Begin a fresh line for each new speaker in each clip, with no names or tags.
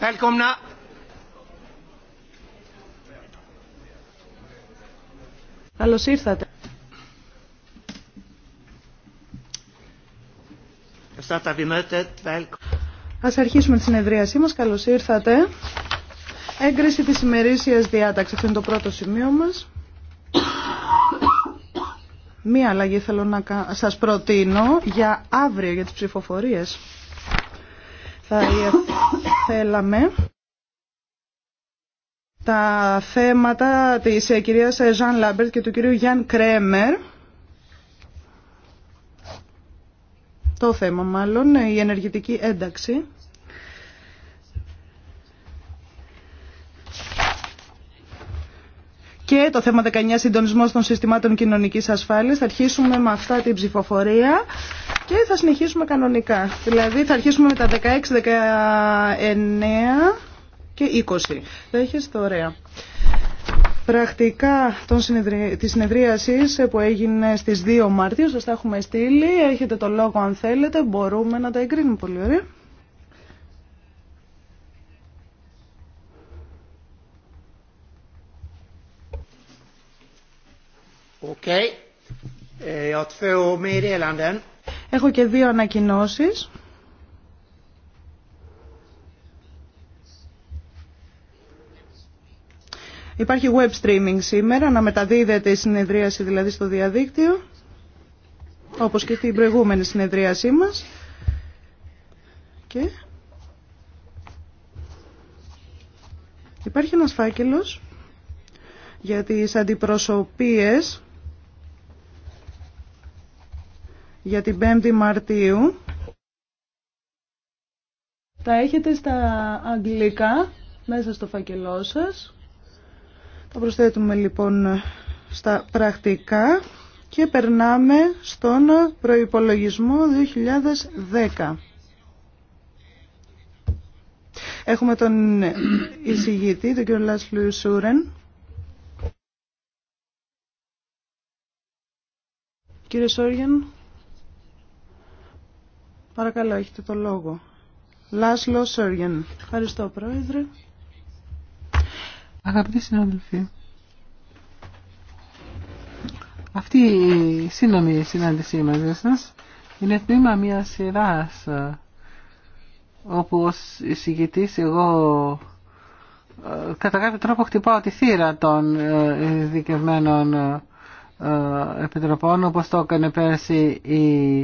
Välkomna!
Καλώς ήρθατε. Ας αρχίσουμε τη συνεδρίασή μας. Καλώς ήρθατε. Έγκριση της ημερήσιας διάταξης. Αυτό είναι το πρώτο σημείο μας. Μία αλλαγή θέλω να σας προτείνω για αύριο, για τις ψηφοφορίες θα θέλαμε τα θέματα της ε, κυρίας Ζαν ε, Λάμπερτ και του κυρίου Γιάν Κρέμερ το θέμα μάλλον, ε, η ενεργητική ένταξη και το θέμα 19 συντονισμός των συστημάτων κοινωνικής ασφάλειας. Θα αρχίσουμε με αυτά την ψηφοφορία και θα συνεχίσουμε κανονικά. Δηλαδή θα αρχίσουμε με τα 16, 19 και 20. Θα έχεις ωραία. Πρακτικά τη συνεδρι... που έγινε στις 2 Μαρτίου, σας τα έχουμε στείλει, έχετε το λόγο αν θέλετε, μπορούμε να τα εγκρίνουμε πολύ ωραία.
Okay. Eh, jag har två
Έχω και δύο ανακοινώσεις. Υπάρχει web streaming σήμερα, να μεταδίδεται η συνεδρίαση δηλαδή στο διαδίκτυο, όπως και την προηγούμενη συνεδρίασή μας. Και... Υπάρχει ένας φάκελος για τις αντιπροσωπείες για την 5η Μαρτίου. Τα έχετε στα αγγλικά μέσα στο φακελό σας. Τα προσθέτουμε λοιπόν στα πρακτικά και περνάμε στον προϋπολογισμό 2010. Έχουμε τον εισηγητή, τον κ. Λάσλου Σούρεν. Κύριε Σόργεν Παρακαλώ, έχετε το λόγο. Λάσλο Σέργεν. Ευχαριστώ, Πρόεδρε.
Αγαπητοί συνάδελφοι, αυτή η σύνομη συνάντησή μαζί σας είναι τμήμα μια σειρά ε, όπου ως εισηγητής εγώ ε, κατά κάποιο τρόπο χτυπάω τη θύρα των ε, ειδικευμένων επιτροπών όπως το έκανε πέρσι η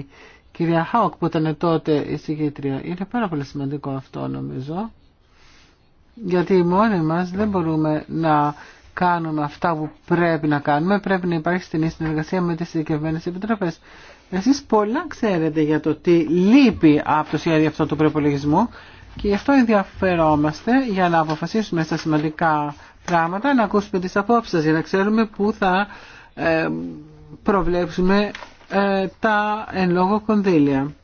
κυρία Χάουκ που ήταν τότε η συγκήτρια. Είναι πάρα πολύ σημαντικό αυτό νομίζω. Γιατί μόνοι μας δεν μπορούμε να κάνουμε αυτά που πρέπει να κάνουμε. Πρέπει να υπάρχει στενή συνεργασία με τις ειδικευμένες επιτροπέ. Εσείς πολλά ξέρετε για το τι λείπει από το σχέδιο αυτό του προπολογισμού και γι' αυτό ενδιαφερόμαστε για να αποφασίσουμε στα σημαντικά πράγματα, να ακούσουμε τις απόψεις για να ξέρουμε πού θα ε, προβλέψουμε ε, τα εν λόγω κονδύλια.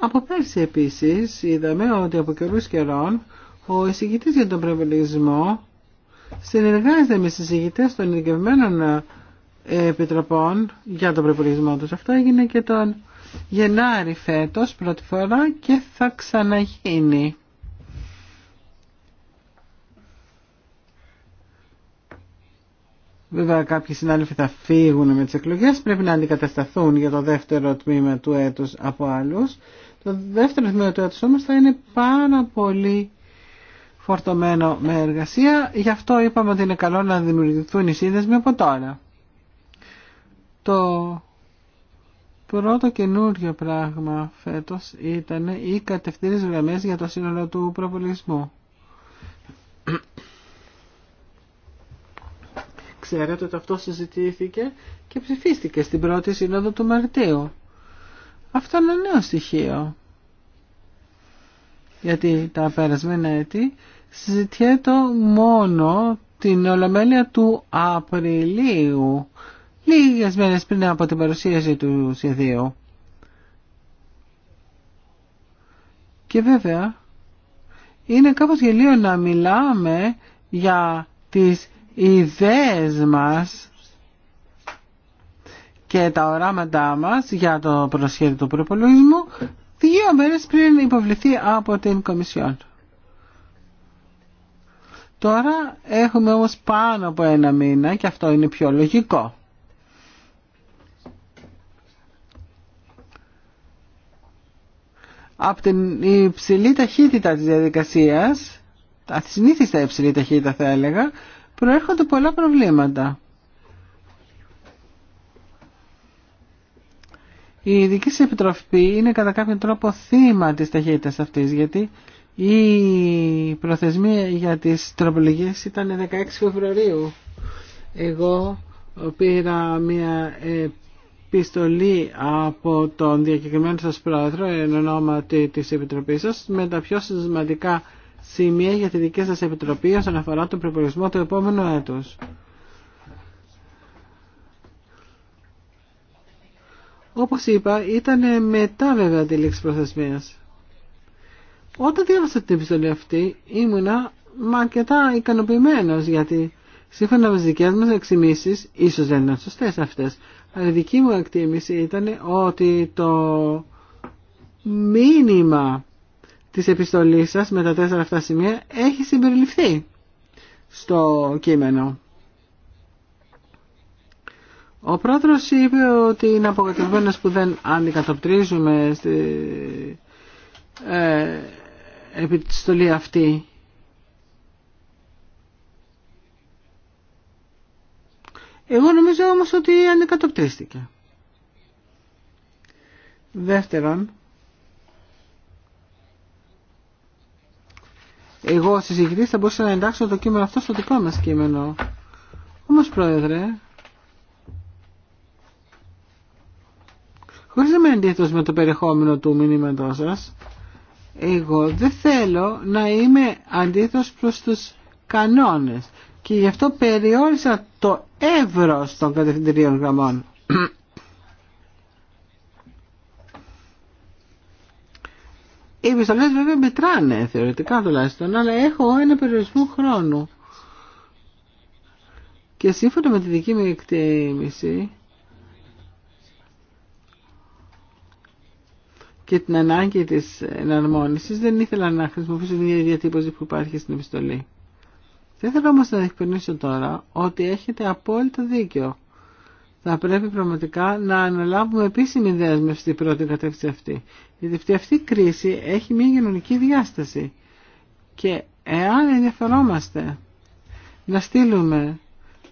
Από πέρσι επίσης είδαμε ότι από καιρούς καιρών ο εισηγητής για τον προεπολογισμό συνεργάζεται με συζητητές των ειδικευμένων ε, επιτροπών για τον προπολογισμό τους. Αυτό έγινε και τον Γενάρη φέτος πρώτη φορά και θα ξαναγίνει. Βέβαια κάποιοι συνάδελφοι θα φύγουν με τις εκλογές, πρέπει να αντικατασταθούν για το δεύτερο τμήμα του έτους από άλλους. Το δεύτερο τμήμα του έτους όμως θα είναι πάρα πολύ φορτωμένο με εργασία, γι' αυτό είπαμε ότι είναι καλό να δημιουργηθούν οι σύνδεσμοι από τώρα. Το πρώτο καινούργιο πράγμα φέτος ήταν οι κατευθύνες γραμμές για το σύνολο του προβολισμού. Ξέρετε ότι αυτό συζητήθηκε και ψηφίστηκε στην πρώτη σύνοδο του Μαρτίου. Αυτό είναι ένα νέο στοιχείο. Γιατί τα περασμένα έτη συζητιέται μόνο την Ολομέλεια του Απριλίου, λίγες μέρες πριν από την παρουσίαση του σχεδίου. Και βέβαια, είναι κάπως γελίο να μιλάμε για τις οι ιδέες μας και τα οράματά μας για το προσχέδιο του προπολογισμού δύο μέρες πριν υποβληθεί από την Κομισιόν. Τώρα έχουμε όμως πάνω από ένα μήνα και αυτό είναι πιο λογικό. Από την υψηλή ταχύτητα της διαδικασίας, συνήθιστα υψηλή ταχύτητα θα έλεγα, προέρχονται πολλά προβλήματα. Η ειδική επιτροφή είναι κατά κάποιο τρόπο θύμα της ταχύτητας αυτής, γιατί η προθεσμία για τις τροπολογίες ήταν 16 Φεβρουαρίου. Εγώ πήρα μια επιστολή από τον διακεκριμένο σας πρόεδρο εν ονόματι της Επιτροπής σας με τα πιο σημαντικά σημεία για τη δική σας επιτροπή όσον αφορά τον προπολογισμό του επόμενου έτους. Όπως είπα, ήταν μετά βέβαια τη λήξη προθεσμίας. Όταν διάβασα την επιστολή αυτή, ήμουνα μα ικανοποιημένο, γιατί σύμφωνα με τι δικέ μα εξημίσει, ίσω δεν ήταν σωστέ αυτέ, αλλά η δική μου εκτίμηση ήταν ότι το μήνυμα της επιστολής σας με τα τέσσερα αυτά σημεία έχει συμπεριληφθεί στο κείμενο. Ο πρόεδρος είπε ότι είναι απογοητευμένος που δεν αντικατοπτρίζουμε στη ε, επιστολή αυτή. Εγώ νομίζω όμως ότι αντικατοπτρίστηκε. Δεύτερον, εγώ ως εισηγητής θα μπορούσα να εντάξω το κείμενο αυτό στο δικό μας κείμενο. Όμως πρόεδρε, χωρίς να είμαι αντίθετος με το περιεχόμενο του μηνύματός σας, εγώ δεν θέλω να είμαι αντίθετος προς τους κανόνες και γι' αυτό περιόρισα το εύρος των κατευθυντηρίων γραμμών. Οι επιστολέ βέβαια μετράνε θεωρητικά τουλάχιστον, αλλά έχω ένα περιορισμό χρόνου. Και σύμφωνα με τη δική μου εκτίμηση και την ανάγκη της εναρμόνισης δεν ήθελα να χρησιμοποιήσω την ίδια διατύπωση που υπάρχει στην επιστολή. Δεν θέλω όμως να διευκρινίσω τώρα ότι έχετε απόλυτο δίκιο. Θα πρέπει πραγματικά να αναλάβουμε επίσημη δέσμευση στην πρώτη κατεύθυνση αυτή. Γιατί αυτή, η κρίση έχει μια κοινωνική διάσταση. Και εάν ενδιαφερόμαστε να στείλουμε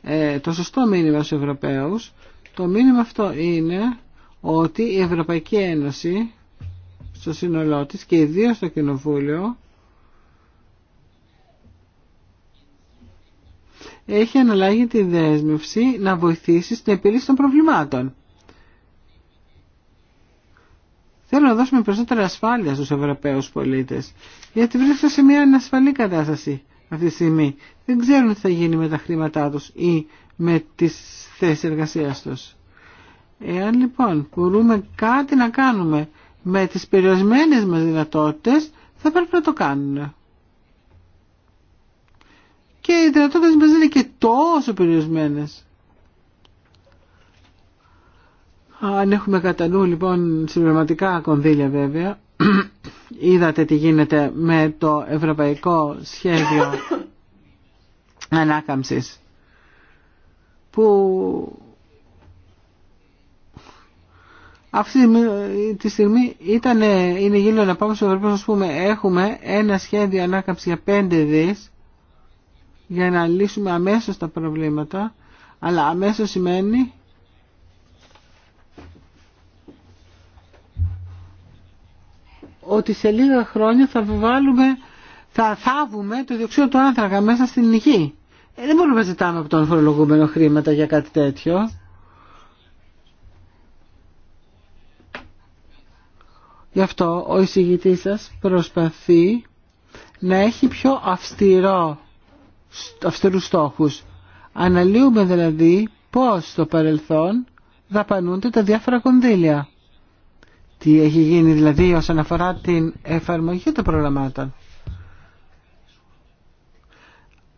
ε, το σωστό μήνυμα στους Ευρωπαίους, το μήνυμα αυτό είναι ότι η Ευρωπαϊκή Ένωση στο σύνολό της και ιδίως στο Κοινοβούλιο έχει αναλάγει τη δέσμευση να βοηθήσει στην επίλυση των προβλημάτων. Θέλω να δώσουμε περισσότερη ασφάλεια στους Ευρωπαίους πολίτες, γιατί βρίσκονται σε μια ανασφαλή κατάσταση αυτή τη στιγμή. Δεν ξέρουν τι θα γίνει με τα χρήματά τους ή με τις θέσεις εργασίας τους. Εάν λοιπόν μπορούμε κάτι να κάνουμε με τις περιορισμένες μας δυνατότητες, θα πρέπει να το κάνουμε και οι δυνατότητες μας είναι και τόσο περιορισμένες. Αν έχουμε κατά νου λοιπόν συμπληρωματικά κονδύλια βέβαια, είδατε τι γίνεται με το ευρωπαϊκό σχέδιο ανάκαμψης που αυτή τη στιγμή είναι γύρω να πάμε στο ευρωπαϊκό, πούμε, έχουμε ένα σχέδιο ανάκαμψη για πέντε δις για να λύσουμε αμέσως τα προβλήματα, αλλά αμέσως σημαίνει ότι σε λίγα χρόνια θα βάλουμε, θα θάβουμε το διοξείδιο του άνθρακα μέσα στην γη. Ε, δεν μπορούμε να ζητάμε από τον φορολογούμενο χρήματα για κάτι τέτοιο. Γι' αυτό ο εισηγητής σας προσπαθεί να έχει πιο αυστηρό αυστηρούς στόχους. Αναλύουμε δηλαδή πώς στο παρελθόν δαπανούνται τα διάφορα κονδύλια. Τι έχει γίνει δηλαδή όσον αφορά την εφαρμογή των προγραμμάτων.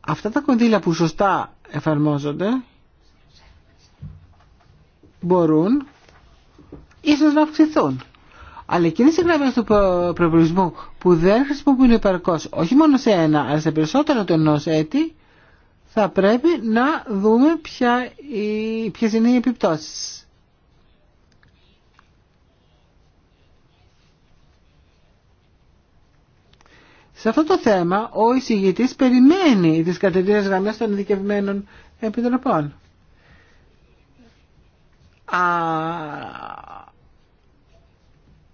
Αυτά τα κονδύλια που σωστά εφαρμόζονται μπορούν ίσως να αυξηθούν. Αλλά εκείνες οι γραμμές του προπολογισμού που δεν χρησιμοποιούν υπαρκώς, όχι μόνο σε ένα, αλλά σε περισσότερο το ενός έτη, θα πρέπει να δούμε ποια, ποιες είναι οι επιπτώσεις. Σε αυτό το θέμα, ο εισηγητής περιμένει τις κατευθείαν γραμμές των ειδικευμένων επιτροπών.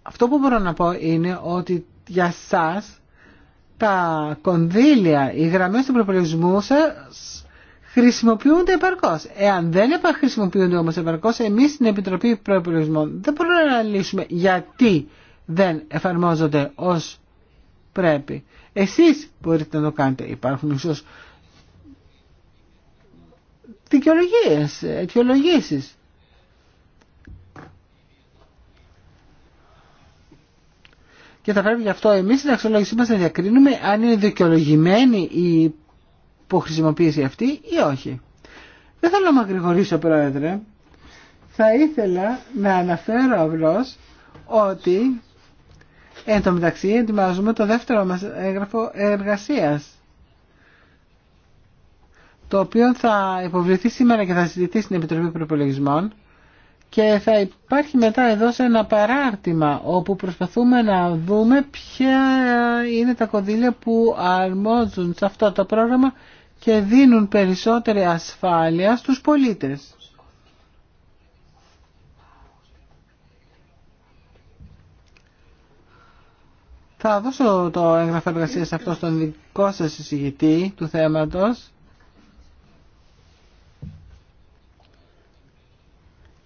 Αυτό που μπορώ να πω είναι ότι για σας τα κονδύλια, οι γραμμές του προπολογισμού σας χρησιμοποιούνται επαρκώ. Εάν δεν χρησιμοποιούνται όμως επαρκώς, εμείς στην Επιτροπή Προπολογισμών δεν μπορούμε να λύσουμε γιατί δεν εφαρμόζονται ως πρέπει. Εσείς μπορείτε να το κάνετε. Υπάρχουν ίσως δικαιολογίες, αιτιολογήσεις. και θα πρέπει γι' αυτό εμείς στην αξιολόγησή μας να διακρίνουμε αν είναι δικαιολογημένη η υποχρησιμοποίηση αυτή ή όχι. Δεν θέλω να μακρηγορήσω πρόεδρε. Θα ήθελα να αναφέρω απλώ ότι εν τω μεταξύ ετοιμάζουμε το δεύτερο μας έγγραφο εργασίας το οποίο θα υποβληθεί σήμερα και θα συζητηθεί στην Επιτροπή Προπολογισμών και θα υπάρχει μετά εδώ σε ένα παράρτημα όπου προσπαθούμε να δούμε ποια είναι τα κονδύλια που αρμόζουν σε αυτό το πρόγραμμα και δίνουν περισσότερη ασφάλεια στους πολίτες. Θα δώσω το έγγραφο εργασία αυτό στον δικό σας συζητητή του θέματος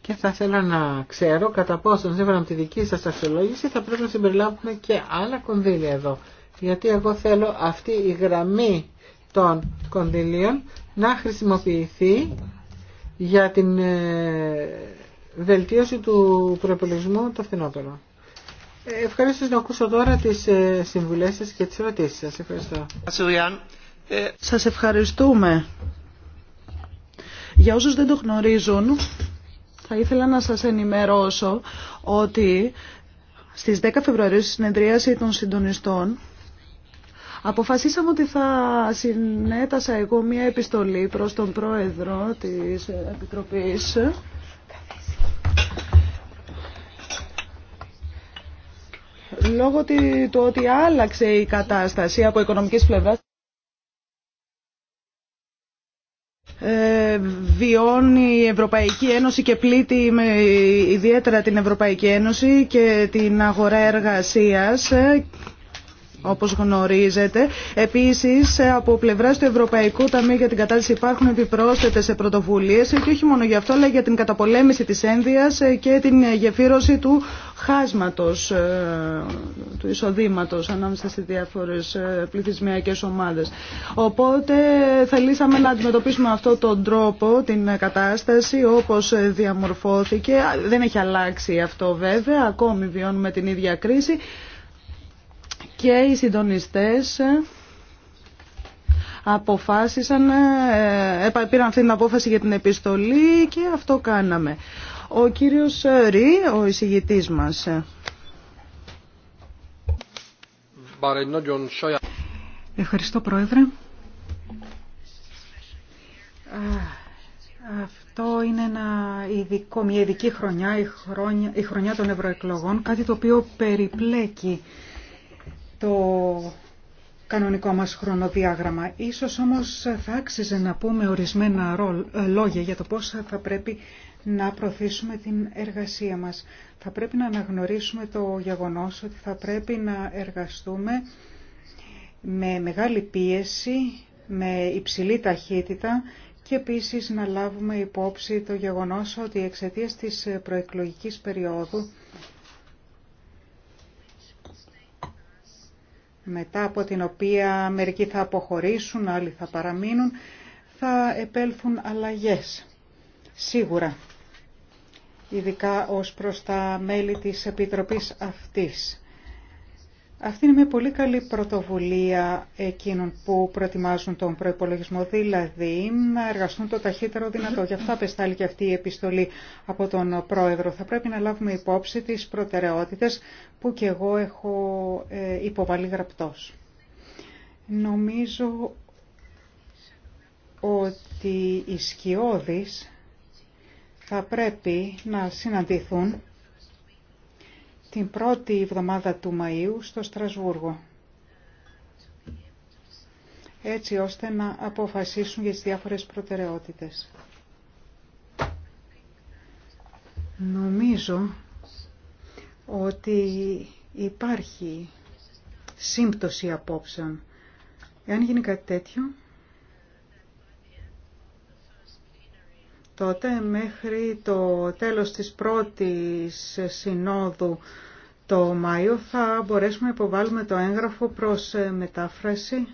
και θα θέλω να ξέρω κατά πόσο σύμφωνα με τη δική σας αξιολόγηση θα πρέπει να συμπεριλάβουμε και άλλα κονδύλια εδώ. Γιατί εγώ θέλω αυτή η γραμμή των κονδυλίων να χρησιμοποιηθεί για την ε, βελτίωση του προπολογισμού το φθηνότερο. Ευχαριστώ να ακούσω τώρα τις ε, συμβουλές σας και τις ερωτήσεις σας. Ευχαριστώ. Ε,
σας ευχαριστούμε. Για όσους δεν το γνωρίζουν, θα ήθελα να σας ενημερώσω ότι στις 10 Φεβρουαρίου στη συνεδρίαση των συντονιστών αποφασίσαμε ότι θα συνέτασα εγώ μία επιστολή προς τον πρόεδρο της Επιτροπής λόγω του ότι άλλαξε η κατάσταση από οικονομικής πλευράς Ε, βιώνει η Ευρωπαϊκή Ένωση και πλήττει με ιδιαίτερα την Ευρωπαϊκή Ένωση και την αγορά εργασίας ε, όπως γνωρίζετε. Επίσης, ε, από πλευράς του Ευρωπαϊκού Ταμείου για την Κατάσταση υπάρχουν επιπρόσθετες πρωτοβουλίες και όχι μόνο για αυτό, αλλά για την καταπολέμηση της ένδυας και την γεφύρωση του χάσματος ε, του εισοδήματος ανάμεσα στις διάφορες ε, πληθυσμιακές ομάδες. Οπότε θελήσαμε να αντιμετωπίσουμε αυτό τον τρόπο, την κατάσταση όπως ε, διαμορφώθηκε. Δεν έχει αλλάξει αυτό βέβαια, ακόμη βιώνουμε την ίδια κρίση και οι συντονιστές αποφάσισαν, πήραν αυτή την απόφαση για την επιστολή και αυτό κάναμε. Ο κύριος Ρή, ο εισηγητής μας. Ευχαριστώ Πρόεδρε.
Αυτό είναι ένα ειδικό, μια ειδική χρονιά, η χρονιά, η χρονιά των ευρωεκλογών, κάτι το οποίο περιπλέκει το κανονικό μας χρονοδιάγραμμα. Ίσως όμως θα άξιζε να πούμε ορισμένα ε, λόγια για το πώς θα πρέπει να προωθήσουμε την εργασία μας. Θα πρέπει να αναγνωρίσουμε το γεγονός ότι θα πρέπει να εργαστούμε με μεγάλη πίεση, με υψηλή ταχύτητα και επίσης να λάβουμε υπόψη το γεγονός ότι εξαιτία της προεκλογικής περίοδου μετά από την οποία μερικοί θα αποχωρήσουν, άλλοι θα παραμείνουν, θα επέλθουν αλλαγές. Σίγουρα ειδικά ως προς τα μέλη της Επιτροπής αυτής. Αυτή είναι μια πολύ καλή πρωτοβουλία εκείνων που προετοιμάζουν τον προϋπολογισμό, δηλαδή να εργαστούν το ταχύτερο δυνατό. Γι' αυτό απεστάλλει και αυτή η επιστολή από τον Πρόεδρο. Θα πρέπει να λάβουμε υπόψη τις προτεραιότητες που και εγώ έχω ε, υποβάλει γραπτός. Νομίζω ότι οι Σκιώδης, θα πρέπει να συναντηθούν την πρώτη εβδομάδα του Μαΐου στο Στρασβούργο έτσι ώστε να αποφασίσουν για τις διάφορες προτεραιότητες. Νομίζω ότι υπάρχει σύμπτωση απόψεων. Εάν γίνει κάτι τέτοιο, τότε μέχρι το τέλος της πρώτης συνόδου το Μάιο θα μπορέσουμε να υποβάλουμε το έγγραφο προς ε, μετάφραση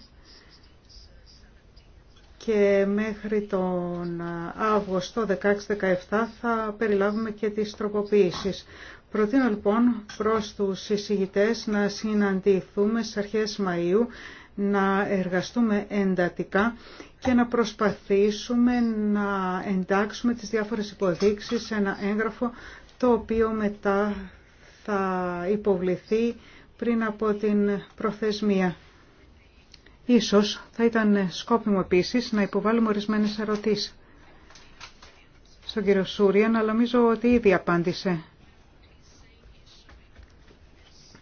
και μέχρι τον ε, Αύγουστο 16-17 θα περιλάβουμε και τις τροποποιήσεις. Προτείνω λοιπόν προς τους συζητητές να συναντηθούμε στις αρχές Μαΐου να εργαστούμε εντατικά και να προσπαθήσουμε να εντάξουμε τις διάφορες υποδείξεις σε ένα έγγραφο το οποίο μετά θα υποβληθεί πριν από την προθεσμία. Ίσως θα ήταν σκόπιμο επίσης να υποβάλουμε ορισμένες ερωτήσεις στον κύριο Σούριαν, αλλά νομίζω ότι ήδη απάντησε.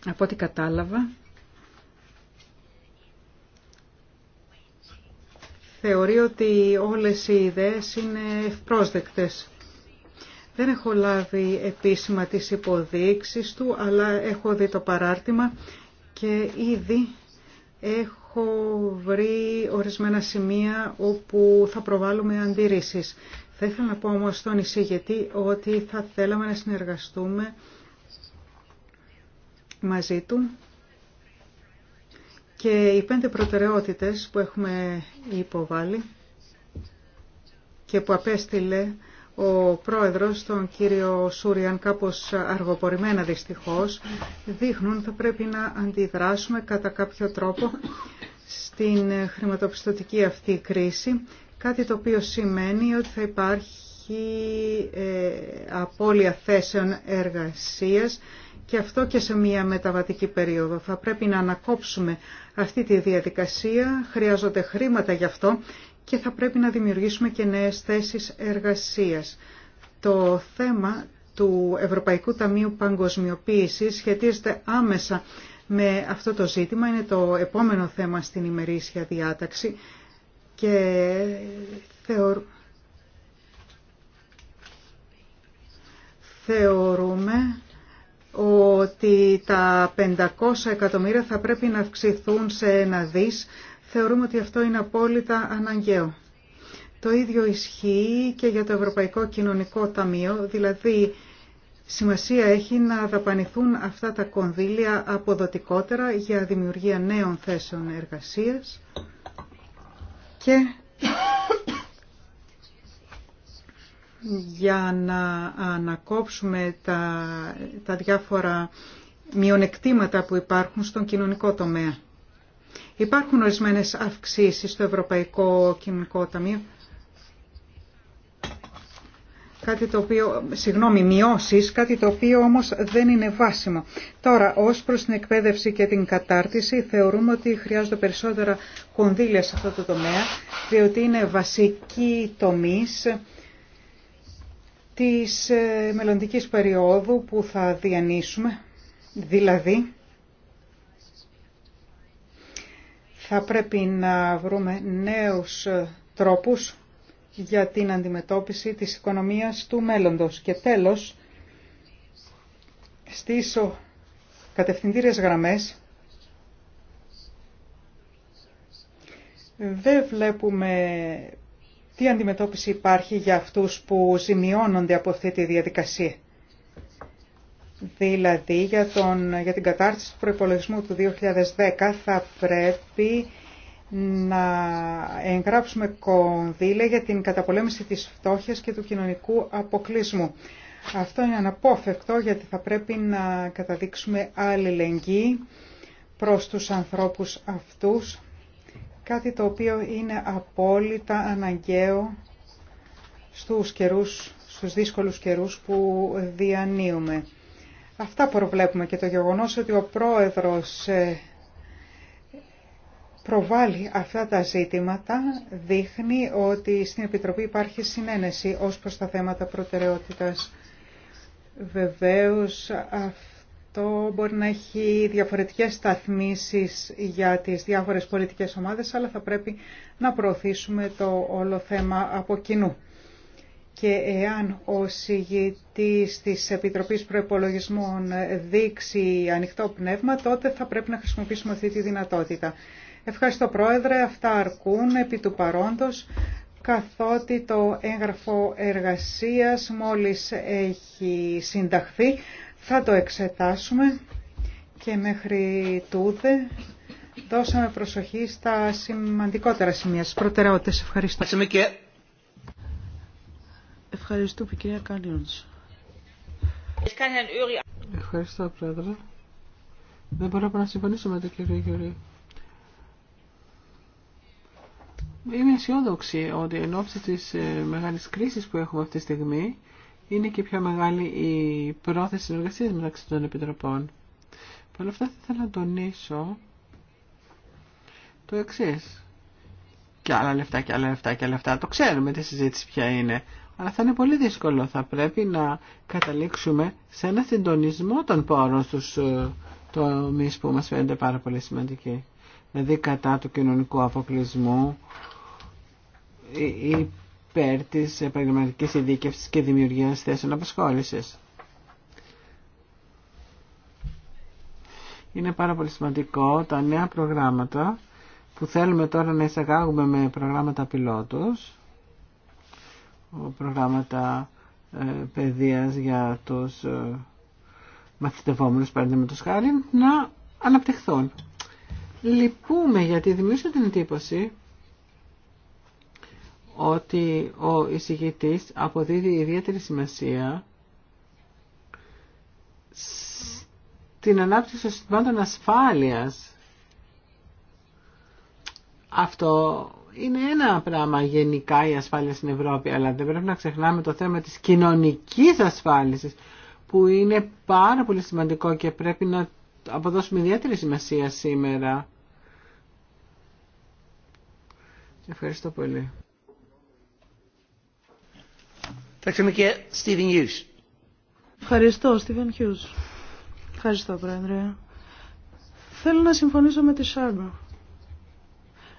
Από ό,τι κατάλαβα, θεωρεί ότι όλες οι ιδέες είναι ευπρόσδεκτες. Δεν έχω λάβει επίσημα τις υποδείξεις του, αλλά έχω δει το παράρτημα και ήδη έχω βρει ορισμένα σημεία όπου θα προβάλλουμε αντιρρήσεις. Θα ήθελα να πω όμως στον εισηγητή ότι θα θέλαμε να συνεργαστούμε μαζί του και οι πέντε προτεραιότητες που έχουμε υποβάλει και που απέστειλε ο πρόεδρος, τον κύριο Σούριαν, κάπως αργοπορημένα δυστυχώς, δείχνουν θα πρέπει να αντιδράσουμε κατά κάποιο τρόπο στην χρηματοπιστωτική αυτή κρίση, κάτι το οποίο σημαίνει ότι θα υπάρχει ε, απώλεια θέσεων εργασίας και αυτό και σε μία μεταβατική περίοδο. Θα πρέπει να ανακόψουμε αυτή τη διαδικασία, χρειάζονται χρήματα γι' αυτό και θα πρέπει να δημιουργήσουμε και νέες θέσεις εργασίας. Το θέμα του Ευρωπαϊκού Ταμείου Παγκοσμιοποίησης σχετίζεται άμεσα με αυτό το ζήτημα, είναι το επόμενο θέμα στην ημερήσια διάταξη και θεωρούμε ότι τα 500 εκατομμύρια θα πρέπει να αυξηθούν σε ένα δις, θεωρούμε ότι αυτό είναι απόλυτα αναγκαίο. Το ίδιο ισχύει και για το Ευρωπαϊκό Κοινωνικό Ταμείο, δηλαδή σημασία έχει να δαπανηθούν αυτά τα κονδύλια αποδοτικότερα για δημιουργία νέων θέσεων εργασίας και για να ανακόψουμε τα, τα διάφορα μειονεκτήματα που υπάρχουν στον κοινωνικό τομέα. Υπάρχουν ορισμένες αυξήσεις στο Ευρωπαϊκό Κοινωνικό Ταμείο, κάτι το οποίο, συγγνώμη, μειώσεις, κάτι το οποίο όμως δεν είναι βάσιμο. Τώρα, ως προς την εκπαίδευση και την κατάρτιση, θεωρούμε ότι χρειάζονται περισσότερα κονδύλια σε αυτό το τομέα, διότι είναι βασική τομής της ε, μελλοντικής περίοδου που θα διανύσουμε, δηλαδή θα πρέπει να βρούμε νέους ε, τρόπους για την αντιμετώπιση της οικονομίας του μέλλοντος. Και τέλος, στις κατευθυντήριες γραμμές δεν βλέπουμε τι αντιμετώπιση υπάρχει για αυτούς που ζημιώνονται από αυτή τη διαδικασία. Δηλαδή για, τον, για την κατάρτιση του προϋπολογισμού του 2010 θα πρέπει να εγγράψουμε κονδύλα για την καταπολέμηση της φτώχειας και του κοινωνικού αποκλεισμού. Αυτό είναι αναπόφευκτο γιατί θα πρέπει να καταδείξουμε αλληλεγγύη προς τους ανθρώπους αυτούς Κάτι το οποίο είναι απόλυτα αναγκαίο στους, καιρούς, στους δύσκολους καιρούς που διανύουμε. Αυτά προβλέπουμε και το γεγονός ότι ο πρόεδρος ε, προβάλλει αυτά τα ζήτηματα δείχνει ότι στην Επιτροπή υπάρχει συνένεση ως προς τα θέματα προτεραιότητας. Βεβαίως αυτό μπορεί να έχει διαφορετικές σταθμίσεις για τις διάφορες πολιτικές ομάδες, αλλά θα πρέπει να προωθήσουμε το όλο θέμα από κοινού. Και εάν ο συγητής της Επιτροπής Προϋπολογισμών δείξει ανοιχτό πνεύμα, τότε θα πρέπει να χρησιμοποιήσουμε αυτή τη δυνατότητα. Ευχαριστώ Πρόεδρε, αυτά αρκούν επί του παρόντος, καθότι το έγγραφο εργασίας μόλις έχει συνταχθεί. Θα το εξετάσουμε και μέχρι τούδε δώσαμε προσοχή στα σημαντικότερα σημεία, στις προτεραιότητες. Ευχαριστώ.
Ευχαριστούμε κυρία Κάλιονς. Ευχαριστώ πρόεδρε. Δεν μπορώ να συμφωνήσω με τον κύριο Γιώργη. Είμαι αισιόδοξη ότι εν ώψη της ε, μεγάλης κρίσης που έχουμε αυτή τη στιγμή είναι και πιο μεγάλη η πρόθεση συνεργασία μεταξύ των επιτροπών. Παρ' αυτά θα ήθελα να τονίσω το εξή. Και άλλα λεφτά και άλλα λεφτά και άλλα λεφτά. Το ξέρουμε τι συζήτηση ποια είναι. Αλλά θα είναι πολύ δύσκολο. Θα πρέπει να καταλήξουμε σε ένα συντονισμό των πόρων στους ε, τομεί που μα φαίνεται πάρα πολύ σημαντικοί. Δηλαδή κατά του κοινωνικού αποκλεισμού, υπέρ τη επαγγελματική ειδίκευση και δημιουργίας θέσεων απασχόληση. Είναι πάρα πολύ σημαντικό τα νέα προγράμματα που θέλουμε τώρα να εισαγάγουμε με προγράμματα πιλότους, προγράμματα ε, παιδείας για τους ε, μαθητευόμενους παραδείγματος χάρη να αναπτυχθούν. Λυπούμε γιατί δημιούργησε την εντύπωση ότι ο εισηγητής αποδίδει ιδιαίτερη σημασία στην ανάπτυξη των συστημάτων ασφάλειας. Αυτό είναι ένα πράγμα γενικά η ασφάλεια στην Ευρώπη, αλλά δεν πρέπει να ξεχνάμε το θέμα της κοινωνικής ασφάλισης, που είναι πάρα πολύ σημαντικό και πρέπει να αποδώσουμε ιδιαίτερη σημασία σήμερα. Ευχαριστώ πολύ.
Ευχαριστώ, Στίβεν Χιούς. Ευχαριστώ, Πρόεδρε. Θέλω να συμφωνήσω με τη Σάρμπα.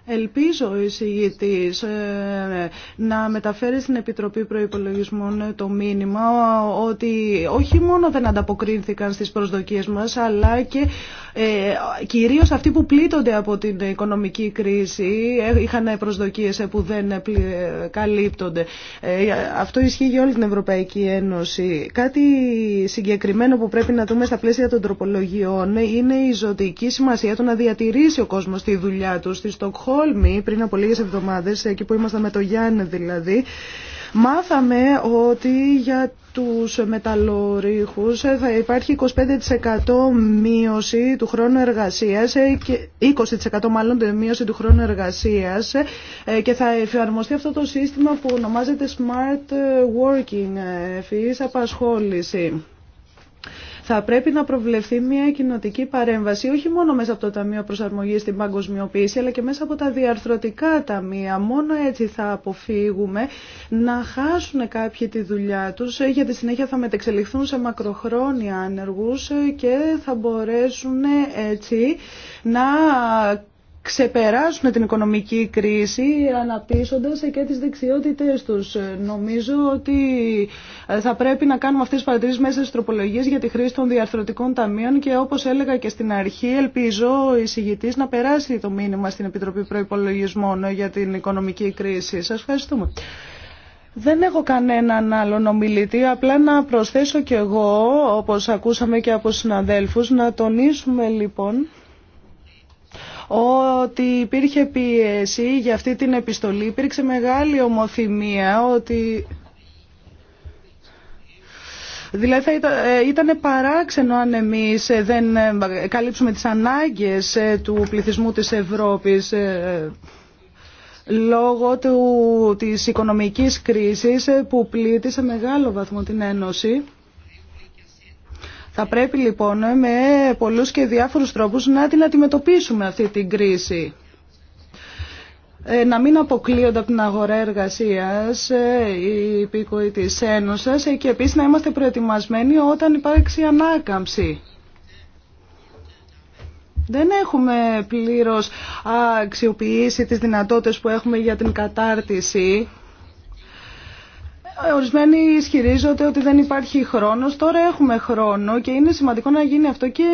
Ελπίζω ο εισηγητής ε, να μεταφέρει στην Επιτροπή Προϋπολογισμών ε, το μήνυμα ότι όχι μόνο δεν ανταποκρίνθηκαν στις προσδοκίες μας αλλά και ε, κυρίως αυτοί που πλήττονται από την οικονομική κρίση ε, είχαν προσδοκίες ε, που δεν καλύπτονται. Αυτό ισχύει για όλη την Ευρωπαϊκή Ένωση. Κάτι συγκεκριμένο που πρέπει να δούμε στα πλαίσια των τροπολογιών είναι η ζωτική σημασία του να διατηρήσει ο κόσμος τη δουλειά του. Στη Στοκχόλμη πριν από λίγες εβδομάδες, εκεί που ήμασταν με το Γιάννη δηλαδή, Μάθαμε ότι για τους μεταλλορύχους θα υπάρχει 25% μείωση του χρόνου εργασίας, 20% ε, μάλλον μείωση του χρόνου εργασίας ε, και θα εφαρμοστεί αυτό το σύστημα που ονομάζεται Smart Working, ευφυής απασχόληση θα πρέπει να προβλεφθεί μια κοινοτική παρέμβαση όχι μόνο μέσα από το Ταμείο Προσαρμογής στην Παγκοσμιοποίηση αλλά και μέσα από τα διαρθρωτικά ταμεία. Μόνο έτσι θα αποφύγουμε να χάσουν κάποιοι τη δουλειά τους γιατί συνέχεια θα μετεξελιχθούν σε μακροχρόνια άνεργους και θα μπορέσουν ε, έτσι να ξεπεράσουν την οικονομική κρίση αναπτύσσοντας και τις δεξιότητές τους. Νομίζω ότι ε, θα πρέπει να κάνουμε αυτές τις παρατηρήσεις μέσα στις τροπολογίες για τη χρήση των διαρθρωτικών ταμείων και όπως έλεγα και στην αρχή ελπίζω ο εισηγητής να περάσει το μήνυμα στην Επιτροπή Προϋπολογισμών για την οικονομική κρίση. Σας ευχαριστούμε. Δεν έχω κανέναν άλλον ομιλητή, απλά να προσθέσω κι εγώ, όπως ακούσαμε και από συναδέλφους, να τονίσουμε λοιπόν ότι υπήρχε πίεση για αυτή την επιστολή. Υπήρξε μεγάλη ομοθυμία ότι Δηλαδή ήταν, ε, παράξενο αν εμείς ε, δεν ε, καλύψουμε τις ανάγκες του πληθυσμού της Ευρώπης λόγω του, της οικονομικής κρίσης που πλήττει σε μεγάλο βαθμό την Ένωση. Θα πρέπει λοιπόν με πολλούς και διάφορους τρόπους να την αντιμετωπίσουμε αυτή την κρίση ε, να μην αποκλείονται από την αγορά εργασίας ε, οι υπήκοοι της Ένωσας ε, και επίσης να είμαστε προετοιμασμένοι όταν υπάρξει ανάκαμψη. Δεν έχουμε πλήρως αξιοποιήσει τις δυνατότητες που έχουμε για την κατάρτιση ε, ορισμένοι ισχυρίζονται ότι δεν υπάρχει χρόνος. Τώρα έχουμε χρόνο και είναι σημαντικό να γίνει αυτό και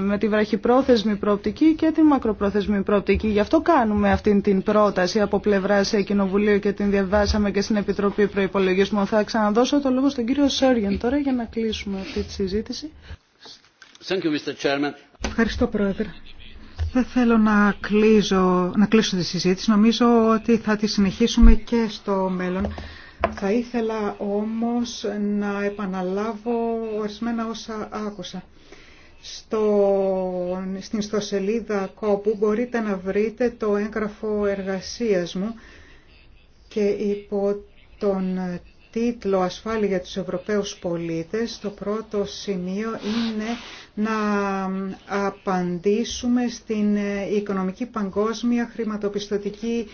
με τη βραχυπρόθεσμη πρόπτικη και τη μακροπρόθεσμη πρόπτικη. Γι' αυτό κάνουμε αυτή την πρόταση από πλευρά σε κοινοβουλίο και την διαβάσαμε και στην Επιτροπή Προϋπολογισμού. Θα ξαναδώσω το λόγο στον κύριο Σέργεν τώρα για να κλείσουμε αυτή τη συζήτηση.
you,
Ευχαριστώ, Πρόεδρε.
Δεν θέλω να, κλείσω, να κλείσω τη συζήτηση. Νομίζω ότι θα τη συνεχίσουμε και στο μέλλον θα ήθελα όμως να επαναλάβω ορισμένα όσα άκουσα. Στο, στην ιστοσελίδα κόπου μπορείτε να βρείτε το έγγραφο εργασίας μου και υπό τον τίτλο «Ασφάλεια για τους Ευρωπαίους πολίτες» το πρώτο σημείο είναι να απαντήσουμε στην οικονομική παγκόσμια χρηματοπιστωτική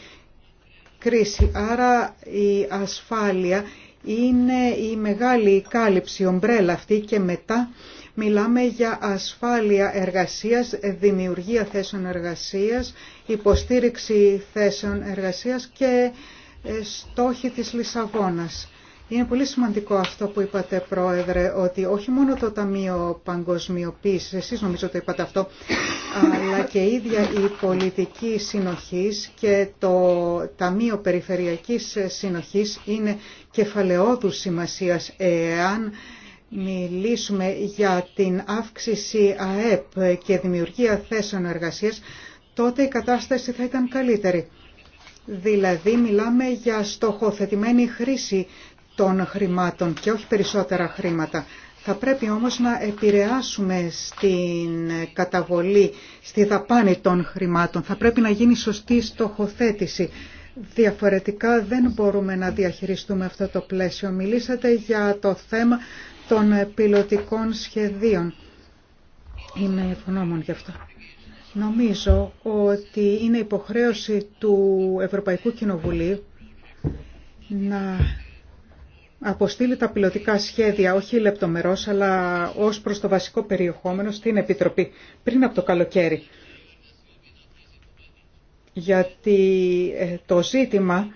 κρίση. Άρα η ασφάλεια είναι η μεγάλη κάλυψη, η ομπρέλα αυτή και μετά μιλάμε για ασφάλεια εργασίας, δημιουργία θέσεων εργασίας, υποστήριξη θέσεων εργασίας και ε, στόχοι της Λισαβόνας. Είναι πολύ σημαντικό αυτό που είπατε, Πρόεδρε, ότι όχι μόνο το Ταμείο Παγκοσμιοποίηση, εσείς νομίζω το είπατε αυτό, αλλά και η ίδια η πολιτική συνοχής και το Ταμείο Περιφερειακής Συνοχής είναι κεφαλαιόδου σημασίας εάν μιλήσουμε για την αύξηση ΑΕΠ και δημιουργία θέσεων εργασίας, τότε η κατάσταση θα ήταν καλύτερη. Δηλαδή μιλάμε για στοχοθετημένη χρήση των χρημάτων και όχι περισσότερα χρήματα. Θα πρέπει όμως να επηρεάσουμε στην καταβολή, στη δαπάνη των χρημάτων. Θα πρέπει να γίνει σωστή στοχοθέτηση. Διαφορετικά δεν μπορούμε να διαχειριστούμε αυτό το πλαίσιο. Μιλήσατε για το θέμα των πιλωτικών σχεδίων. Είμαι ευγνώμων γι' αυτό. Νομίζω ότι είναι υποχρέωση του Ευρωπαϊκού Κοινοβουλίου να αποστείλει τα πιλωτικά σχέδια, όχι λεπτομερώς, αλλά ως προς το βασικό περιεχόμενο στην Επιτροπή, πριν από το καλοκαίρι. Γιατί ε, το ζήτημα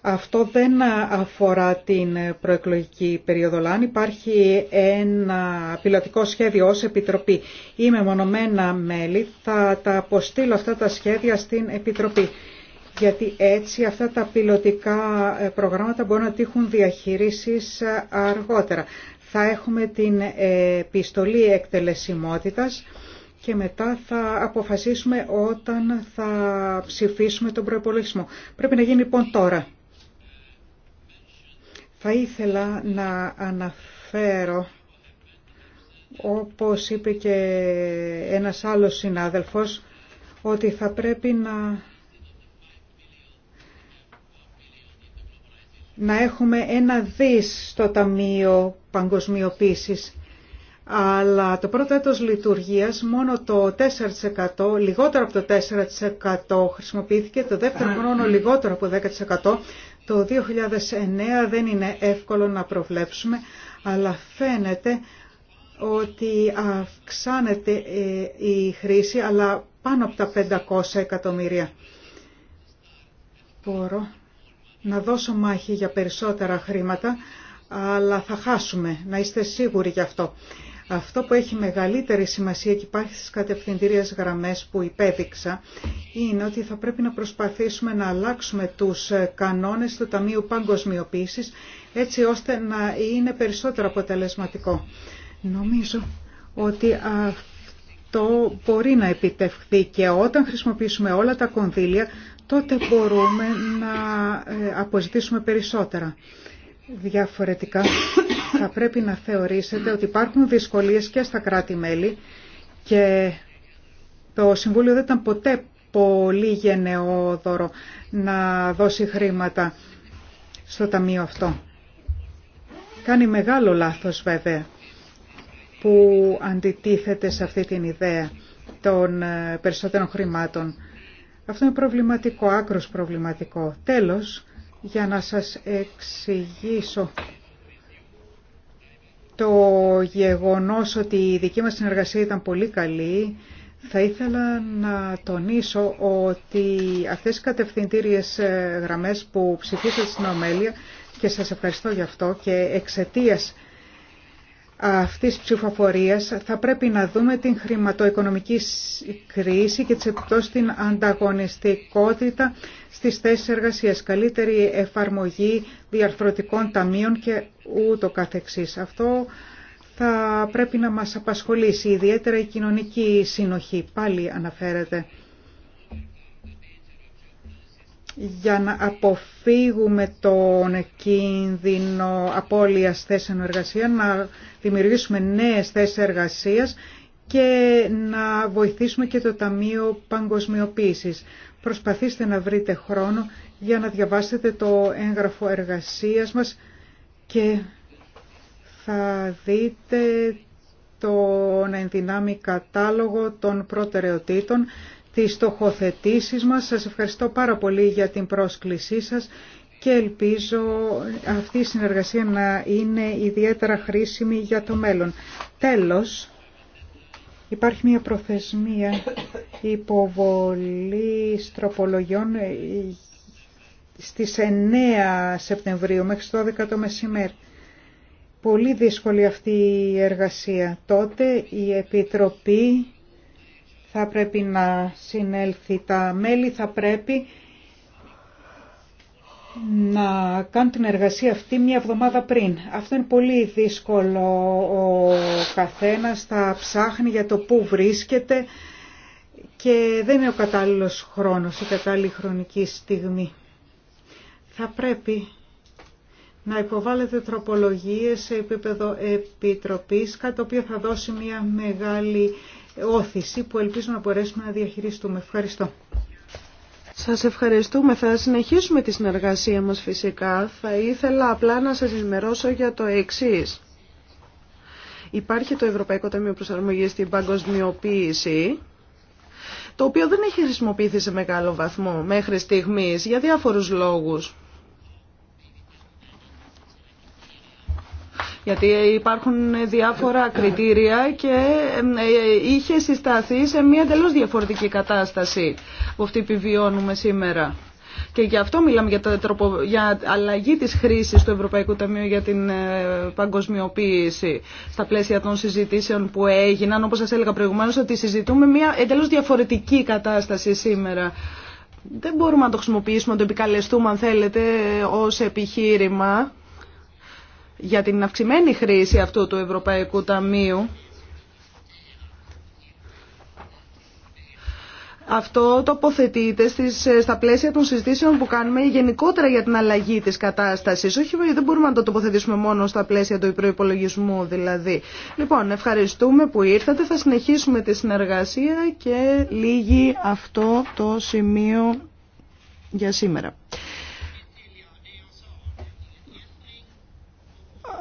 αυτό δεν αφορά την προεκλογική περίοδο. Αν υπάρχει ένα πιλωτικό σχέδιο ως Επιτροπή ή μονομένα μέλη, θα τα αποστείλω αυτά τα σχέδια στην Επιτροπή γιατί έτσι αυτά τα πιλωτικά ε, προγράμματα μπορούν να τύχουν διαχείρισης ε, αργότερα. Θα έχουμε την ε, επιστολή εκτελεσιμότητας και μετά θα αποφασίσουμε όταν θα ψηφίσουμε τον προϋπολογισμό. Πρέπει να γίνει λοιπόν τώρα. Θα ήθελα να αναφέρω, όπως είπε και ένας άλλος συνάδελφος, ότι θα πρέπει να να έχουμε ένα δις στο Ταμείο Παγκοσμιοποίησης. Αλλά το πρώτο έτος λειτουργίας μόνο το 4%, λιγότερο από το 4% χρησιμοποιήθηκε, το δεύτερο χρόνο λιγότερο από 10%. Το 2009 δεν είναι εύκολο να προβλέψουμε, αλλά φαίνεται ότι αυξάνεται ε, η χρήση, αλλά πάνω από τα 500 εκατομμύρια. Μπορώ να δώσω μάχη για περισσότερα χρήματα, αλλά θα χάσουμε, να είστε σίγουροι γι' αυτό. Αυτό που έχει μεγαλύτερη σημασία και υπάρχει στις κατευθυντήριες γραμμές που υπέδειξα είναι ότι θα πρέπει να προσπαθήσουμε να αλλάξουμε τους ε, κανόνες του Ταμείου Παγκοσμιοποίησης έτσι ώστε να είναι περισσότερο αποτελεσματικό. Νομίζω ότι αυτό μπορεί να επιτευχθεί και όταν χρησιμοποιήσουμε όλα τα κονδύλια τότε μπορούμε να ε, αποζητήσουμε περισσότερα. Διαφορετικά θα πρέπει να θεωρήσετε ότι υπάρχουν δυσκολίες και στα κράτη-μέλη και το Συμβούλιο δεν ήταν ποτέ πολύ γενναιόδωρο να δώσει χρήματα στο ταμείο αυτό. Κάνει μεγάλο λάθος βέβαια που αντιτίθεται σε αυτή την ιδέα των ε, περισσότερων χρημάτων. Αυτό είναι προβληματικό, άκρος προβληματικό. Τέλος, για να σας εξηγήσω το γεγονός ότι η δική μας συνεργασία ήταν πολύ καλή, θα ήθελα να τονίσω ότι αυτές οι κατευθυντήριες ε, γραμμές που ψηφίσατε στην Ομέλεια και σας ευχαριστώ γι' αυτό και εξαιτίας αυτής της ψηφοφορίας θα πρέπει να δούμε την χρηματοοικονομική κρίση και τις επιπτώσεις στην ανταγωνιστικότητα στις θέσεις εργασίας, καλύτερη εφαρμογή διαρθρωτικών ταμείων και ούτω καθεξής. Αυτό θα πρέπει να μας απασχολήσει, ιδιαίτερα η κοινωνική συνοχή, πάλι αναφέρεται για να αποφύγουμε τον κίνδυνο απώλειας θέσεων εργασία, να δημιουργήσουμε νέες θέσεις εργασίας και να βοηθήσουμε και το Ταμείο Παγκοσμιοποίησης. Προσπαθήστε να βρείτε χρόνο για να διαβάσετε το έγγραφο εργασίας μας και θα δείτε τον ενδυνάμει κατάλογο των προτεραιοτήτων τις στοχοθετήσεις μας. Σας ευχαριστώ πάρα πολύ για την πρόσκλησή σας και ελπίζω αυτή η συνεργασία να είναι ιδιαίτερα χρήσιμη για το μέλλον. Τέλος, υπάρχει μια προθεσμία υποβολή τροπολογιών στις 9 Σεπτεμβρίου μέχρι το 12 το μεσημέρι. Πολύ δύσκολη αυτή η εργασία. Τότε η Επιτροπή θα πρέπει να συνέλθει. Τα μέλη θα πρέπει να κάνουν την εργασία αυτή μία εβδομάδα πριν. Αυτό είναι πολύ δύσκολο. Ο καθένας θα ψάχνει για το πού βρίσκεται και δεν είναι ο κατάλληλος χρόνος, η κατάλληλη χρονική στιγμή. Θα πρέπει να υποβάλλετε τροπολογίες σε επίπεδο επιτροπής, κάτι το οποίο θα δώσει μια μεγάλη όθηση που ελπίζω να μπορέσουμε να διαχειριστούμε.
Ευχαριστώ. Σας ευχαριστούμε. Θα συνεχίσουμε τη συνεργασία μας φυσικά. Θα ήθελα απλά να σας ενημερώσω για το εξή. Υπάρχει το Ευρωπαϊκό Ταμείο Προσαρμογής στην Παγκοσμιοποίηση, το οποίο δεν έχει χρησιμοποιηθεί σε μεγάλο βαθμό μέχρι στιγμής για διάφορους λόγους. γιατί υπάρχουν διάφορα κριτήρια και ε, είχε συσταθεί σε μια εντελώ διαφορετική κατάσταση που αυτή επιβιώνουμε σήμερα. Και γι' αυτό μιλάμε για, για αλλαγή της χρήσης του Ευρωπαϊκού Ταμείου για την ε, παγκοσμιοποίηση στα πλαίσια των συζητήσεων που έγιναν. Όπως σας έλεγα προηγουμένως ότι συζητούμε μια εντελώς διαφορετική κατάσταση σήμερα. Δεν μπορούμε να το χρησιμοποιήσουμε, να το επικαλεστούμε αν θέλετε ως επιχείρημα για την αυξημένη χρήση αυτού του Ευρωπαϊκού Ταμείου. Αυτό τοποθετείται στις, στα πλαίσια των συζητήσεων που κάνουμε γενικότερα για την αλλαγή της κατάστασης. Όχι, δεν μπορούμε να το τοποθετήσουμε μόνο στα πλαίσια του προπολογισμού δηλαδή. Λοιπόν, ευχαριστούμε που ήρθατε. Θα συνεχίσουμε τη συνεργασία και λίγη αυτό το σημείο για σήμερα.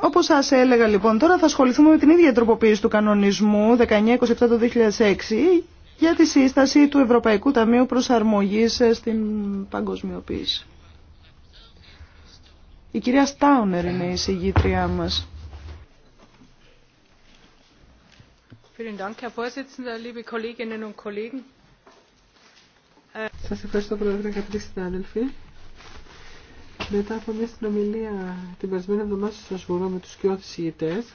Όπω σα έλεγα λοιπόν, τώρα θα ασχοληθούμε με την ίδια τροποποίηση του κανονισμού 1927 2006 για τη σύσταση του Ευρωπαϊκού Ταμείου Προσαρμογή στην παγκοσμιοποίηση. Η κυρία Στάουνερ είναι η συγγήτριά μας.
Σα ευχαριστώ, Πρόεδρε, αγαπητοί συνάδελφοι. Μετά από μια συνομιλία την περασμένη εβδομάδα στο Στρασβούργο με τους κοιόδης συγητές,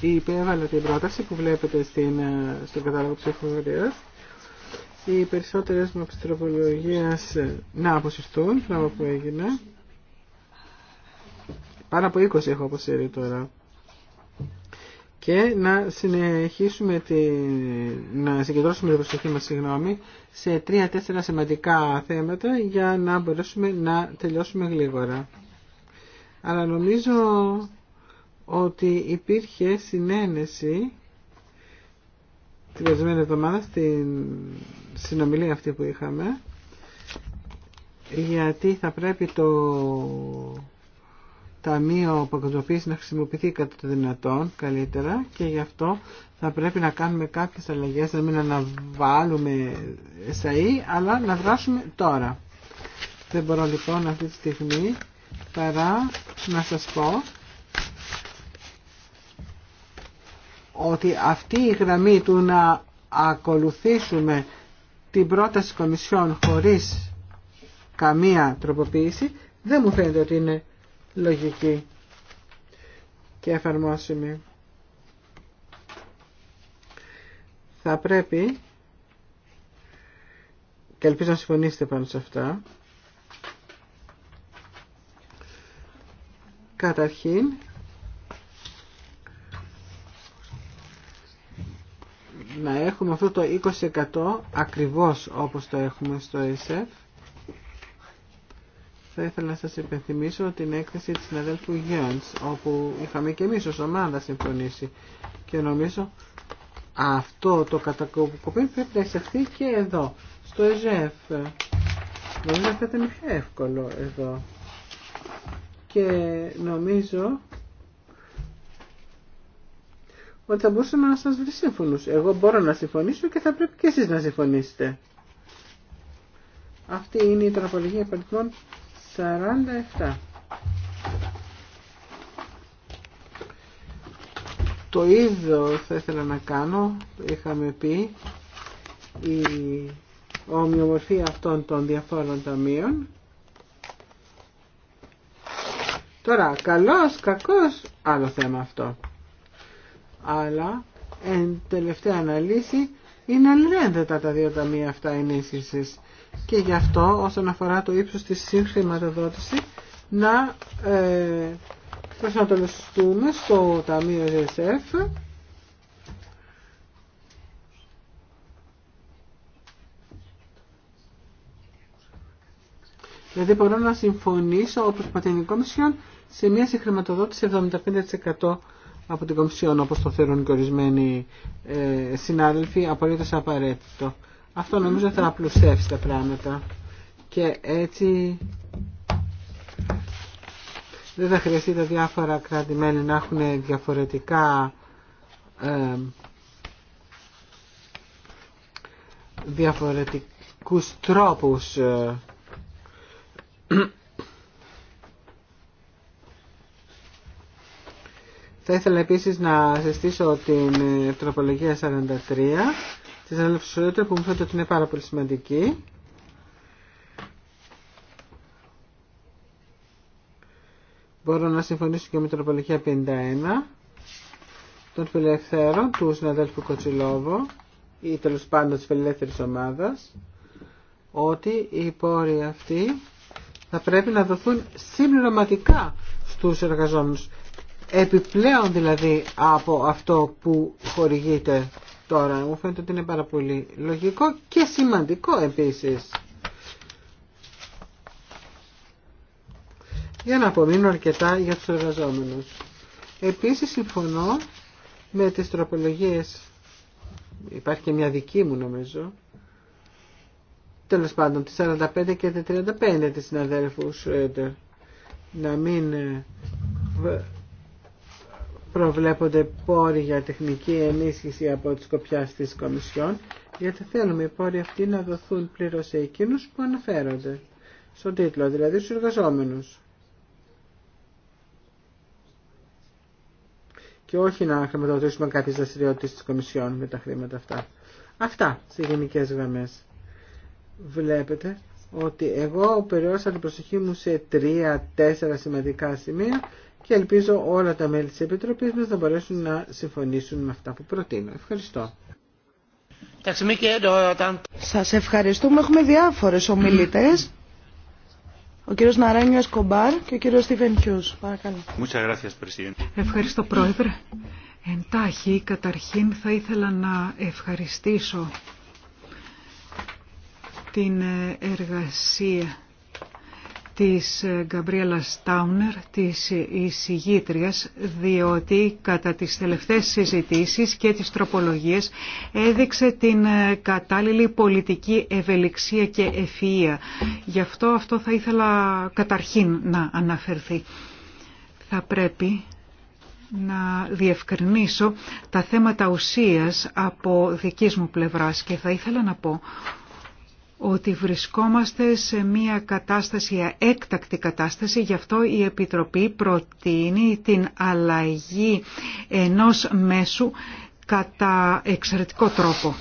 υπέβαλα την πρόταση που βλέπετε στην, ε, στον κατάλογο ψηφοφορίας. Οι περισσότερες μου επιστροφολογίες ε, να αποσυρθούν, πράγμα που έγινε. Πάνω από 20 έχω αποσύρει τώρα και να συνεχίσουμε τη, να συγκεντρώσουμε την προσοχή μας συγγνώμη, σε τρία-τέσσερα σημαντικά θέματα για να μπορέσουμε να τελειώσουμε γλίγορα. Αλλά νομίζω ότι υπήρχε συνένεση την περασμένη εβδομάδα στην συνομιλία αυτή που είχαμε γιατί θα πρέπει το ταμείο παγκοσμιοποίησης να χρησιμοποιηθεί κατά το δυνατόν καλύτερα και γι' αυτό θα πρέπει να κάνουμε κάποιες αλλαγές, να μην αναβάλουμε ΣΑΗ, e, αλλά να δράσουμε τώρα. Δεν μπορώ λοιπόν αυτή τη στιγμή παρά να σας πω ότι αυτή η γραμμή του να ακολουθήσουμε την πρόταση Κομισιόν χωρίς καμία τροποποίηση δεν μου φαίνεται ότι είναι λογική και εφαρμόσιμη. Θα πρέπει και ελπίζω να συμφωνήσετε πάνω σε αυτά. Καταρχήν, να έχουμε αυτό το 20% ακριβώς όπως το έχουμε στο ΕΣΕΦ θα ήθελα να σας υπενθυμίσω την έκθεση της συναδέλφου Γιάντς, όπου είχαμε και εμείς ως ομάδα συμφωνήσει. Και νομίζω αυτό το κατακοπή πρέπει να εισαχθεί και εδώ, στο ΕΖΕΦ. Νομίζω θα ήταν εύκολο εδώ. Και νομίζω ότι θα μπορούσαμε να σας βρει σύμφωνους. Εγώ μπορώ να συμφωνήσω και θα πρέπει και εσείς να συμφωνήσετε. Αυτή είναι η τραπολογία 47. Το ίδιο θα ήθελα να κάνω, είχαμε πει, η ομοιομορφία αυτών των διαφόρων ταμείων. Τώρα, καλός, κακός, άλλο θέμα αυτό. Αλλά, εν τελευταία αναλύση, είναι αλληλένδετα τα δύο ταμεία αυτά ενίσχυσης και γι' αυτό όσον αφορά το ύψος της συγχρηματοδότηση να ε, προσανατολιστούμε στο Ταμείο ΡΣΕΦ Δηλαδή μπορώ να συμφωνήσω όπως είπα την Κομισιόν σε μια συγχρηματοδότηση 75% από την Κομισιόν όπως το θέλουν και ορισμένοι ε, συνάδελφοι απολύτως απαραίτητο. Αυτό νομίζω θα απλουστεύσει τα πράγματα και έτσι δεν θα χρειαστεί τα διαφορα κρατημένα να έχουν διαφορετικά ε, διαφορετικούς τρόπους ε, Θα ήθελα επίσης να συστήσω την ε, τροπολογία 43 τη Ανέλφου Σουρέτερ που μου φαίνεται ότι είναι πάρα πολύ σημαντική. Μπορώ να συμφωνήσω και με την τροπολογία 51 των φιλελευθέρων του συναδέλφου Κοτσιλόβο ή τέλο πάντων της φιλελεύθερης ομάδας ότι οι πόροι αυτοί θα πρέπει να δοθούν συμπληρωματικά στους εργαζόμενους επιπλέον δηλαδή από αυτό που χορηγείται Τώρα μου φαίνεται ότι είναι πάρα πολύ λογικό και σημαντικό επίσης. Για να απομείνω αρκετά για τους εργαζόμενους. Επίσης συμφωνώ με τις τροπολογίες, υπάρχει και μια δική μου νομίζω, τέλος πάντων τις 45 και τις 35 της συναδέλφου Σρέντερ, να μην ε, προβλέπονται πόροι για τεχνική ενίσχυση από τη σκοπιά τη Κομισιόν, γιατί θέλουμε οι πόροι αυτοί να δοθούν πλήρω σε εκείνου που αναφέρονται στον τίτλο, δηλαδή στου εργαζόμενου. Και όχι να χρηματοδοτήσουμε κάποιες δραστηριότητε τη Κομισιόν με τα χρήματα αυτά. Αυτά σε γενικέ γραμμέ. Βλέπετε ότι εγώ περιόρισα την προσοχή μου σε τρία-τέσσερα σημαντικά σημεία και ελπίζω όλα τα μέλη της Επιτροπής μας να μπορέσουν να συμφωνήσουν με αυτά που προτείνω. Ευχαριστώ.
Σας ευχαριστούμε. Έχουμε διάφορες ομιλητές. Ο κύριος Ναρένιο Κομπάρ και ο κύριος Στίβεν Χιούς. Παρακαλώ.
Ευχαριστώ πρόεδρε. Εντάχει, καταρχήν θα ήθελα να ευχαριστήσω την εργασία της ε, Γκαμπρίελα Στάουνερ, της ε, εισηγήτριας, διότι κατά τις τελευταίες συζητήσεις και τις τροπολογίες έδειξε την ε, κατάλληλη πολιτική ευελιξία και ευφυΐα. Γι' αυτό αυτό θα ήθελα καταρχήν να αναφερθεί. Θα πρέπει να διευκρινίσω τα θέματα ουσίας από δικής μου πλευράς και θα ήθελα να πω ότι βρισκόμαστε σε μια κατάσταση, έκτακτη κατάσταση, γι' αυτό η Επιτροπή προτείνει την αλλαγή ενός μέσου κατά εξαιρετικό τρόπο.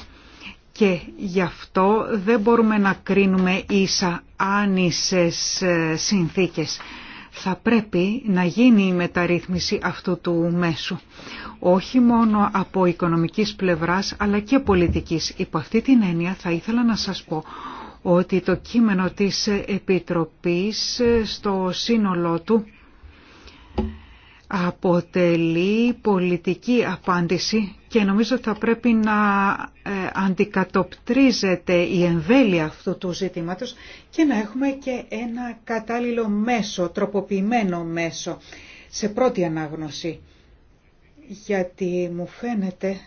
Και γι' αυτό δεν μπορούμε να κρίνουμε ίσα άνισες ε, συνθήκες θα πρέπει να γίνει η μεταρρύθμιση αυτού του μέσου. Όχι μόνο από οικονομικής πλευράς αλλά και πολιτικής. Υπό αυτή την έννοια θα ήθελα να σας πω ότι το κείμενο της Επιτροπής ε, στο σύνολό του αποτελεί πολιτική απάντηση και νομίζω θα πρέπει να ε, αντικατοπτρίζεται η εμβέλεια αυτού του ζήτηματος και να έχουμε και ένα κατάλληλο μέσο, τροποποιημένο μέσο σε πρώτη ανάγνωση. Γιατί μου φαίνεται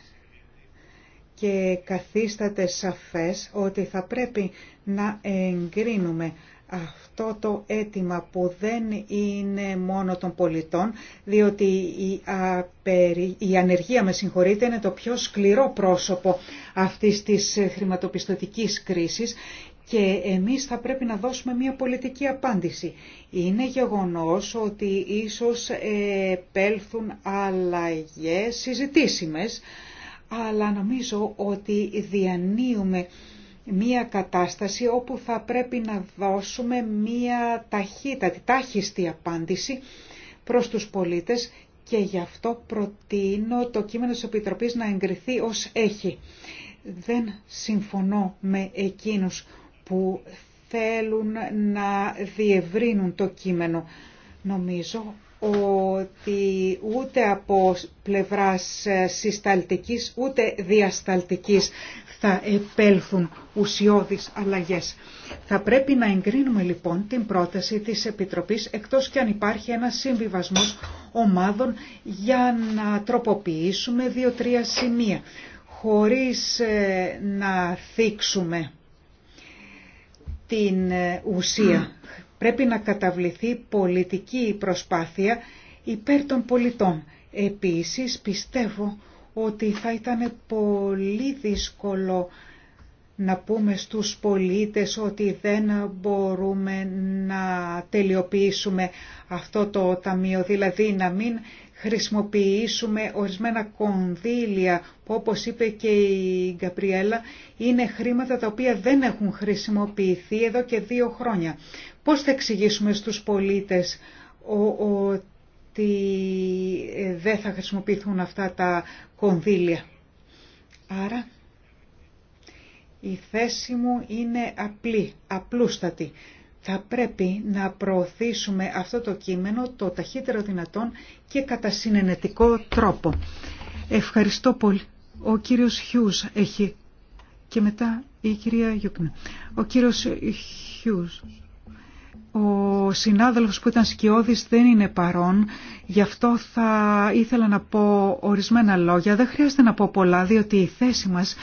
και καθίσταται σαφές ότι θα πρέπει να εγκρίνουμε αυτό το αίτημα που δεν είναι μόνο των πολιτών, διότι η, απερι... η ανεργία, με συγχωρείτε, είναι το πιο σκληρό πρόσωπο αυτής της χρηματοπιστωτικής κρίσης και εμείς θα πρέπει να δώσουμε μια πολιτική απάντηση. Είναι γεγονός ότι ίσως πέλθουν αλλαγές συζητήσιμες, αλλά νομίζω ότι διανύουμε μία κατάσταση όπου θα πρέπει να δώσουμε μία ταχύτατη, τάχιστη απάντηση προς τους πολίτες και γι' αυτό προτείνω το κείμενο της Επιτροπής να εγκριθεί ως έχει. Δεν συμφωνώ με εκείνους που θέλουν να διευρύνουν το κείμενο. Νομίζω ότι ούτε από πλευράς συσταλτικής ούτε διασταλτικής θα επέλθουν ουσιώδεις αλλαγές. Θα πρέπει να εγκρίνουμε λοιπόν την πρόταση της Επιτροπής εκτός και αν υπάρχει ένα συμβιβασμός ομάδων για να τροποποιήσουμε δύο-τρία σημεία χωρίς ε, να θίξουμε την ε, ουσία. Πρέπει να καταβληθεί πολιτική προσπάθεια υπέρ των πολιτών. Επίσης πιστεύω ότι θα ήταν πολύ δύσκολο να πούμε στους πολίτες ότι δεν μπορούμε να τελειοποιήσουμε αυτό το ταμείο, δηλαδή να μην χρησιμοποιήσουμε ορισμένα κονδύλια που όπως είπε και η Γκαπριέλα είναι χρήματα τα οποία δεν έχουν χρησιμοποιηθεί εδώ και δύο χρόνια. Πώς θα εξηγήσουμε στους πολίτες ότι ε, δεν θα χρησιμοποιηθούν αυτά τα κονδύλια. Άρα η θέση μου είναι απλή, απλούστατη. Θα πρέπει να προωθήσουμε αυτό το κείμενο το ταχύτερο δυνατόν και κατά συνενετικό τρόπο. Ευχαριστώ πολύ. Ο κύριος Χιούς έχει και μετά η κυρία Γιουκνα. Ο κύριος Χιούς. Ο συνάδελφος που ήταν σκιώδης δεν είναι παρόν, γι' αυτό θα ήθελα να πω ορισμένα λόγια. Δεν χρειάζεται να πω πολλά, διότι η θέση μας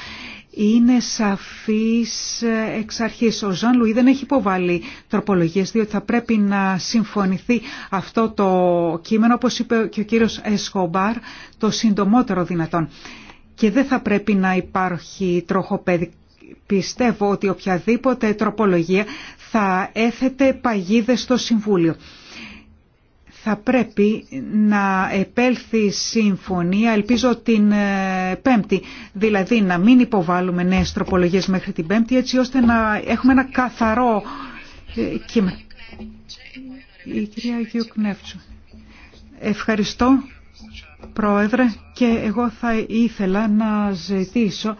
είναι σαφής εξ αρχής. Ο Ζαν Λουί δεν έχει υποβάλει τροπολογίες, διότι θα πρέπει να συμφωνηθεί αυτό το κείμενο, όπως είπε και ο κύριος Εσχομπάρ, το συντομότερο δυνατόν. Και δεν θα πρέπει να υπάρχει τροχοπέδι πιστεύω ότι οποιαδήποτε τροπολογία θα έθετε παγίδες στο Συμβούλιο. Θα πρέπει να επέλθει συμφωνία, ελπίζω την ε, Πέμπτη, δηλαδή να μην υποβάλουμε νέες τροπολογίες μέχρι την Πέμπτη έτσι ώστε να έχουμε ένα καθαρό ε, κείμενο. Η κυρία Ευχαριστώ, Πρόεδρε, και εγώ θα ήθελα να ζητήσω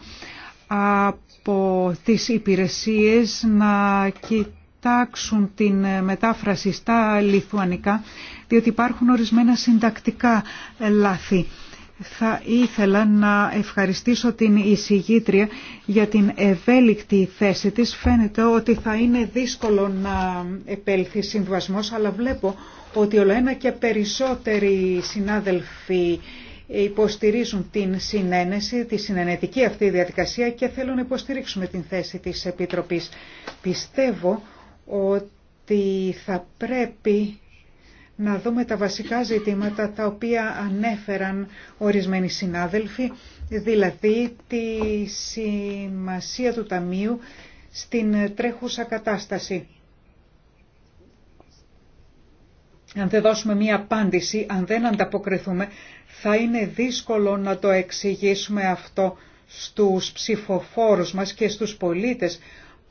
από τις υπηρεσίες να κοιτάξουν την μετάφραση στα λιθουανικά, διότι υπάρχουν ορισμένα συντακτικά λάθη. Θα ήθελα να ευχαριστήσω την εισηγήτρια για την ευέλικτη θέση της. Φαίνεται ότι θα είναι δύσκολο να επέλθει συμβασμός, αλλά βλέπω ότι ολοένα και περισσότεροι συνάδελφοι υποστηρίζουν την συνένεση, τη συνενετική αυτή διαδικασία και θέλουν να υποστηρίξουμε την θέση της Επιτροπής. Πιστεύω ότι θα πρέπει να δούμε τα βασικά ζητήματα τα οποία ανέφεραν ορισμένοι συνάδελφοι, δηλαδή τη σημασία του Ταμείου στην τρέχουσα κατάσταση. Αν δεν δώσουμε μία απάντηση, αν δεν ανταποκριθούμε, θα είναι δύσκολο να το εξηγήσουμε αυτό στους ψηφοφόρους μας και στους πολίτες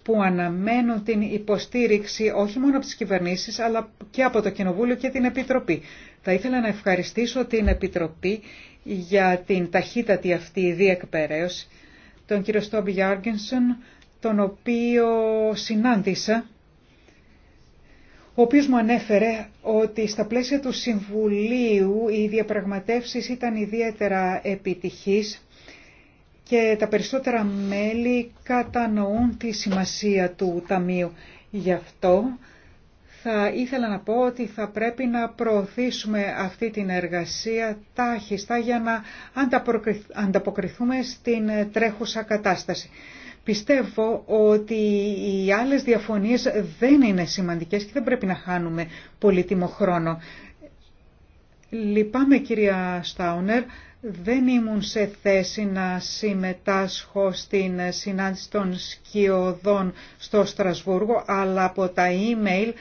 που αναμένουν την υποστήριξη όχι μόνο από τις κυβερνήσεις αλλά και από το Κοινοβούλιο και την Επιτροπή. Θα ήθελα να ευχαριστήσω την Επιτροπή για την ταχύτατη αυτή διεκπαιρέωση, τον κύριο Στόμπι Γιάργενσον, τον οποίο συνάντησα ο οποίος μου ανέφερε ότι στα πλαίσια του Συμβουλίου οι διαπραγματεύσεις ήταν ιδιαίτερα επιτυχής και τα περισσότερα μέλη κατανοούν τη σημασία του Ταμείου. Γι' αυτό θα ήθελα να πω ότι θα πρέπει να προωθήσουμε αυτή την εργασία τάχιστα για να ανταποκριθούμε στην τρέχουσα κατάσταση. Πιστεύω ότι οι άλλες διαφωνίες δεν είναι σημαντικές και δεν πρέπει να χάνουμε πολύτιμο χρόνο. Λυπάμαι κυρία Στάουνερ, δεν ήμουν σε θέση να συμμετάσχω στην συνάντηση των σκιωδών στο Στρασβούργο, αλλά από τα email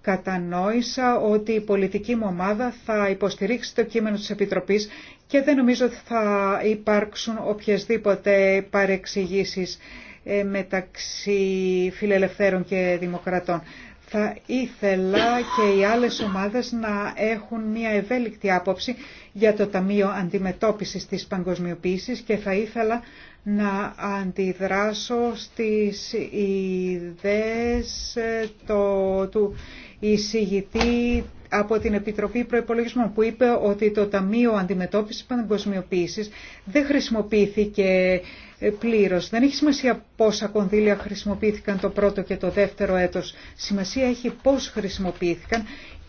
κατανόησα ότι η πολιτική μου ομάδα θα υποστηρίξει το κείμενο της Επιτροπής και δεν νομίζω ότι θα υπάρξουν οποιασδήποτε παρεξηγήσεις. Ε, μεταξύ φιλελευθέρων και δημοκρατών. Θα ήθελα και οι άλλες ομάδες να έχουν μια ευέλικτη άποψη για το Ταμείο Αντιμετώπισης της Παγκοσμιοποίησης και θα ήθελα να αντιδράσω στις ιδέες ε, το, του εισηγητή από την Επιτροπή Προπολογισμών που είπε ότι το Ταμείο Αντιμετώπισης Παγκοσμιοποίησης δεν χρησιμοποιήθηκε ε, πλήρως. Δεν έχει σημασία πόσα κονδύλια χρησιμοποιήθηκαν το πρώτο και το δεύτερο έτος. Σημασία έχει πώς χρησιμοποιήθηκαν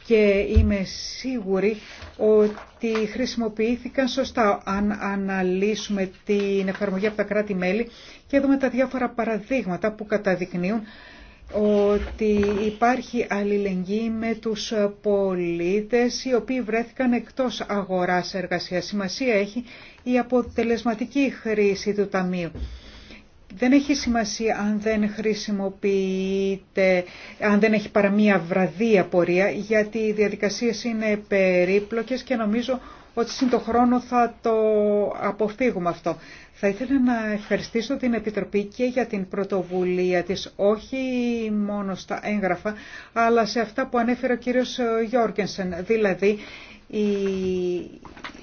και είμαι σίγουρη ότι χρησιμοποιήθηκαν σωστά αν αναλύσουμε την εφαρμογή από τα κράτη-μέλη και δούμε τα διάφορα παραδείγματα που καταδεικνύουν ότι υπάρχει αλληλεγγύη με τους πολίτες οι οποίοι βρέθηκαν εκτός αγοράς εργασίας. Σημασία έχει η αποτελεσματική χρήση του Ταμείου. Δεν έχει σημασία αν δεν χρησιμοποιείται, αν δεν έχει παρά μία βραδία πορεία, γιατί οι διαδικασίες είναι περίπλοκες και νομίζω ότι σύν το χρόνο θα το αποφύγουμε αυτό. Θα ήθελα να ευχαριστήσω την Επιτροπή και για την πρωτοβουλία της, όχι μόνο στα έγγραφα, αλλά σε αυτά που ανέφερε ο κύριος Γιόργενσεν, δηλαδή οι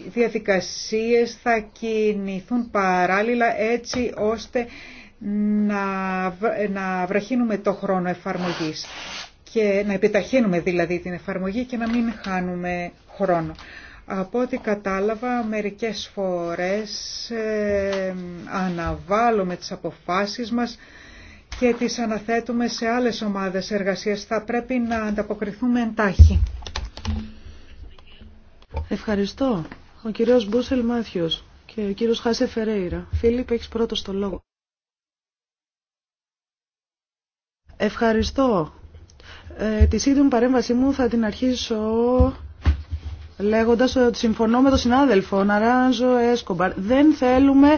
διαδικασίες θα κινηθούν παράλληλα έτσι ώστε να, να βραχύνουμε το χρόνο εφαρμογής και να επιταχύνουμε δηλαδή την εφαρμογή και να μην χάνουμε χρόνο. Από ό,τι κατάλαβα, μερικές φορές ε, αναβάλουμε τις αποφάσεις μας και τις αναθέτουμε σε άλλες ομάδες εργασίας. Θα πρέπει να ανταποκριθούμε εντάχει.
Ευχαριστώ. Ο κύριος Μπούσελ Μάθιος και ο κύριος Χάσε Φερέιρα. Φίλιπ, έχεις πρώτος το λόγο. Ευχαριστώ. Ε, τη σύντομη παρέμβασή μου θα την αρχίσω λέγοντας ότι συμφωνώ με τον συνάδελφο Ναράζο Έσκομπαρ. Δεν θέλουμε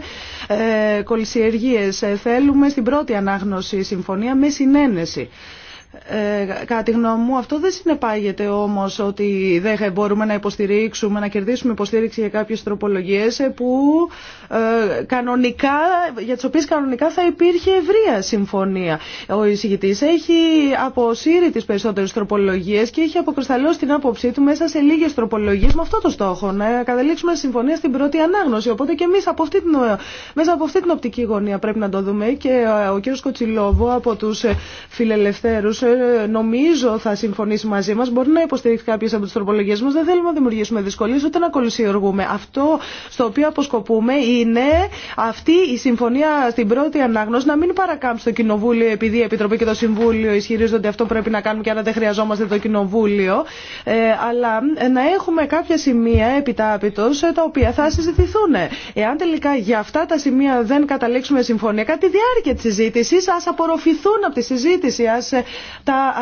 ε, ε, θέλουμε στην πρώτη ανάγνωση συμφωνία με συνένεση. Ε, κατά τη γνώμη μου αυτό δεν συνεπάγεται όμω ότι δεν μπορούμε να υποστηρίξουμε, να κερδίσουμε υποστήριξη για κάποιε τροπολογίε, ε, για τι οποίε κανονικά θα υπήρχε ευρεία συμφωνία. Ο εισηγητή έχει αποσύρει τι περισσότερε τροπολογίε και έχει αποκρισταλώσει την άποψή του μέσα σε λίγε τροπολογίε με αυτό το στόχο, να καταλήξουμε συμφωνία στην πρώτη ανάγνωση. Οπότε και εμεί μέσα από αυτή την οπτική γωνία πρέπει να το δούμε και ε, ο κ. Κοτσιλόβο από του ε, φιλελευθέρου ε, νομίζω θα συμφωνήσει μαζί μα, μπορεί να υποστηρίξει κάποιε από τι τροπολογίε μα. Δεν θέλουμε να δημιουργήσουμε δυσκολίε ούτε να κολυσιοργούμε. Αυτό στο οποίο αποσκοπούμε είναι αυτή η συμφωνία στην πρώτη ανάγνωση να μην παρακάμψει το Κοινοβούλιο επειδή η Επιτροπή και το Συμβούλιο ισχυρίζονται αυτό πρέπει να κάνουμε και άρα δεν χρειαζόμαστε το Κοινοβούλιο. Ε, αλλά να έχουμε κάποια σημεία επιτάπητο ε, τα οποία θα συζητηθούν. Εάν τελικά για αυτά τα σημεία δεν καταλήξουμε συμφωνία, κατά τη διάρκεια τη συζήτηση α απορροφηθούν από τη συζήτηση, τα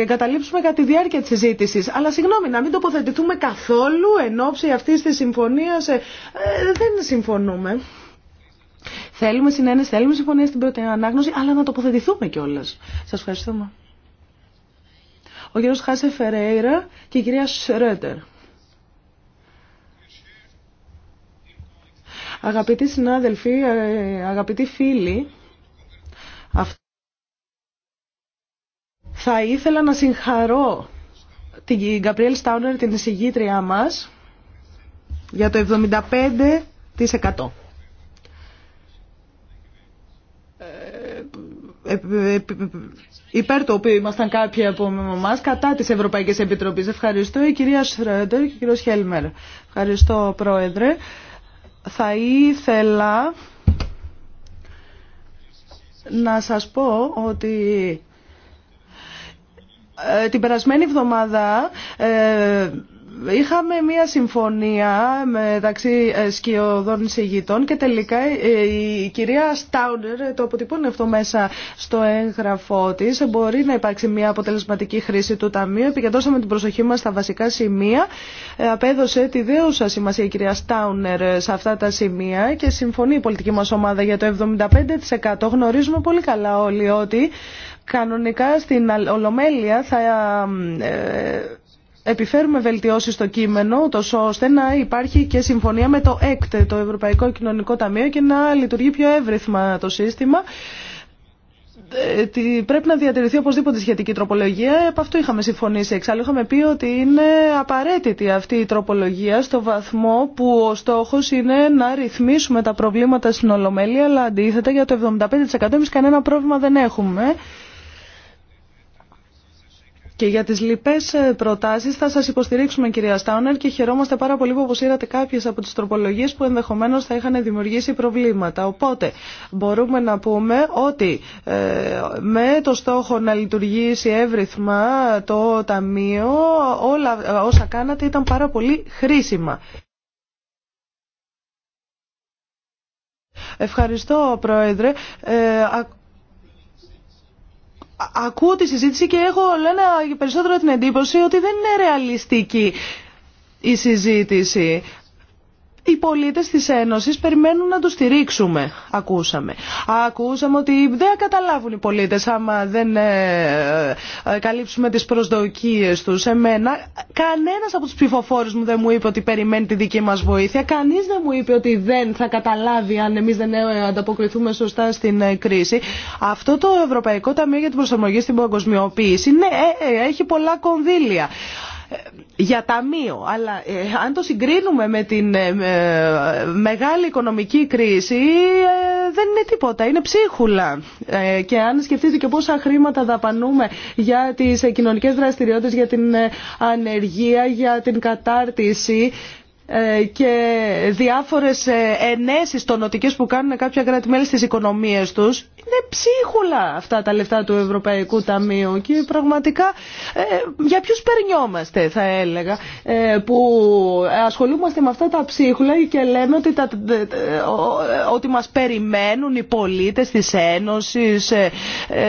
εγκαταλείψουμε κατά τη διάρκεια τη συζήτηση. Αλλά συγγνώμη, να μην τοποθετηθούμε καθόλου εν ώψη αυτή τη συμφωνία. Ε, ε, δεν συμφωνούμε. Θέλουμε συνένεση, θέλουμε συμφωνία στην πρώτη ανάγνωση, αλλά να τοποθετηθούμε κιόλα. Σα ευχαριστούμε. Ο κύριο Χάσε Φερέιρα και η κυρία Σρέτερ. Αγαπητοί συνάδελφοι, ε, αγαπητοί φίλοι, θα ήθελα να συγχαρώ την Γκαπριέλ Στάουνερ, την εισηγήτριά μας, για το 75%. Ε, υπέρ το οποίο ήμασταν κάποιοι από εμά κατά τη Ευρωπαϊκή Επιτροπή. Ευχαριστώ η κυρία Σρέντερ και ο κύριο Χέλμερ. Ευχαριστώ, Πρόεδρε. Θα ήθελα να σας πω ότι ε, την περασμένη εβδομάδα ε, είχαμε μία συμφωνία μεταξύ ε, σκιωδών εισηγητών και τελικά η κυρία Στάουνερ το αποτυπώνει αυτό μέσα στο έγγραφό τη. Μπορεί να υπάρξει μία αποτελεσματική χρήση του Ταμείου. Επικεντρώσαμε την προσοχή μας στα βασικά σημεία. Απέδωσε τη δέουσα σημασία η κυρία Στάουνερ σε αυτά τα σημεία και συμφωνεί η πολιτική μας ομάδα για το 75%. Γνωρίζουμε πολύ καλά όλοι ότι Κανονικά στην Ολομέλεια θα ε, επιφέρουμε βελτιώσεις στο κείμενο, τόσο ώστε να υπάρχει και συμφωνία με το ΕΚΤ, το Ευρωπαϊκό Κοινωνικό Ταμείο, και να λειτουργεί πιο εύρυθμα το σύστημα. Ε, πρέπει να διατηρηθεί οπωσδήποτε σχετική τροπολογία. Επ' αυτού είχαμε συμφωνήσει. Εξάλλου είχαμε πει ότι είναι απαραίτητη αυτή η τροπολογία στο βαθμό που ο στόχο είναι να ρυθμίσουμε τα προβλήματα στην Ολομέλεια, αλλά αντίθετα για το 75% εμεί κανένα πρόβλημα δεν έχουμε. Και για τις λοιπές ε, προτάσεις θα σας υποστηρίξουμε κυρία Στάουνερ και χαιρόμαστε πάρα πολύ που αποσύρατε κάποιες από τις τροπολογίες που ενδεχομένως θα είχαν δημιουργήσει προβλήματα. Οπότε μπορούμε να πούμε ότι ε, με το στόχο να λειτουργήσει εύρυθμα το Ταμείο όλα όσα κάνατε ήταν πάρα πολύ χρήσιμα. Ευχαριστώ Πρόεδρε. Ε, ακούω τη συζήτηση και έχω λένε περισσότερο την εντύπωση ότι δεν είναι ρεαλιστική η συζήτηση οι πολίτες της Ένωσης περιμένουν να τους στηρίξουμε, ακούσαμε. Ακούσαμε ότι δεν καταλάβουν οι πολίτες άμα δεν ε, ε, ε, καλύψουμε τις προσδοκίες τους. Εμένα, κανένας από τους ψηφοφόρους μου δεν μου είπε ότι περιμένει τη δική μας βοήθεια. Κανείς δεν μου είπε ότι δεν θα καταλάβει αν εμείς δεν ανταποκριθούμε σωστά στην κρίση. Αυτό το Ευρωπαϊκό Ταμείο για την Προσαρμογή στην Παγκοσμιοποίηση, ναι, έχει πολλά κονδύλια για ταμείο. Αλλά ε, αν το συγκρίνουμε με την ε, μεγάλη οικονομική κρίση ε, δεν είναι τίποτα, είναι ψίχουλα. Και αν σκεφτείτε και πόσα χρήματα δαπανούμε για τις κοινωνικές δραστηριότητες, για την ανεργία, για την κατάρτιση ε, και διάφορες ε, ενέσεις των που κάνουν κάποια κράτη-μέλη στις οικονομίες τους είναι ψίχουλα αυτά τα λεφτά του Ευρωπαϊκού Ταμείου και πραγματικά ε, για ποιους περνιόμαστε θα έλεγα που ασχολούμαστε με αυτά τα ψίχουλα και λέμε ότι, τα, ότι μας περιμένουν οι πολίτες της Ένωσης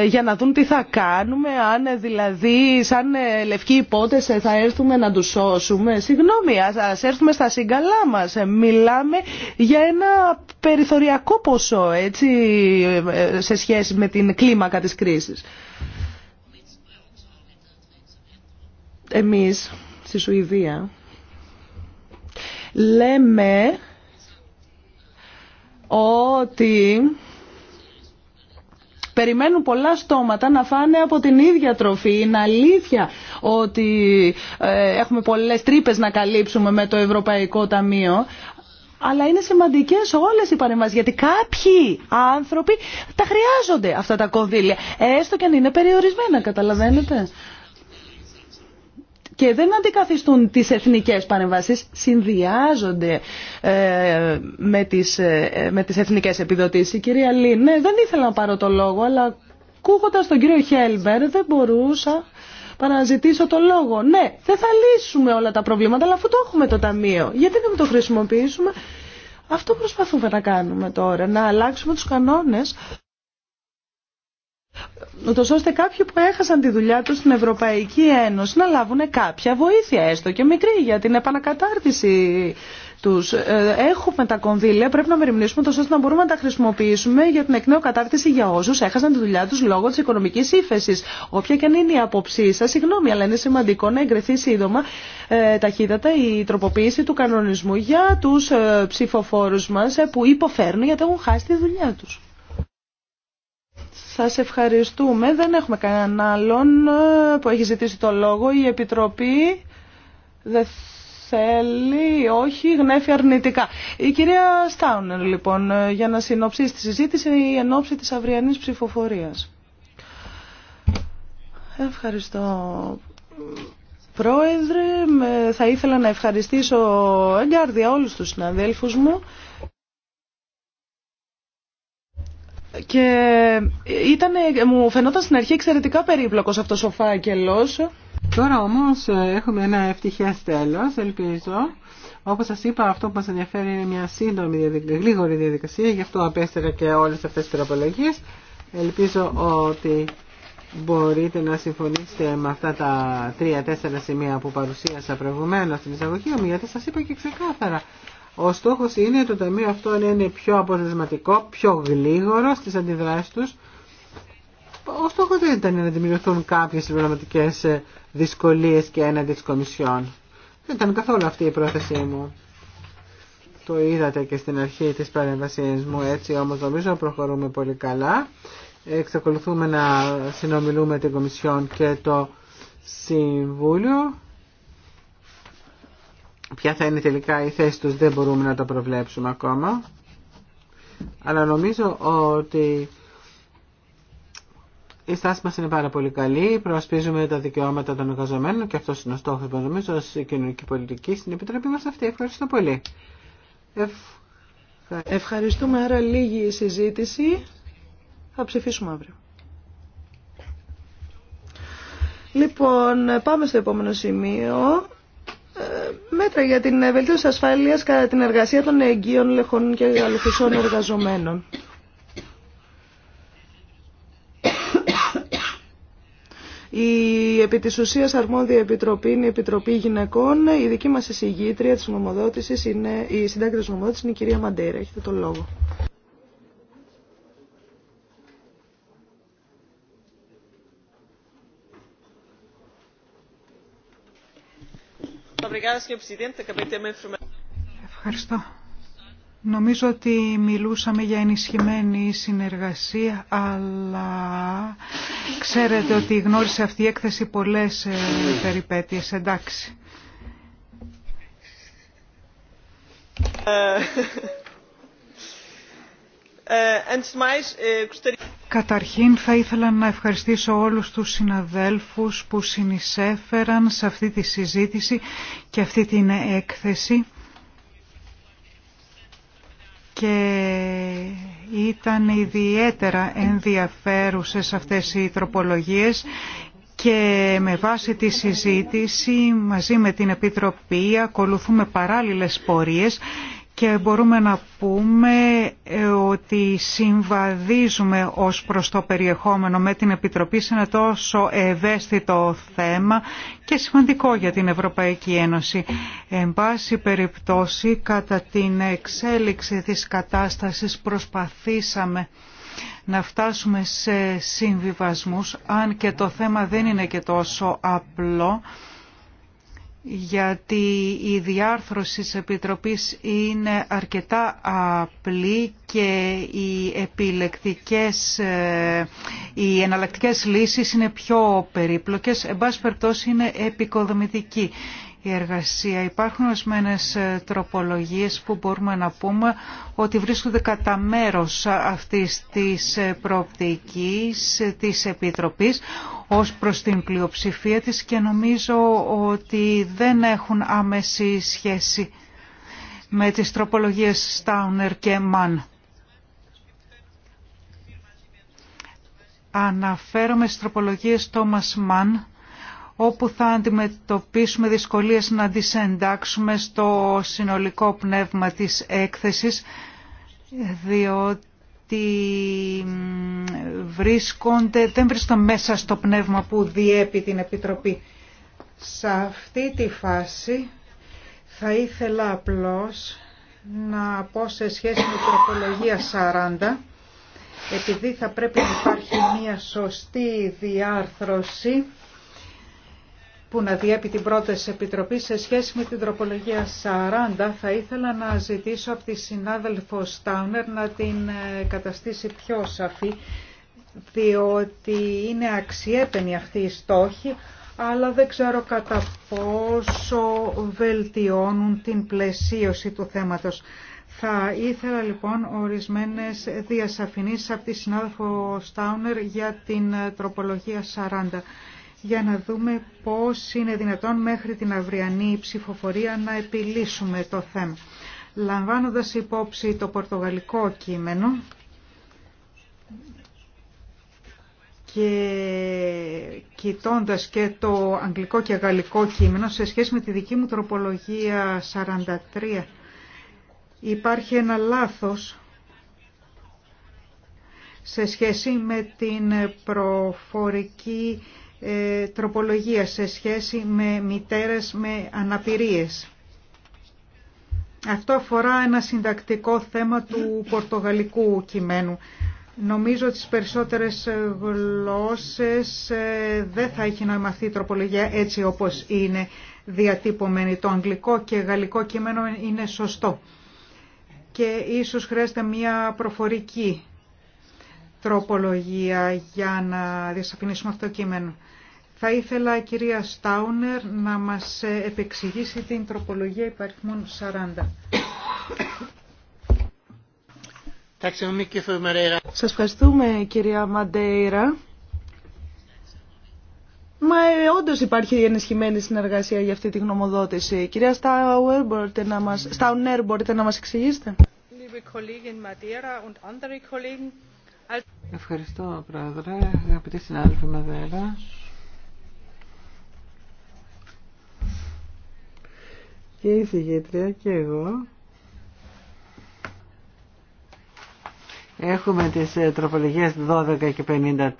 για να δουν τι θα κάνουμε αν δηλαδή σαν λευκοί υπότε θα έρθουμε να τους σώσουμε συγγνώμη έρθουμε στα στα συγκαλά μας. Ε, μιλάμε για ένα περιθωριακό ποσό έτσι, ε, ε, σε σχέση με την κλίμακα της κρίσης. Εμείς στη Σουηδία λέμε ότι περιμένουν πολλά στόματα να φάνε από την ίδια τροφή. Είναι αλήθεια ότι ε, έχουμε πολλές τρύπες να καλύψουμε με το Ευρωπαϊκό Ταμείο, αλλά είναι σημαντικέ όλε οι παρεμβάσει. Γιατί κάποιοι άνθρωποι τα χρειάζονται αυτά τα κονδύλια. Έστω και αν είναι περιορισμένα, καταλαβαίνετε και δεν αντικαθιστούν τις εθνικές παρεμβάσεις, συνδυάζονται ε, με, τις, ε, με εθνικές επιδοτήσεις. Η κυρία Λίν, ναι, δεν ήθελα να πάρω το λόγο, αλλά ακούγοντας τον κύριο Χέλμπερ δεν μπορούσα παρά να ζητήσω το λόγο. Ναι, δεν θα λύσουμε όλα τα προβλήματα, αλλά αφού το έχουμε το ταμείο, γιατί να μην το χρησιμοποιήσουμε. Αυτό προσπαθούμε να κάνουμε τώρα, να αλλάξουμε τους κανόνες ούτως ώστε κάποιοι που έχασαν τη δουλειά τους στην Ευρωπαϊκή Ένωση να λάβουν κάποια βοήθεια έστω και μικρή για την επανακατάρτιση τους. Ε, έχουμε τα κονδύλια, πρέπει να μεριμνήσουμε τόσο ώστε να μπορούμε να τα χρησιμοποιήσουμε για την εκ νέου κατάρτιση για όσους έχασαν τη δουλειά τους λόγω της οικονομικής ύφεσης. Όποια και αν είναι η απόψή σας, συγγνώμη, αλλά είναι σημαντικό να εγκριθεί σύντομα ε, ταχύτατα η τροποποίηση του κανονισμού για τους ε, ψηφοφόρους μας ε, που υποφέρουν γιατί έχουν χάσει τη δουλειά τους. Σας ευχαριστούμε. Δεν έχουμε κανέναν άλλον ε, που έχει ζητήσει το λόγο. Η Επιτροπή δεν θέλει, όχι, γνέφει αρνητικά. Η κυρία Στάουνερ, λοιπόν, ε, για να συνοψίσει τη συζήτηση η ενόψη της αυριανής ψηφοφορίας. Ευχαριστώ. Πρόεδρε, θα ήθελα να ευχαριστήσω εγκάρδια όλους τους συναδέλφους μου. Και μου φαινόταν στην αρχή εξαιρετικά περίπλοκος
αυτός ο φάκελος. Τώρα όμως ε, έχουμε ένα ευτυχές τέλος, ελπίζω. Όπως σας είπα, αυτό που μας ενδιαφέρει είναι μια σύντομη, γλίγορη διαδικασία, γι' αυτό απέστερα και όλες αυτές τις τροπολογίες. Ελπίζω ότι μπορείτε να συμφωνήσετε με αυτά τα τρία-τέσσερα σημεία που παρουσίασα προηγουμένως στην εισαγωγή μου, γιατί σας είπα και ξεκάθαρα ο στόχος είναι το ταμείο αυτό να είναι πιο αποτελεσματικό, πιο γλίγορο στις αντιδράσεις τους. Ο στόχος δεν ήταν να δημιουργηθούν κάποιες συμπληρωματικές δυσκολίες και έναντι της Κομισιόν. Δεν ήταν καθόλου αυτή η πρόθεσή μου. Το είδατε και στην αρχή της παρέμβασής μου, έτσι όμως νομίζω προχωρούμε πολύ καλά. Εξακολουθούμε να συνομιλούμε την Κομισιόν και το Συμβούλιο Ποια θα είναι τελικά η θέση τους δεν μπορούμε να το προβλέψουμε ακόμα. Αλλά νομίζω ότι η στάση μας είναι πάρα πολύ καλή. Προασπίζουμε τα δικαιώματα των εργαζομένων και αυτός είναι ο στόχος μας νομίζω ως κοινωνική πολιτική στην Επιτροπή μας αυτή. Ευχαριστώ πολύ.
Ευχαριστούμε άρα λίγη η συζήτηση. Θα ψηφίσουμε αύριο. Λοιπόν, πάμε στο επόμενο σημείο. Ε, μέτρα για την ε, βελτίωση ασφάλειας κατά την εργασία των εγγύων λεχών και αλουφουσών εργαζομένων. Η επί της ουσίας αρμόδια επιτροπή είναι η Επιτροπή Γυναικών. Η δική μας εισηγήτρια της νομοδότησης είναι, η συντάκτη της είναι η κυρία Μαντέρα. Έχετε τον λόγο.
Ευχαριστώ. Νομίζω ότι μιλούσαμε για ενισχυμένη συνεργασία, αλλά ξέρετε ότι γνώρισε αυτή η έκθεση πολλές ε, περιπέτειες. Εντάξει.
Ε, ε, ε,
Καταρχήν θα ήθελα να ευχαριστήσω όλους τους συναδέλφους που συνεισέφεραν σε αυτή τη συζήτηση και αυτή την έκθεση και ήταν ιδιαίτερα ενδιαφέρουσες αυτές οι τροπολογίες και με βάση τη συζήτηση μαζί με την Επιτροπή ακολουθούμε παράλληλες πορείες και μπορούμε να πούμε ε, ότι συμβαδίζουμε ως προς το περιεχόμενο με την Επιτροπή σε ένα τόσο ευαίσθητο θέμα και σημαντικό για την Ευρωπαϊκή Ένωση. Εν πάση περιπτώσει, κατά την εξέλιξη της κατάστασης προσπαθήσαμε να φτάσουμε σε συμβιβασμούς, αν και το θέμα δεν είναι και τόσο απλό γιατί η διάρθρωση της Επιτροπής είναι αρκετά απλή και οι επιλεκτικές, ε, οι εναλλακτικές λύσεις είναι πιο περίπλοκες. Εν πάση περιπτώσει είναι επικοδομητική η εργασία. Υπάρχουν ορισμένε ε, τροπολογίες που μπορούμε να πούμε ότι βρίσκονται κατά μέρος αυτής της ε, προοπτικής της Επιτροπής, ως προς την πλειοψηφία της και νομίζω ότι δεν έχουν άμεση σχέση με τις τροπολογίες Στάουνερ και Μαν. Αναφέρομαι στις τροπολογίες Τόμας Μαν, όπου θα αντιμετωπίσουμε δυσκολίες να τις εντάξουμε στο συνολικό πνεύμα της έκθεσης, διότι ότι βρίσκονται, δεν βρίσκονται μέσα στο πνεύμα που διέπει την Επιτροπή. Σε αυτή τη φάση θα ήθελα απλώς να πω σε σχέση με την τροπολογία 40, επειδή θα πρέπει να υπάρχει μια σωστή διάρθρωση που να διέπει την πρόταση επιτροπή σε σχέση με την τροπολογία 40 θα ήθελα να ζητήσω από τη συνάδελφο Στάουνερ να την ε, καταστήσει πιο σαφή διότι είναι αξιέπαινη αυτή η στόχη αλλά δεν ξέρω κατά πόσο βελτιώνουν την πλαισίωση του θέματος. Θα ήθελα λοιπόν ορισμένες διασαφηνίσεις από τη συνάδελφο Στάουνερ για την ε, τροπολογία 40 για να δούμε πώς είναι δυνατόν μέχρι την αυριανή ψηφοφορία να επιλύσουμε το θέμα. Λαμβάνοντας υπόψη το πορτογαλικό κείμενο και κοιτώντας και το αγγλικό και γαλλικό κείμενο σε σχέση με τη δική μου τροπολογία 43 υπάρχει ένα λάθος σε σχέση με την προφορική ε, τροπολογία σε σχέση με μητέρες με αναπηρίες. Αυτό αφορά ένα συντακτικό θέμα του πορτογαλικού κειμένου. Νομίζω ότι τις περισσότερες γλώσσες ε, δεν θα έχει να τροπολογία έτσι όπως είναι διατύπωμένη. Το αγγλικό και γαλλικό κείμενο είναι σωστό. Και ίσως χρειάζεται μια προφορική τροπολογία για να διασαφηνίσουμε αυτό το κείμενο. Θα ήθελα η κυρία Στάουνερ να μας επεξηγήσει την τροπολογία
υπαριθμών 40. Σας ευχαριστούμε κυρία Μαντέιρα. Μα ε, όντω υπάρχει ενισχυμένη συνεργασία για αυτή τη γνωμοδότηση. Κυρία Στάουνερ,
μπορείτε να μας,
Στάουνερ, μπορείτε να μας εξηγήσετε.
Ευχαριστώ, Πρόεδρε. Αγαπητοί συνάδελφοι Μαδέρα, και η συγγετρία και εγώ Έχουμε τις ε, τροπολογίες 12 και 53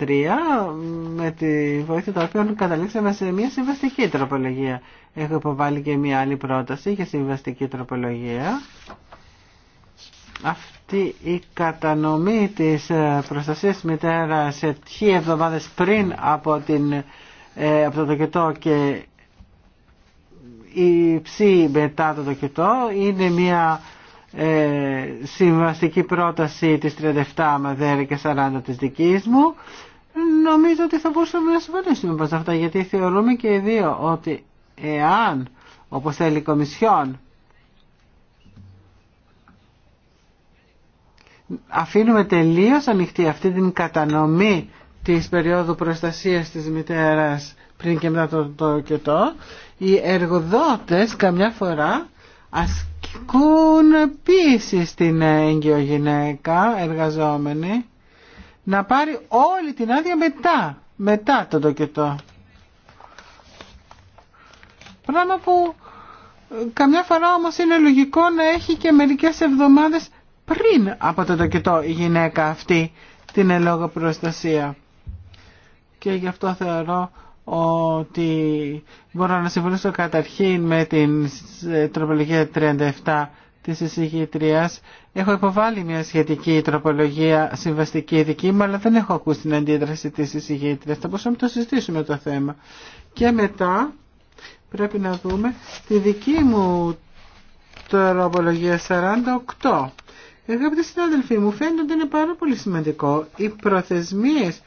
με τη βοήθεια των οποίων καταλήξαμε σε μια συμβαστική τροπολογία. Έχω υποβάλει και μια άλλη πρόταση για συμβαστική τροπολογία. Αυτή η κατανομή της ε, προστασίας μητέρα σε 2 εβδομάδες πριν από, την, ε, από το τοκετό και η ψή μετά το δοκιτό είναι μια ε, συμβαστική πρόταση της 37 Μαδέρη και 40 της δικής μου νομίζω ότι θα μπορούσαμε να συμφωνήσουμε πως αυτά γιατί θεωρούμε και οι δύο ότι εάν όπως θέλει η Κομισιόν αφήνουμε τελείως ανοιχτή αυτή την κατανομή της περίοδου προστασίας της μητέρας πριν και μετά το, το, και οι εργοδότες καμιά φορά ασκούν πίεση στην έγκυο γυναίκα εργαζόμενη να πάρει όλη την άδεια μετά, μετά το τοκετό. Πράγμα που ε, καμιά φορά όμως είναι λογικό να έχει και μερικές εβδομάδες πριν από το τοκετό η γυναίκα αυτή την ελόγω προστασία. Και γι' αυτό θεωρώ ότι μπορώ να συμφωνήσω καταρχήν με την ε, τροπολογία 37 της εισηγητρίας. Έχω υποβάλει μια σχετική τροπολογία συμβαστική δική μου, αλλά δεν έχω ακούσει την αντίδραση της εισηγητρίας. Θα μπορούσαμε να το συζητήσουμε το θέμα. Και μετά πρέπει να δούμε τη δική μου τροπολογία 48. Αγαπητοί συνάδελφοι, μου φαίνεται ότι είναι πάρα πολύ σημαντικό οι προθεσμίες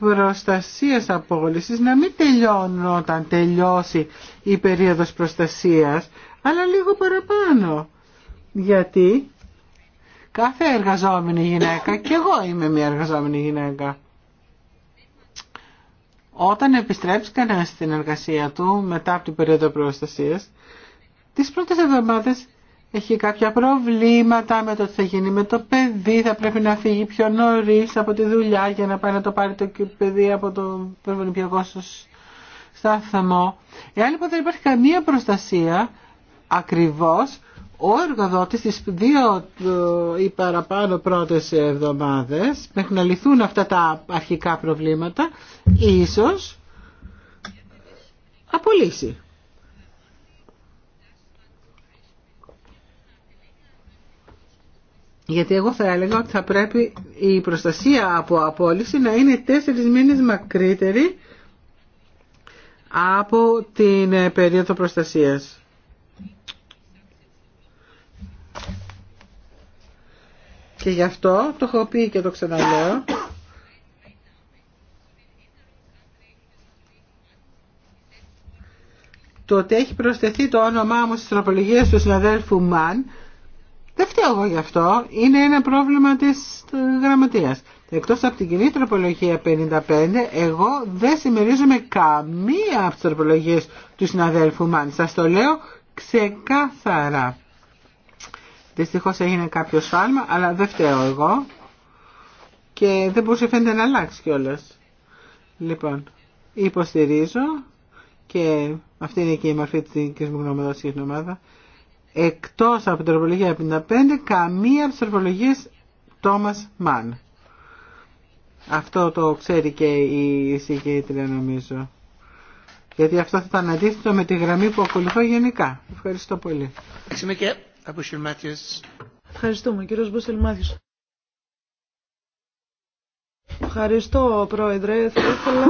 προστασίας απόλυσης να μην τελειώνουν όταν τελειώσει η περίοδος προστασίας, αλλά λίγο παραπάνω. Γιατί κάθε εργαζόμενη γυναίκα, και εγώ είμαι μια εργαζόμενη γυναίκα, όταν επιστρέψει κανένα στην εργασία του μετά από την περίοδο προστασίας, τις πρώτες εβδομάδες έχει κάποια προβλήματα με το τι θα γίνει με το παιδί, θα πρέπει να φύγει πιο νωρί από τη δουλειά για να πάει να το πάρει το παιδί από το προβοληπιακό σταθμό. Εάν λοιπόν δεν υπάρχει καμία προστασία, ακριβώς ο εργοδότης τις δύο ε, ή παραπάνω πρώτες εβδομάδες μέχρι να λυθούν αυτά τα αρχικά προβλήματα ίσως απολύσει. Γιατί εγώ θα έλεγα ότι θα πρέπει η προστασία από απόλυση να είναι τέσσερις μήνες μακρύτερη από την ε, περίοδο προστασίας. Και γι' αυτό το έχω πει και το ξαναλέω. Το ότι έχει προσθεθεί το όνομά μου στις τροπολογίες του συναδέλφου Μαν δεν φταίω εγώ γι' αυτό. Είναι ένα πρόβλημα της ε, γραμματείας. Εκτός από την κοινή τροπολογία 55, εγώ δεν συμμερίζομαι καμία από τις τροπολογίες του συναδέλφου Μάν. Σας το λέω ξεκάθαρα. Δυστυχώ έγινε κάποιο σφάλμα, αλλά δεν φταίω εγώ. Και δεν μπορούσε φαίνεται να αλλάξει κιόλα. Λοιπόν, υποστηρίζω και αυτή είναι και η μορφή της δικής μου στην ομάδα εκτός από την τροπολογία 55 καμία από τις τροπολογίες Τόμας Μαν. Αυτό το ξέρει και η συγκέντρια νομίζω. Γιατί αυτό θα ήταν αντίθετο με τη γραμμή που ακολουθώ γενικά. Ευχαριστώ πολύ. Ευχαριστούμε
κύριος Μπούσελ Μάθιος. Ευχαριστώ πρόεδρε. Θα ήθελα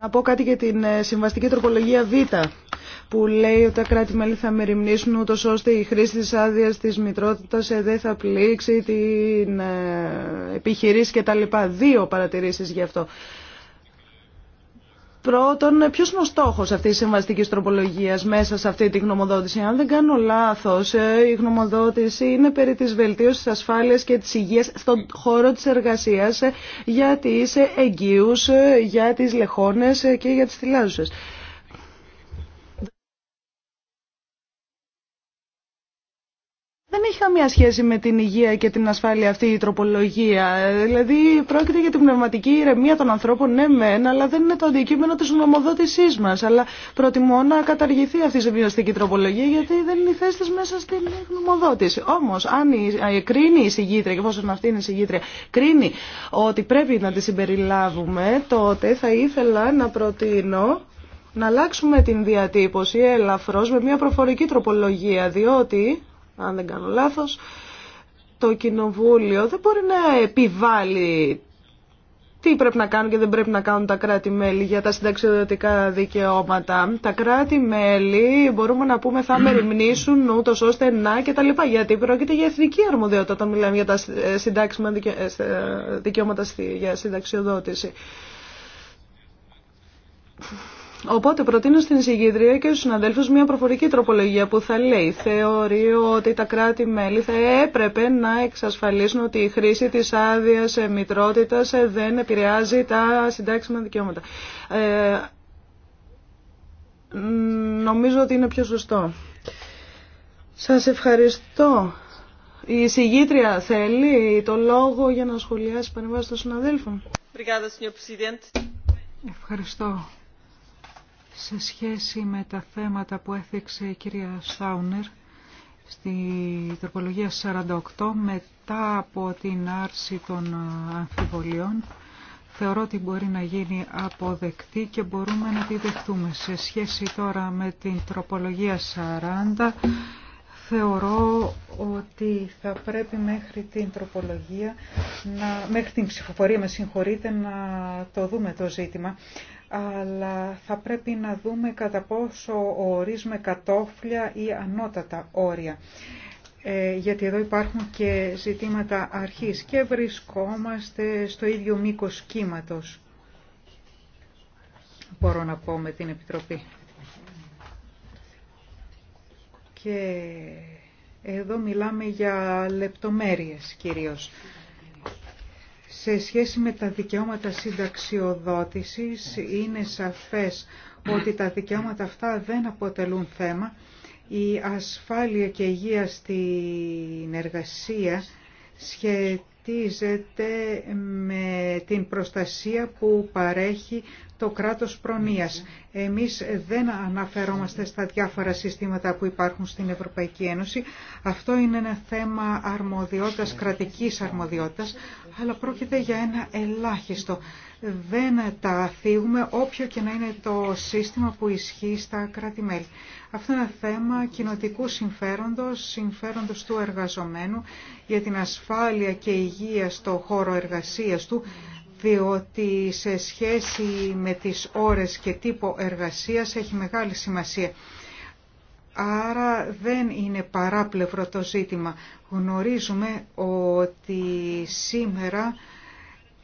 να πω κάτι για την ε, συμβαστική τροπολογία Β που λέει ότι τα κράτη-μέλη θα μεριμνήσουν ούτω ώστε η χρήση τη άδεια της μητρότητας ε, δεν θα πλήξει την ε, επιχειρήση κτλ. Δύο παρατηρήσεις γι' αυτό. Πρώτον, ποιο είναι ο στόχο αυτή τη συμβαστική τροπολογία μέσα σε αυτή τη γνωμοδότηση. Αν δεν κάνω λάθο, ε, η γνωμοδότηση είναι περί τη βελτίωση τη ασφάλεια και τη υγεία στον χώρο τη εργασία για τι εγγύου, για τι λεχόνε και για τι θυλάζουσε. Δεν έχει καμία σχέση με την υγεία και την ασφάλεια αυτή η τροπολογία. Δηλαδή πρόκειται για την πνευματική ηρεμία των ανθρώπων, ναι μεν, αλλά δεν είναι το αντικείμενο τη νομοδότησή μα. Αλλά προτιμώ να καταργηθεί αυτή η συμβιβαστική τροπολογία γιατί δεν είναι η θέση τη μέσα στην νομοδότηση. Όμω, αν η, ε, κρίνει η συγγήτρια, και εφόσον αυτή είναι η συγγήτρια, κρίνει ότι πρέπει να τη συμπεριλάβουμε, τότε θα ήθελα να προτείνω να αλλάξουμε την διατύπωση έλαφρω με μια προφορική τροπολογία, διότι αν δεν κάνω λάθος, το κοινοβούλιο δεν μπορεί να επιβάλλει τι πρέπει να κάνουν και δεν πρέπει να κάνουν τα κράτη-μέλη για τα συνταξιοδοτικά δικαιώματα. Τα κράτη-μέλη μπορούμε να πούμε θα μεριμνήσουν ούτω ώστε να και τα λοιπά. Γιατί πρόκειται για εθνική αρμοδιότητα όταν μιλάμε για τα ε, συντάξιμα ε, ε, δικαιώματα για συνταξιοδότηση. Οπότε προτείνω στην εισηγήτρια και στους συναδέλφους μια προφορική τροπολογία που θα λέει θεωρεί ότι τα κράτη-μέλη θα έπρεπε να εξασφαλίσουν ότι η χρήση της άδειας μητρότητας δεν επηρεάζει τα συντάξιμα δικαιώματα. Ε, νομίζω ότι είναι πιο σωστό. Σας ευχαριστώ. Η εισηγήτρια θέλει το λόγο για να σχολιάσει παρεμβάσει των συναδέλφων.
Ευχαριστώ σε σχέση με τα θέματα που έθιξε η κυρία Σάουνερ στη τροπολογία 48 μετά από την άρση των αμφιβολιών θεωρώ ότι μπορεί να γίνει αποδεκτή και μπορούμε να τη δεχτούμε. Σε σχέση τώρα με την τροπολογία 40 θεωρώ ότι θα πρέπει μέχρι την τροπολογία, να, μέχρι την ψηφοφορία με συγχωρείτε, να το δούμε το ζήτημα αλλά θα πρέπει να δούμε κατά πόσο ορίζουμε κατόφλια ή ανώτατα όρια. Ε, γιατί εδώ υπάρχουν και ζητήματα αρχής και βρισκόμαστε στο ίδιο μήκος κύματος, μπορώ να πω με την Επιτροπή. Και εδώ μιλάμε για λεπτομέρειες κυρίως. Σε σχέση με τα δικαιώματα συνταξιοδότησης είναι σαφές ότι τα δικαιώματα αυτά δεν αποτελούν θέμα. Η ασφάλεια και η υγεία στην εργασία σχετικά σχετίζεται με την προστασία που παρέχει το κράτος προνοίας. Εμείς δεν αναφερόμαστε στα διάφορα συστήματα που υπάρχουν στην Ευρωπαϊκή Ένωση. Αυτό είναι ένα θέμα αρμοδιότητας, κρατικής αρμοδιότητας, αλλά πρόκειται για ένα ελάχιστο δεν τα αφήγουμε όποιο και να είναι το σύστημα που ισχύει στα κράτη-μέλη. Αυτό είναι θέμα κοινοτικού συμφέροντος, συμφέροντος του εργαζομένου για την ασφάλεια και υγεία στο χώρο εργασίας του, διότι σε σχέση με τις ώρες και τύπο εργασίας έχει μεγάλη σημασία. Άρα δεν είναι παράπλευρο το ζήτημα. Γνωρίζουμε ότι σήμερα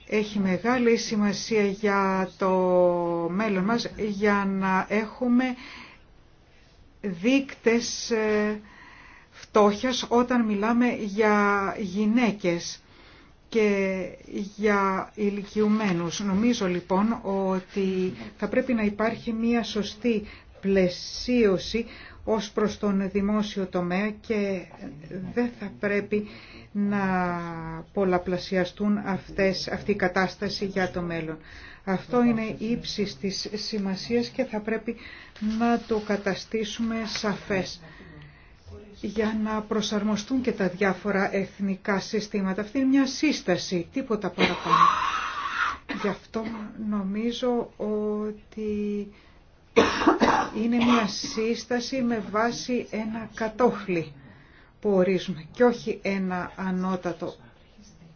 έχει μεγάλη σημασία για το μέλλον μας για να έχουμε δίκτες ε, φτώχειας όταν μιλάμε για γυναίκες και για ηλικιωμένους. Νομίζω λοιπόν ότι θα πρέπει να υπάρχει μια σωστή πλαισίωση ως προς τον δημόσιο τομέα και δεν θα πρέπει να πολλαπλασιαστούν αυτές, αυτή η κατάσταση για το μέλλον. Αυτό είναι ύψης της σημασίας και θα πρέπει να το καταστήσουμε σαφές για να προσαρμοστούν και τα διάφορα εθνικά συστήματα. Αυτή είναι μια σύσταση, τίποτα παραπάνω. Γι' αυτό νομίζω ότι είναι μια σύσταση με βάση ένα κατόφλι που ορίζουμε και όχι ένα ανώτατο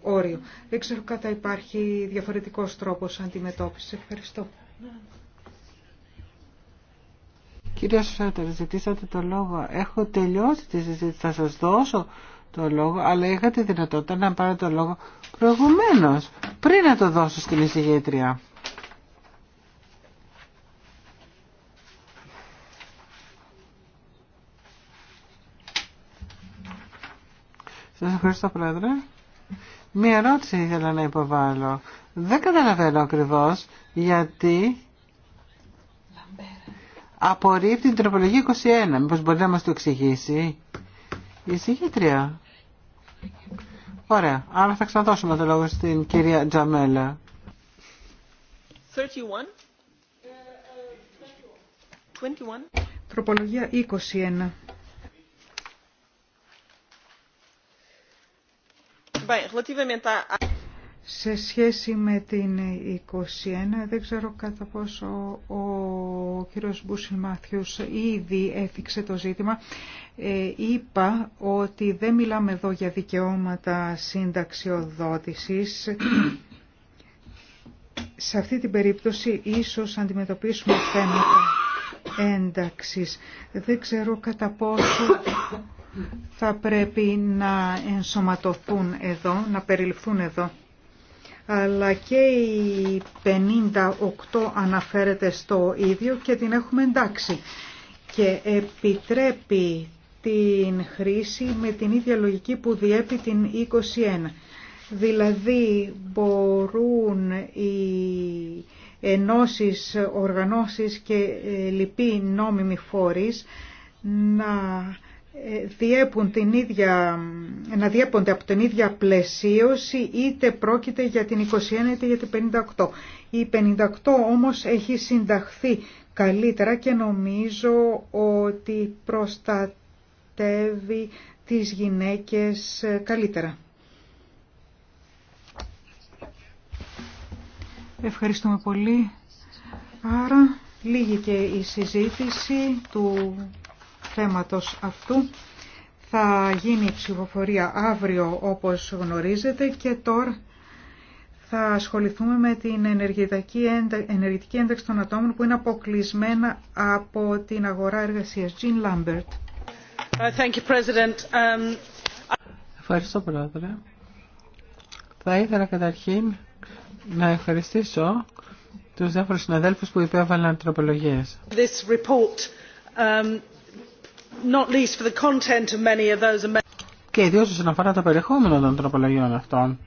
όριο. Δεν ξέρω κατά υπάρχει διαφορετικός τρόπος αντιμετώπισης. Ευχαριστώ.
Κύριε Σουσάτερ, ζητήσατε το λόγο. Έχω τελειώσει τη συζήτηση. Θα σας δώσω το λόγο, αλλά είχα δυνατότητα να πάρετε το λόγο προηγουμένως, πριν να το δώσω στην εισηγήτρια. Σας ευχαριστώ πρόεδρε. Μία ερώτηση ήθελα να υποβάλω. Δεν καταλαβαίνω ακριβώς γιατί απορρίπτει την τροπολογία 21. Μήπως μπορεί να μας το εξηγήσει η συγχύτρια. Ωραία. Άρα θα ξαναδώσουμε το λόγο στην κυρία Τζαμέλα. 31. Τροπολογία 21.
Σε σχέση με την 21, δεν ξέρω κατά πόσο ο κύριος Μπούσιλ Μάθιος ήδη έθιξε το ζήτημα. Ε, είπα ότι δεν μιλάμε εδώ για δικαιώματα συνταξιοδότησης. Σε αυτή την περίπτωση ίσως αντιμετωπίσουμε θέματα ένταξης. Δεν ξέρω κατά πόσο θα πρέπει να ενσωματωθούν εδώ, να περιληφθούν εδώ. Αλλά και η 58 αναφέρεται στο ίδιο και την έχουμε εντάξει. Και επιτρέπει την χρήση με την ίδια λογική που διέπει την 21. Δηλαδή μπορούν οι ενώσεις, οργανώσεις και ε, λοιποί νόμιμοι φόρεις να ε, διέπουν την ίδια, να διέπονται από την ίδια πλαισίωση είτε πρόκειται για την 21 είτε για την 58. Η 58 όμως έχει συνταχθεί καλύτερα και νομίζω ότι προστατεύει τις γυναίκες ε, καλύτερα. Ευχαριστούμε πολύ. Άρα λίγη και η συζήτηση του θέματος αυτού. Θα γίνει η ψηφοφορία αύριο όπως γνωρίζετε και τώρα θα ασχοληθούμε με την ενεργητική ένταξη των ατόμων που είναι αποκλεισμένα από την αγορά εργασίας. Jean Lambert.
Uh, um, Ευχαριστώ, Θα ήθελα καταρχήν να ευχαριστήσω τους διάφορους συναδέλφους που υπέβαλαν τροπολογίες.
This report, um, not least for
the content of many of those... Και ιδίω όσον αφορά το περιεχόμενο των τροπολογιών αυτών.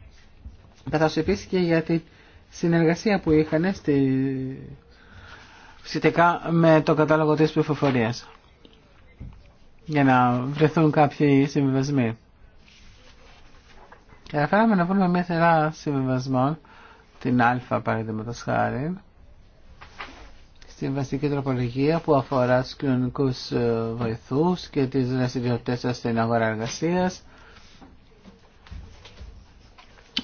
Καθώ επίση και για τη συνεργασία που είχαν στη... σχετικά με το κατάλογο τη πληροφορία για να βρεθούν κάποιοι συμβιβασμοί. Καταφέραμε να βρούμε μια σειρά συμβιβασμών την Α παραδείγματο χάρη στην βασική τροπολογία που αφορά του κοινωνικούς ε, βοηθούς και τις δραστηριότητες στην αγορά εργασίας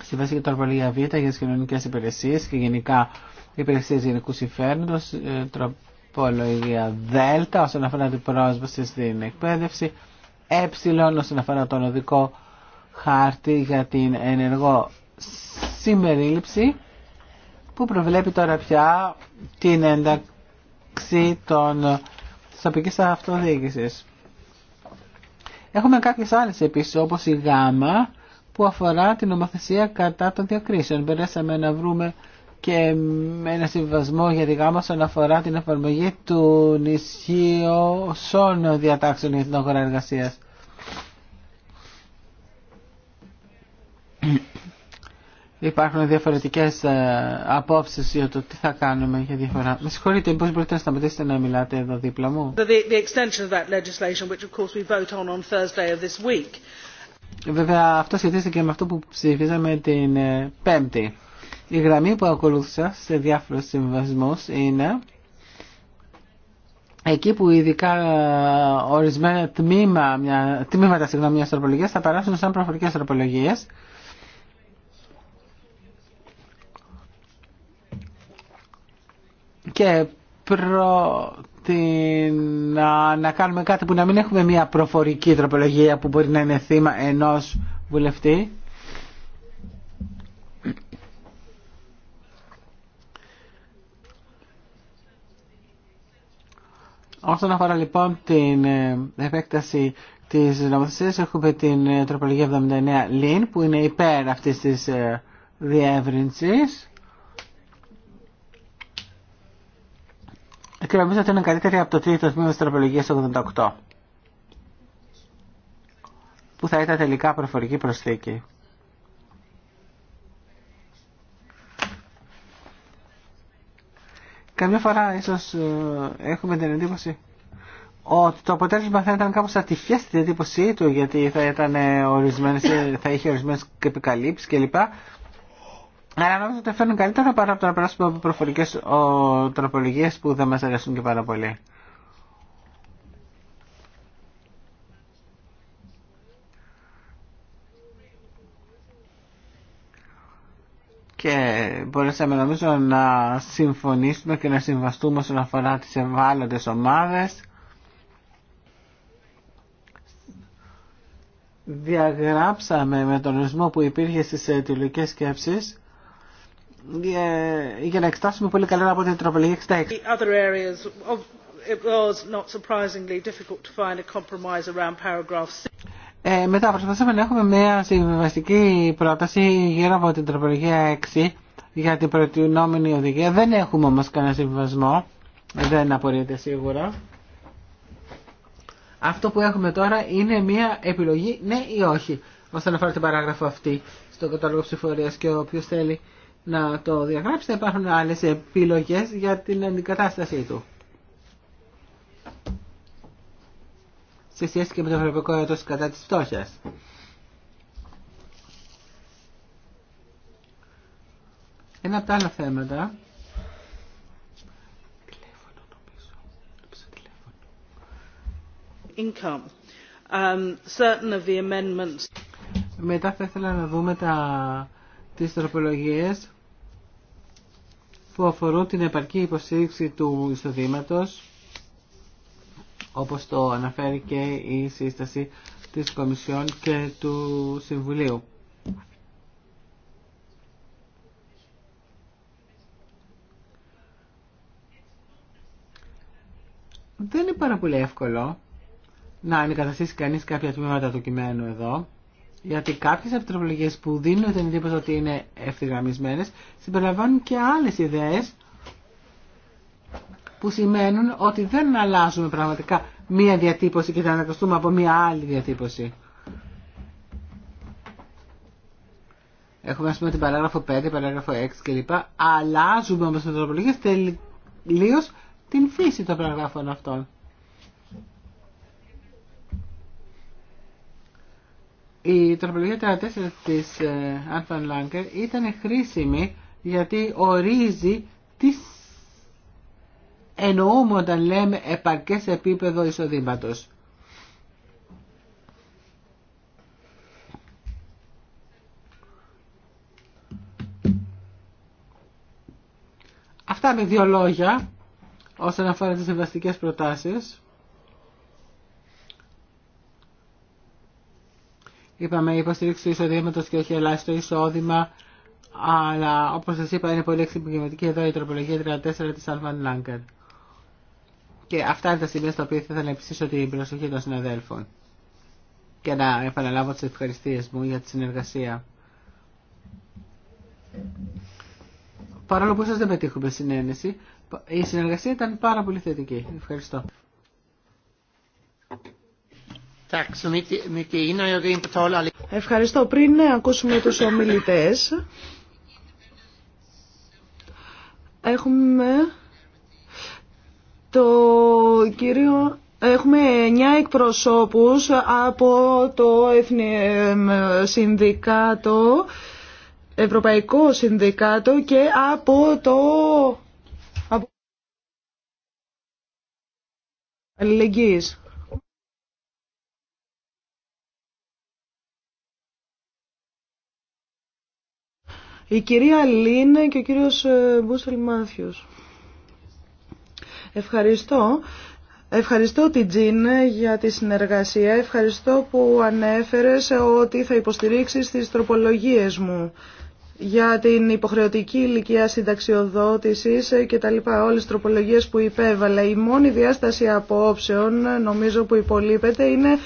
στη βασική τροπολογία Β για τις κοινωνικές υπηρεσίες και γενικά υπηρεσίες γενικού συμφέροντος ε, τροπολογία Δ όσον αφορά την πρόσβαση στην εκπαίδευση ε όσον αφορά τον οδικό χάρτη για την ενεργό συμπερίληψη που προβλέπει τώρα πια την ένταξη των τοπική αυτοδιοίκηση. Έχουμε κάποιες άλλες επίσης όπως η ΓΑΜΑ που αφορά την νομοθεσία κατά των διακρίσεων. Μπερέσαμε να βρούμε και ένα συμβασμό για τη ΓΑΜΑ όσον αφορά την εφαρμογή του σών διατάξεων για την υπάρχουν διαφορετικέ ε, απόψει για το τι θα κάνουμε για διαφορά. Με συγχωρείτε, πώ μπορείτε να σταματήσετε να μιλάτε εδώ δίπλα μου. Βέβαια, αυτό σχετίζεται και με αυτό που ψήφιζαμε την ε, Πέμπτη. Η γραμμή που ακολούθησα σε διάφορου συμβασμού είναι εκεί που ειδικά ε, ορισμένα τμήματα μια, τμήματα θα περάσουν σαν προφορικέ τροπολογίε. και πρότεινα να κάνουμε κάτι που να μην έχουμε μια προφορική τροπολογία που μπορεί να είναι θύμα ενός βουλευτή. Όσον αφορά λοιπόν την ε, επέκταση της νομοθεσίας έχουμε την ε, τροπολογία 79 ΛΙΝ που είναι υπέρ αυτής της ε, διεύρυνσης. και νομίζω ότι είναι καλύτερη από το τρίτο τμήμα της τροπολογίας 88 που θα ήταν τελικά προφορική προσθήκη. Καμιά φορά ίσως ε, έχουμε την εντύπωση ότι το αποτέλεσμα θα ήταν κάπως ατυχές στην εντύπωσή του γιατί θα, ήταν ορισμένες, θα είχε ορισμένες επικαλύψεις κλπ. Αλλά νομίζω ότι φέρνουν καλύτερα παρά από το να περάσουμε από προφορικές τροπολογίε που δεν μα αρέσουν και πάρα πολύ. και μπορέσαμε νομίζω να συμφωνήσουμε και να συμβαστούμε όσον αφορά τις ευάλωτες ομάδες. Διαγράψαμε με τον ορισμό που υπήρχε στις αιτιολογικές σκέψεις για να εξετάσουμε πολύ καλά από την τροπολογία 66. Ε, μετά προσπαθήσαμε να έχουμε μια συμβιβαστική πρόταση γύρω από την τροπολογία 6 για την προτινόμενη οδηγία. Δεν έχουμε όμως κανένα συμβιβασμό. Δεν απορρίεται σίγουρα. Αυτό που έχουμε τώρα είναι μια επιλογή ναι ή όχι όσον αφορά την παράγραφο αυτή στο κατάλογο ψηφορίας και ο όποιος θέλει να το διαγράψετε. Υπάρχουν άλλε επιλογέ για την αντικατάστασή του. Σε σχέση και με το Ευρωπαϊκό Έτο κατά τη φτώχεια. Ένα από τα άλλα θέματα Income.
Um,
Μετά θα ήθελα να δούμε τα, τις τροπολογίες που αφορούν την επαρκή υποστήριξη του εισοδήματος, όπως το αναφέρει και η σύσταση της Κομισιόν και του Συμβουλίου. Δεν είναι πάρα πολύ εύκολο να ανεκαταστήσει κανείς κάποια τμήματα του κειμένου εδώ. Γιατί κάποιε από τροπολογίε που δίνουν την εντύπωση ότι είναι ευθυγραμμισμένε συμπεριλαμβάνουν και άλλε ιδέε που σημαίνουν ότι δεν αλλάζουμε πραγματικά μία διατύπωση και θα ανακαστούμε από μία άλλη διατύπωση. Έχουμε ας πούμε την παράγραφο 5, παράγραφο 6 κλπ. Αλλάζουμε όμως με τροπολογίες τελείως την φύση των παραγράφων αυτών. Η τροπολογία 34 της ε, Άνφαν Λάγκερ ήταν χρήσιμη γιατί ορίζει τι εννοούμε όταν λέμε επαρκές επίπεδο εισοδήματος. Αυτά με δύο λόγια όσον αφορά τις συμβαστικές προτάσεις. Είπαμε η υποστήριξη του εισοδήματο και όχι ελάχιστο εισόδημα, αλλά όπω σα είπα είναι πολύ εξυπηρετική εδώ η τροπολογία 34 τη Αλβαν Λάγκερ. Και αυτά είναι τα σημεία στα οποία θα ήθελα να επιστήσω την προσοχή των συναδέλφων και να επαναλάβω τι ευχαριστίε μου για τη συνεργασία. Παρόλο που σα δεν πετύχουμε συνένεση, η συνεργασία ήταν πάρα πολύ θετική. Ευχαριστώ. Ευχαριστώ. Πριν ναι, ακούσουμε τους ομιλητές,
έχουμε το κύριο... Έχουμε 9 εκπροσώπους από το Εθνι... Συνδικάτο, Ευρωπαϊκό Συνδικάτο και από το Αλληλεγγύης. Η κυρία Λίν και ο κύριος ε, Μπούσελ Μάθιος. Ευχαριστώ. Ευχαριστώ την Τζιν για τη συνεργασία. Ευχαριστώ που ανέφερες ότι θα υποστηρίξεις τις τροπολογίες μου για την υποχρεωτική ηλικία συνταξιοδότησης και τα λοιπά όλες τις τροπολογίες που υπέβαλα. Η μόνη διάσταση απόψεων νομίζω που υπολείπεται είναι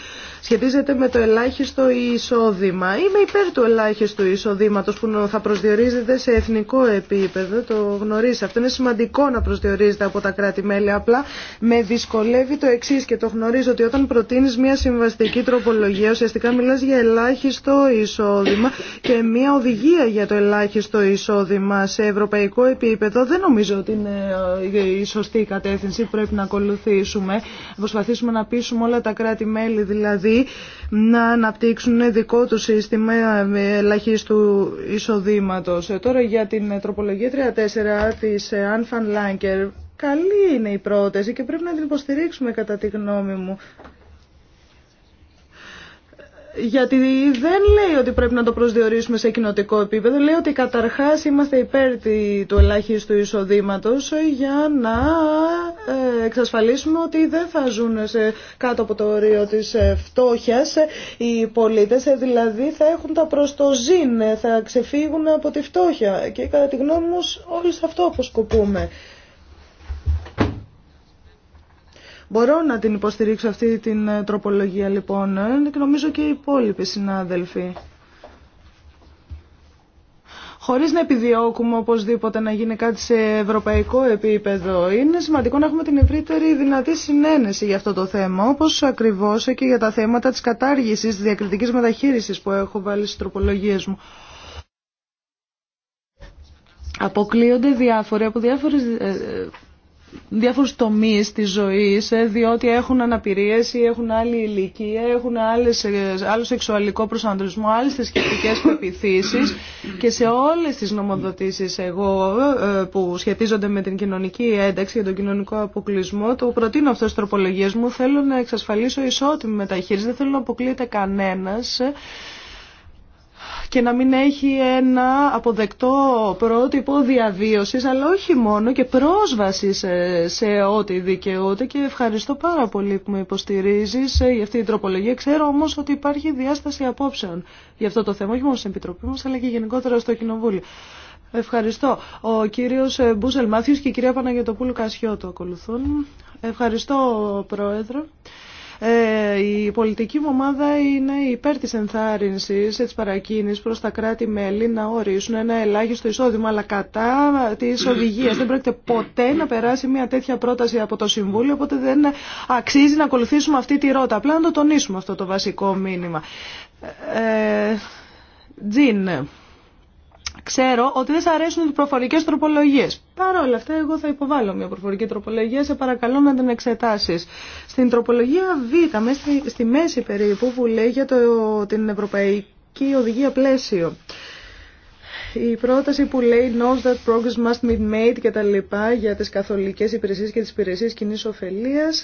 σχετίζεται με το ελάχιστο εισόδημα. Είμαι υπέρ του ελάχιστου εισοδήματο που θα προσδιορίζεται σε εθνικό επίπεδο, το γνωρίζει Αυτό είναι σημαντικό να προσδιορίζεται από τα κράτη-μέλη. Απλά με δυσκολεύει το εξή και το γνωρίζω ότι όταν προτείνει μια συμβαστική τροπολογία ουσιαστικά μιλά για ελάχιστο εισόδημα και μια οδηγία για το ελάχιστο εισόδημα σε ευρωπαϊκό επίπεδο δεν νομίζω ότι είναι ε, η σωστή κατεύθυνση που πρέπει να ακολουθήσουμε. Προσπαθήσουμε να πείσουμε όλα τα κράτη-μέλη δηλαδή να αναπτύξουν δικό του σύστημα ελαχίστου εισοδήματος. Ε, τώρα για την τροπολογία 34 της ε, Anfan Lanker. Καλή είναι η πρόταση και πρέπει να την υποστηρίξουμε κατά τη γνώμη μου γιατί δεν λέει ότι πρέπει να το προσδιορίσουμε σε κοινοτικό επίπεδο, λέει ότι καταρχάς είμαστε υπέρ του ελάχιστου εισοδήματο για να ε, εξασφαλίσουμε ότι δεν θα ζουν κάτω από το όριο της ε, φτώχειας ε, οι πολίτες, δηλαδή θα έχουν τα ζήν, θα ξεφύγουν από τη φτώχεια και κατά τη γνώμη μου όλοι σε αυτό αποσκοπούμε. Μπορώ να την υποστηρίξω αυτή την ε, τροπολογία λοιπόν και ε, νομίζω και οι υπόλοιποι συνάδελφοι. Χωρίς να επιδιώκουμε οπωσδήποτε να γίνει κάτι σε ευρωπαϊκό επίπεδο, είναι σημαντικό να έχουμε την ευρύτερη δυνατή συνένεση για αυτό το θέμα, όπως ακριβώς και για τα θέματα της κατάργησης, της διακριτικής μεταχείρισης που έχω βάλει στις τροπολογίες μου. Αποκλείονται διάφοροι από διάφορες ε, διάφορους τομείς της ζωής, ε, διότι έχουν αναπηρίες ή έχουν άλλη ηλικία, έχουν άλλες, ε, άλλο σεξουαλικό προσανατολισμό, άλλες θρησκευτικές πεπιθήσεις και σε όλες τις νομοδοτήσει εγώ ε, που σχετίζονται με την κοινωνική ένταξη και τον κοινωνικό αποκλεισμό, το προτείνω αυτό στις τροπολογίες μου, θέλω να εξασφαλίσω ισότιμη μεταχείριση, δεν θέλω να αποκλείεται κανένας και να μην έχει ένα αποδεκτό πρότυπο διαβίωσης, αλλά όχι μόνο και πρόσβαση σε, ό,τι δικαιούται και ευχαριστώ πάρα πολύ που με υποστηρίζεις ε, για αυτή την τροπολογία. Ξέρω όμως ότι υπάρχει διάσταση απόψεων για αυτό το θέμα, όχι μόνο στην Επιτροπή μας, αλλά και γενικότερα στο Κοινοβούλιο. Ευχαριστώ. Ο κύριος ε, Μπούσελ Μάθιος και η κυρία Παναγιωτοπούλου Κασιώτο ακολουθούν. Ευχαριστώ, Πρόεδρο. Ε, η πολιτική μου ομάδα είναι υπέρ της ενθάρρυνσης, της παρακίνησης προς τα κράτη-μέλη να ορίσουν ένα ελάχιστο εισόδημα, αλλά κατά τη οδηγίας. Δεν πρόκειται ποτέ να περάσει μια τέτοια πρόταση από το Συμβούλιο, οπότε δεν αξίζει να ακολουθήσουμε αυτή τη ρότα. Απλά να το τονίσουμε αυτό το βασικό μήνυμα. Ε, Τζιν, ξέρω ότι δεν σα αρέσουν οι προφορικέ τροπολογίε. Παρ' όλα αυτά, εγώ θα υποβάλω μια προφορική τροπολογία. Σε παρακαλώ να την εξετάσει. Στην τροπολογία Β, στη, στη μέση περίπου, που λέει για το, την Ευρωπαϊκή Οδηγία Πλαίσιο. Η πρόταση που λέει knows that progress must be made και τα λοιπά για τις καθολικές υπηρεσίες και τις υπηρεσίες κοινής ωφελίας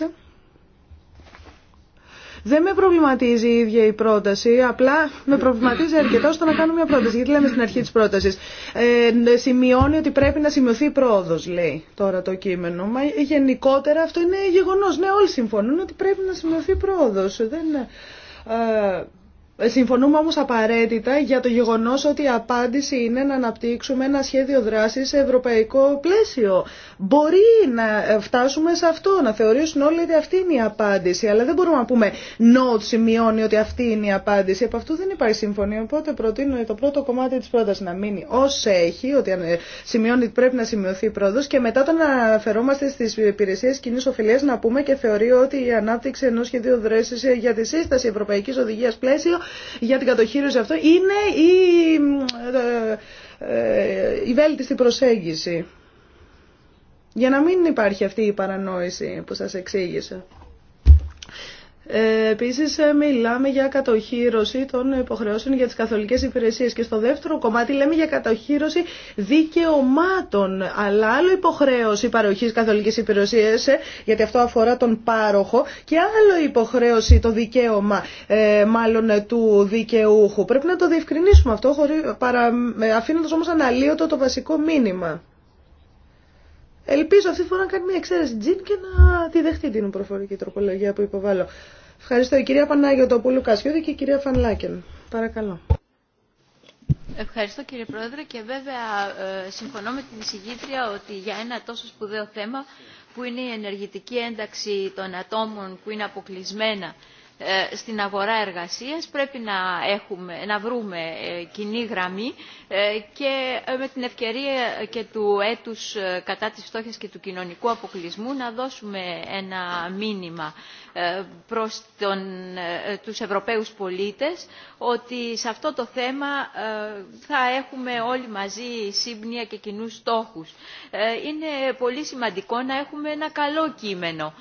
δεν με προβληματίζει η ίδια η πρόταση, απλά με προβληματίζει αρκετά ώστε να κάνω μια πρόταση. Γιατί λέμε στην αρχή τη πρόταση. Ε, σημειώνει ότι πρέπει να σημειωθεί πρόοδο, λέει τώρα το κείμενο. Μα γενικότερα αυτό είναι γεγονό. Ναι, όλοι συμφωνούν ότι πρέπει να σημειωθεί πρόοδο. Δεν. Ε, Συμφωνούμε όμως απαραίτητα για το γεγονός ότι η απάντηση είναι να αναπτύξουμε ένα σχέδιο δράσης σε ευρωπαϊκό πλαίσιο. Μπορεί να φτάσουμε σε αυτό, να θεωρήσουν όλοι ότι αυτή είναι η απάντηση, αλλά δεν μπορούμε να πούμε ότι σημειώνει ότι αυτή είναι η απάντηση. Επ' αυτού δεν υπάρχει συμφωνία, οπότε προτείνω το πρώτο κομμάτι της πρότασης να μείνει ως έχει, ότι ε, σημειώνει ότι πρέπει να σημειωθεί πρόοδος και μετά να αναφερόμαστε στις υπηρεσίες κοινή ωφελίας να πούμε και θεωρεί ότι η ανάπτυξη ενός σχεδίου δράσης ε, για τη σύσταση Ευρωπαϊκής Οδηγίας πλαίσιο για την κατοχήρωση αυτό είναι η, ε, ε, η βέλτιστη προσέγγιση. Για να μην υπάρχει αυτή η παρανόηση που σας εξήγησα. Ε, Επίση ε, μιλάμε για κατοχήρωση των υποχρεώσεων για τι καθολικέ υπηρεσίε. και στο δεύτερο κομμάτι λέμε για κατοχήρωση δικαιωμάτων αλλά άλλο υποχρέωση παροχής υπηρεσία, υπηρεσίες ε, γιατί αυτό αφορά τον πάροχο και άλλο υποχρέωση το δικαίωμα μάλλον του δικαιούχου. Πρέπει να το διευκρινίσουμε αυτό αφήνοντα όμω αναλύωτο το βασικό μήνυμα. Ελπίζω αυτή τη φορά να κάνει μια εξαίρεση τζιν και να τη δεχτεί την προφορική τροπολογία που υποβάλλω. Ευχαριστώ. Η κυρία Πανάγιοτοπούλου Κασιώδη και η κυρία Φανλάκεν. Παρακαλώ.
Ευχαριστώ κύριε Πρόεδρε και βέβαια ε, συμφωνώ με την εισηγήτρια ότι για ένα τόσο σπουδαίο θέμα που είναι η ενεργητική ένταξη των ατόμων που είναι αποκλεισμένα ε, στην αγορά εργασίας πρέπει να, έχουμε, να βρούμε ε, κοινή γραμμή και με την ευκαιρία και του έτους κατά της φτώχειας και του κοινωνικού αποκλεισμού να δώσουμε ένα μήνυμα ε, προς ε, τους Ευρωπαίους πολίτες ότι σε αυτό το θέμα ε, θα έχουμε όλοι μαζί σύμπνοια και κοινούς στόχους. Είναι πολύ σημαντικό να έχουμε ένα καλό κείμενο,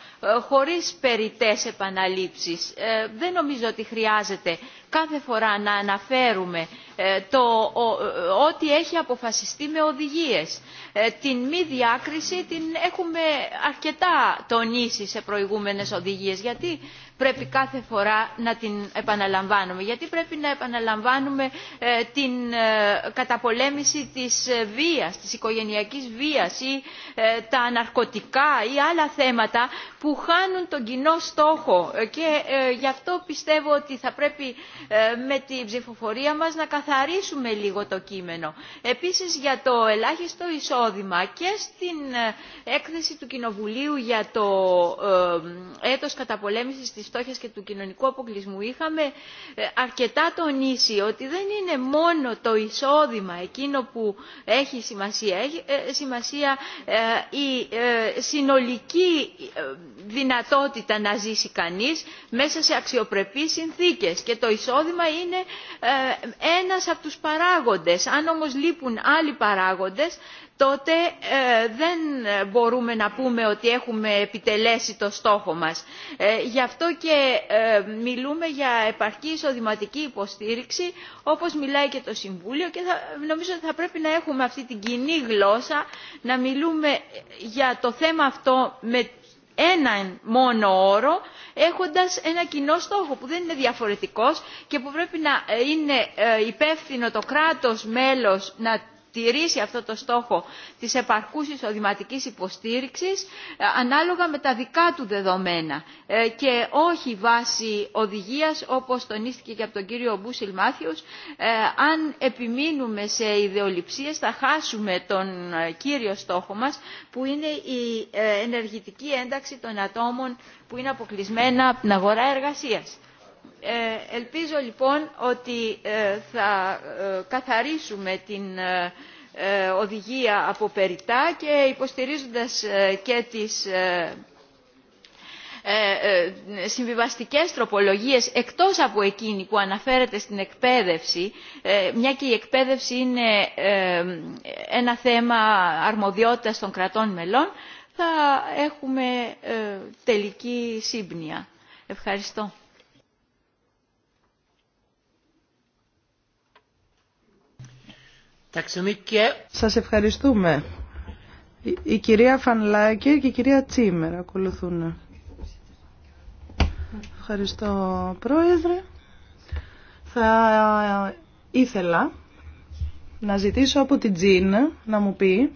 χωρίς περιττές επαναλήψεις. Δεν νομίζω ότι χρειάζεται κάθε φορά να αναφέρουμε ε, το ε, ότι έχει αποφασιστεί με οδηγίες. Ε, την μη διάκριση την έχουμε αρκετά τονίσει σε προηγούμενες οδηγίες. Γιατί πρέπει κάθε φορά να την επαναλαμβάνουμε. Γιατί πρέπει να επαναλαμβάνουμε την καταπολέμηση της βίας, της οικογενειακής βίας ή τα ναρκωτικά ή άλλα θέματα που χάνουν τον κοινό στόχο ε, και ε, γι' αυτό πιστεύω ότι θα πρέπει ε, με την ψηφοφορία μας να καθαρίσουμε λίγο το κείμενο. Επίσης για το ελάχιστο εισόδημα και στην έκθεση του Κοινοβουλίου για το έτος καταπολέμησης της φτώχειας και του κοινωνικού αποκλεισμού είχαμε αρκετά τονίσει ότι δεν είναι μόνο το εισόδημα εκείνο που έχει σημασία. Έχει σημασία η συνολική δυνατότητα να ζήσει κανείς μέσα σε αξιοπρεπείς συνθήκες και το εισόδημα είναι ε, ένας από τους παράγοντες. Αν όμως λείπουν άλλοι παράγοντες τότε ε, δεν μπορούμε να πούμε ότι έχουμε επιτελέσει το στόχο μας. Ε, γι' αυτό και μιλούμε για επαρκή εισοδηματική υποστήριξη, όπως μιλάει και το Συμβούλιο και νομίζω ότι θα πρέπει να έχουμε αυτή την κοινή γλώσσα, να μιλούμε για το θέμα αυτό με έναν μόνο όρο έχοντας ένα κοινό στόχο που δεν είναι διαφορετικός και που πρέπει να ε, είναι ε, υπεύθυνο το κράτος μέλος να τηρήσει αυτό το στόχο της επαρκούς εισοδηματικής υποστήριξης ε, ανάλογα με τα δικά του δεδομένα ε, και όχι βάσει οδηγίας όπως τονίστηκε και από τον κύριο Μπούσιλ Μάθιος, ε, Αν επιμείνουμε σε ιδεολειψίες θα χάσουμε τον κύριο στόχο μας που είναι η ενεργητική ένταξη των ατόμων που είναι αποκλεισμένα από την αγορά εργασίας. Ε, ελπίζω λοιπόν ότι ε, θα ε, καθαρίσουμε την οδηγία από περιτά και υποστηρίζοντας και τις συμβιβαστικές τροπολογίες εκτός από εκείνη που αναφέρεται στην εκπαίδευση μια και η εκπαίδευση είναι ένα θέμα αρμοδιότητας των κρατών μελών θα έχουμε τελική σύμπνοια. Ευχαριστώ.
Σας ευχαριστούμε. Η, κυρία Φανλάκη και η κυρία Τσίμερ ακολουθούν. Ευχαριστώ πρόεδρε. Θα ε, ήθελα να ζητήσω από την Τζίν να μου πει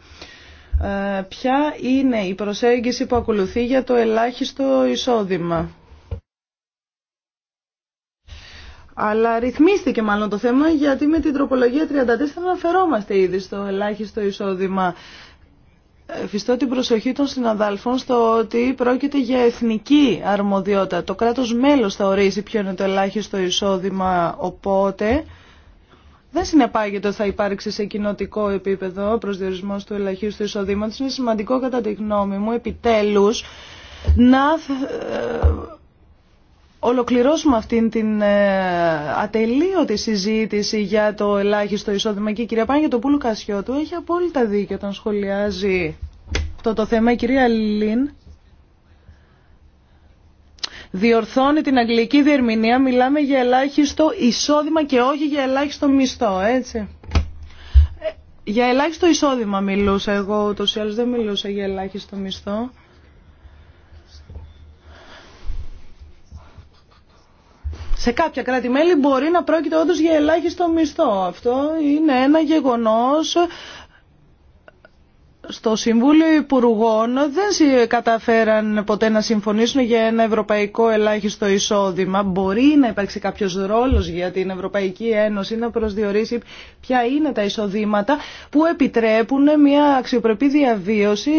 ε, ποια είναι η προσέγγιση που ακολουθεί για το ελάχιστο εισόδημα. Αλλά ρυθμίστηκε μάλλον το θέμα γιατί με την τροπολογία 34 αναφερόμαστε ήδη στο ελάχιστο εισόδημα. Φιστώ την προσοχή των συναδάλφων στο ότι πρόκειται για εθνική αρμοδιότητα. Το κράτος μέλος θα ορίσει ποιο είναι το ελάχιστο εισόδημα, οπότε δεν συνεπάγεται ότι θα υπάρξει σε κοινοτικό επίπεδο προσδιορισμός του ελαχίστου εισοδήματος. Είναι σημαντικό κατά τη γνώμη μου επιτέλους να ε, ολοκληρώσουμε αυτήν την ε, ατελείωτη συζήτηση για το ελάχιστο εισόδημα και η κυρία Πούλου Κασιώτου έχει απόλυτα δίκιο όταν σχολιάζει αυτό το θέμα. Η κυρία Λίν διορθώνει την αγγλική διερμηνία, μιλάμε για ελάχιστο εισόδημα και όχι για ελάχιστο μισθό, έτσι. Ε, για ελάχιστο εισόδημα μιλούσα εγώ, ούτως ή άλλως δεν μιλούσα για ελάχιστο μισθό. σε κάποια κράτη-μέλη μπορεί να πρόκειται όντω για ελάχιστο μισθό. Αυτό είναι ένα γεγονός στο Συμβούλιο Υπουργών δεν καταφέραν ποτέ να συμφωνήσουν για ένα ευρωπαϊκό ελάχιστο εισόδημα. Μπορεί να υπάρξει κάποιος ρόλος για την Ευρωπαϊκή Ένωση να προσδιορίσει ποια είναι τα εισοδήματα που επιτρέπουν μια αξιοπρεπή διαβίωση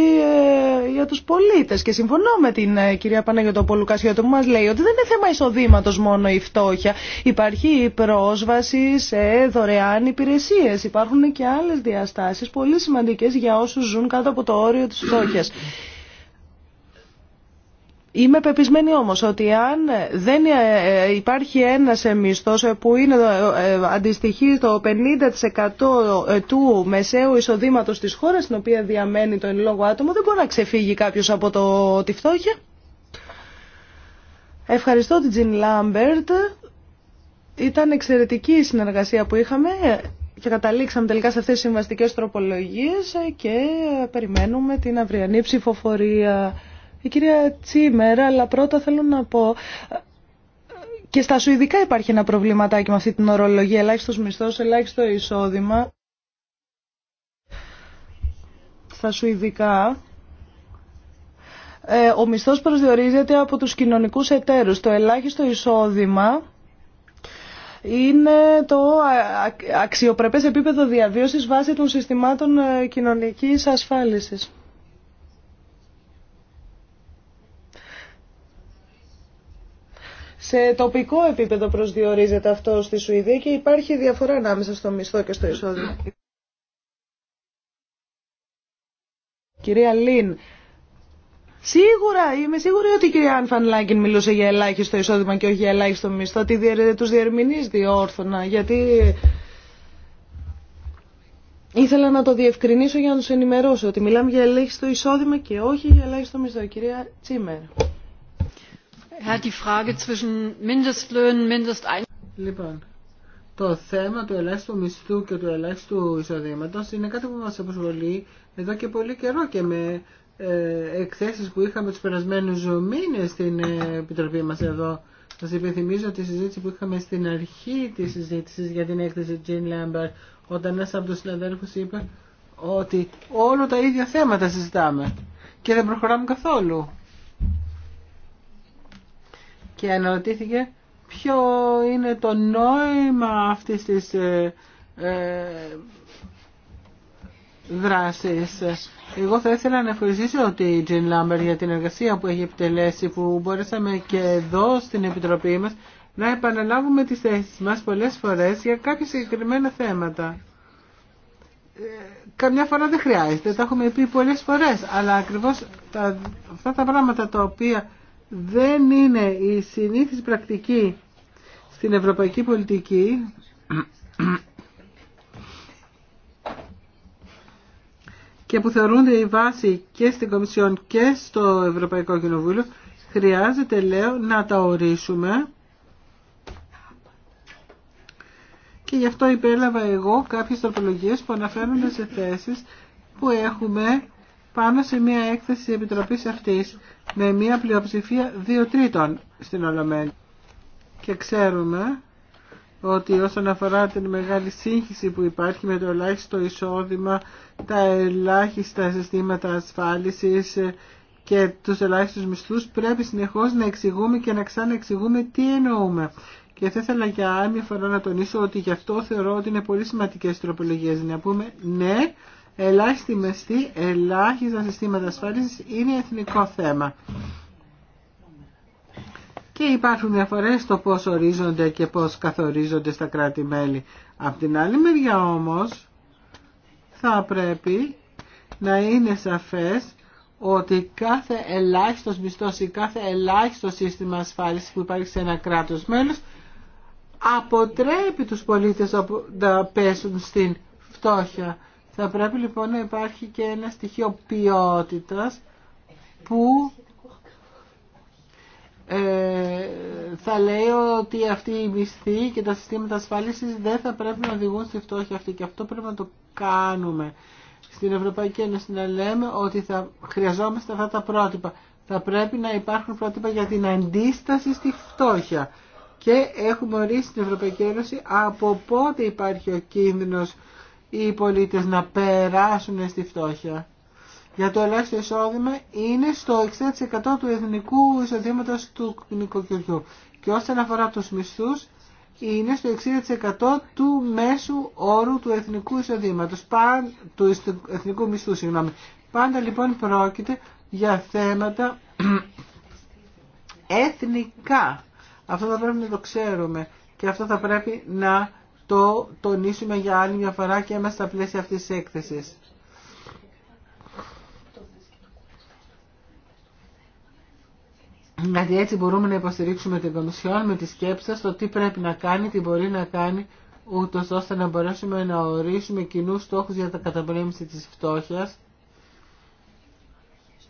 ε, για τους πολίτες. Και συμφωνώ με την ε, κυρία Παναγιωτοπολου Κασιώτου που μας λέει ότι δεν είναι θέμα εισοδήματος μόνο η φτώχεια. Υπάρχει η πρόσβαση σε δωρεάν υπηρεσίες. Υπάρχουν και άλλες διαστάσεις πολύ σημαντικές για όσους ζουν κάτω από το όριο της φτώχειας. Είμαι πεπισμένη όμως ότι αν δεν ε, ε, υπάρχει ένας μισθός ε, που είναι, αντιστοιχεί το 50% του μεσαίου εισοδήματος της χώρας στην οποία διαμένει το εν λόγω άτομο, δεν μπορεί να ξεφύγει κάποιος από το, τη φτώχεια. Ευχαριστώ την Τζιν Λάμπερτ. Ήταν εξαιρετική η συνεργασία που είχαμε και καταλήξαμε τελικά σε αυτές τις συμβαστικές τροπολογίες και περιμένουμε την αυριανή ψηφοφορία. Η κυρία Τσίμερα, αλλά πρώτα θέλω να πω... Και στα Σουηδικά υπάρχει ένα προβληματάκι με αυτή την ορολογία, ελάχιστος μισθός, ελάχιστο εισόδημα. Στα Σουηδικά ε, ο μισθός προσδιορίζεται από τους κοινωνικούς εταίρους. Το ελάχιστο εισόδημα είναι το αξιοπρεπές επίπεδο διαβίωσης βάσει των συστημάτων ε, κοινωνικής ασφάλισης. Σε τοπικό επίπεδο προσδιορίζεται αυτό στη Σουηδία και υπάρχει διαφορά ανάμεσα στο μισθό και στο εισόδημα. Κυρία Λίν, Σίγουρα, είμαι σίγουρη ότι η κυρία Άνφαν Λάγκεν μιλούσε για ελάχιστο εισόδημα και όχι για ελάχιστο μισθό, ότι τους διερμηνείς διόρθωνα, γιατί ήθελα να το διευκρινίσω για να του ενημερώσω ότι μιλάμε για ελάχιστο εισόδημα και όχι για ελάχιστο μισθό. Κυρία Τσίμερ.
Λοιπόν, το θέμα του ελάχιστου μισθού και του ελάχιστου εισοδήματο είναι κάτι που μας απασχολεί εδώ και πολύ καιρό και με ε, εκθέσεις που είχαμε τους περασμένους μήνες στην ε, Επιτροπή μας εδώ. Σας υπενθυμίζω τη συζήτηση που είχαμε στην αρχή της συζήτησης για την έκθεση Τζιν Λέμπερ όταν ένας από τους συναδέλφους είπε ότι όλο τα ίδια θέματα συζητάμε και δεν προχωράμε καθόλου. Και αναρωτήθηκε ποιο είναι το νόημα αυτής της ε, δράσεις. Εγώ θα ήθελα να ευχαριστήσω η Τζιν Λάμπερ για την εργασία που έχει επιτελέσει που μπορέσαμε και εδώ στην Επιτροπή μα να επαναλάβουμε τις θέσεις μας πολλές φορές για κάποια συγκεκριμένα θέματα. Ε, καμιά φορά δεν χρειάζεται, τα έχουμε πει πολλές φορές, αλλά ακριβώς αυτά τα πράγματα τα οποία δεν είναι η συνήθις πρακτική στην ευρωπαϊκή πολιτική και που θεωρούνται η βάση και στην Κομισιόν και στο Ευρωπαϊκό Κοινοβούλιο, χρειάζεται, λέω, να τα ορίσουμε. Και γι' αυτό υπέλαβα εγώ κάποιες τροπολογίες που αναφέρουν σε θέσεις που έχουμε πάνω σε μια έκθεση της Επιτροπής αυτής με μια πλειοψηφία δύο τρίτων στην Ολομένη. Και ξέρουμε ότι όσον αφορά την μεγάλη σύγχυση που υπάρχει με το ελάχιστο εισόδημα, τα ελάχιστα συστήματα ασφάλισης και τους ελάχιστους μισθούς πρέπει συνεχώς να εξηγούμε και να ξαναεξηγούμε τι εννοούμε. Και θα ήθελα για άλλη φορά να τονίσω ότι γι' αυτό θεωρώ ότι είναι πολύ σημαντικές τροπολογίες. Να πούμε ναι, ελάχιστη μεστή, ελάχιστα συστήματα ασφάλισης είναι εθνικό θέμα και υπάρχουν διαφορές στο πώς ορίζονται και πώς καθορίζονται στα κράτη-μέλη. Απ' την άλλη μεριά όμως θα πρέπει να είναι σαφές ότι κάθε ελάχιστος μισθός ή κάθε ελάχιστο σύστημα ασφάλισης που υπάρχει σε ένα κράτος μέλος αποτρέπει τους πολίτες να πέσουν στην φτώχεια. Θα πρέπει λοιπόν να υπάρχει και ένα στοιχείο ποιότητας που ε, θα λέει ότι αυτή η μισθοί και τα συστήματα ασφάλισης δεν θα πρέπει να οδηγούν στη φτώχεια αυτή και αυτό πρέπει να το κάνουμε στην Ευρωπαϊκή Ένωση να λέμε ότι θα χρειαζόμαστε αυτά τα πρότυπα. Θα πρέπει να υπάρχουν πρότυπα για την αντίσταση στη φτώχεια. Και έχουμε ορίσει στην Ευρωπαϊκή Ένωση από πότε υπάρχει ο κίνδυνος οι πολίτες να περάσουν στη φτώχεια για το ελάχιστο εισόδημα είναι στο 60% του εθνικού εισοδήματο του νοικοκυριού. Και όσον αφορά του μισθού, είναι στο 60% του μέσου όρου του εθνικού εισοδήματο, του εθνικού μισθού, συγγνώμη. Πάντα λοιπόν πρόκειται για θέματα εθνικά. Αυτό θα πρέπει να το ξέρουμε και αυτό θα πρέπει να το τονίσουμε για άλλη μια φορά και μέσα στα πλαίσια αυτής της έκθεσης. γιατί δηλαδή, έτσι μπορούμε να υποστηρίξουμε την Κομισιόν με τη σκέψη σας το τι πρέπει να κάνει, τι μπορεί να κάνει, ούτως ώστε να μπορέσουμε να ορίσουμε κοινού στόχους για τα καταπολέμηση της φτώχειας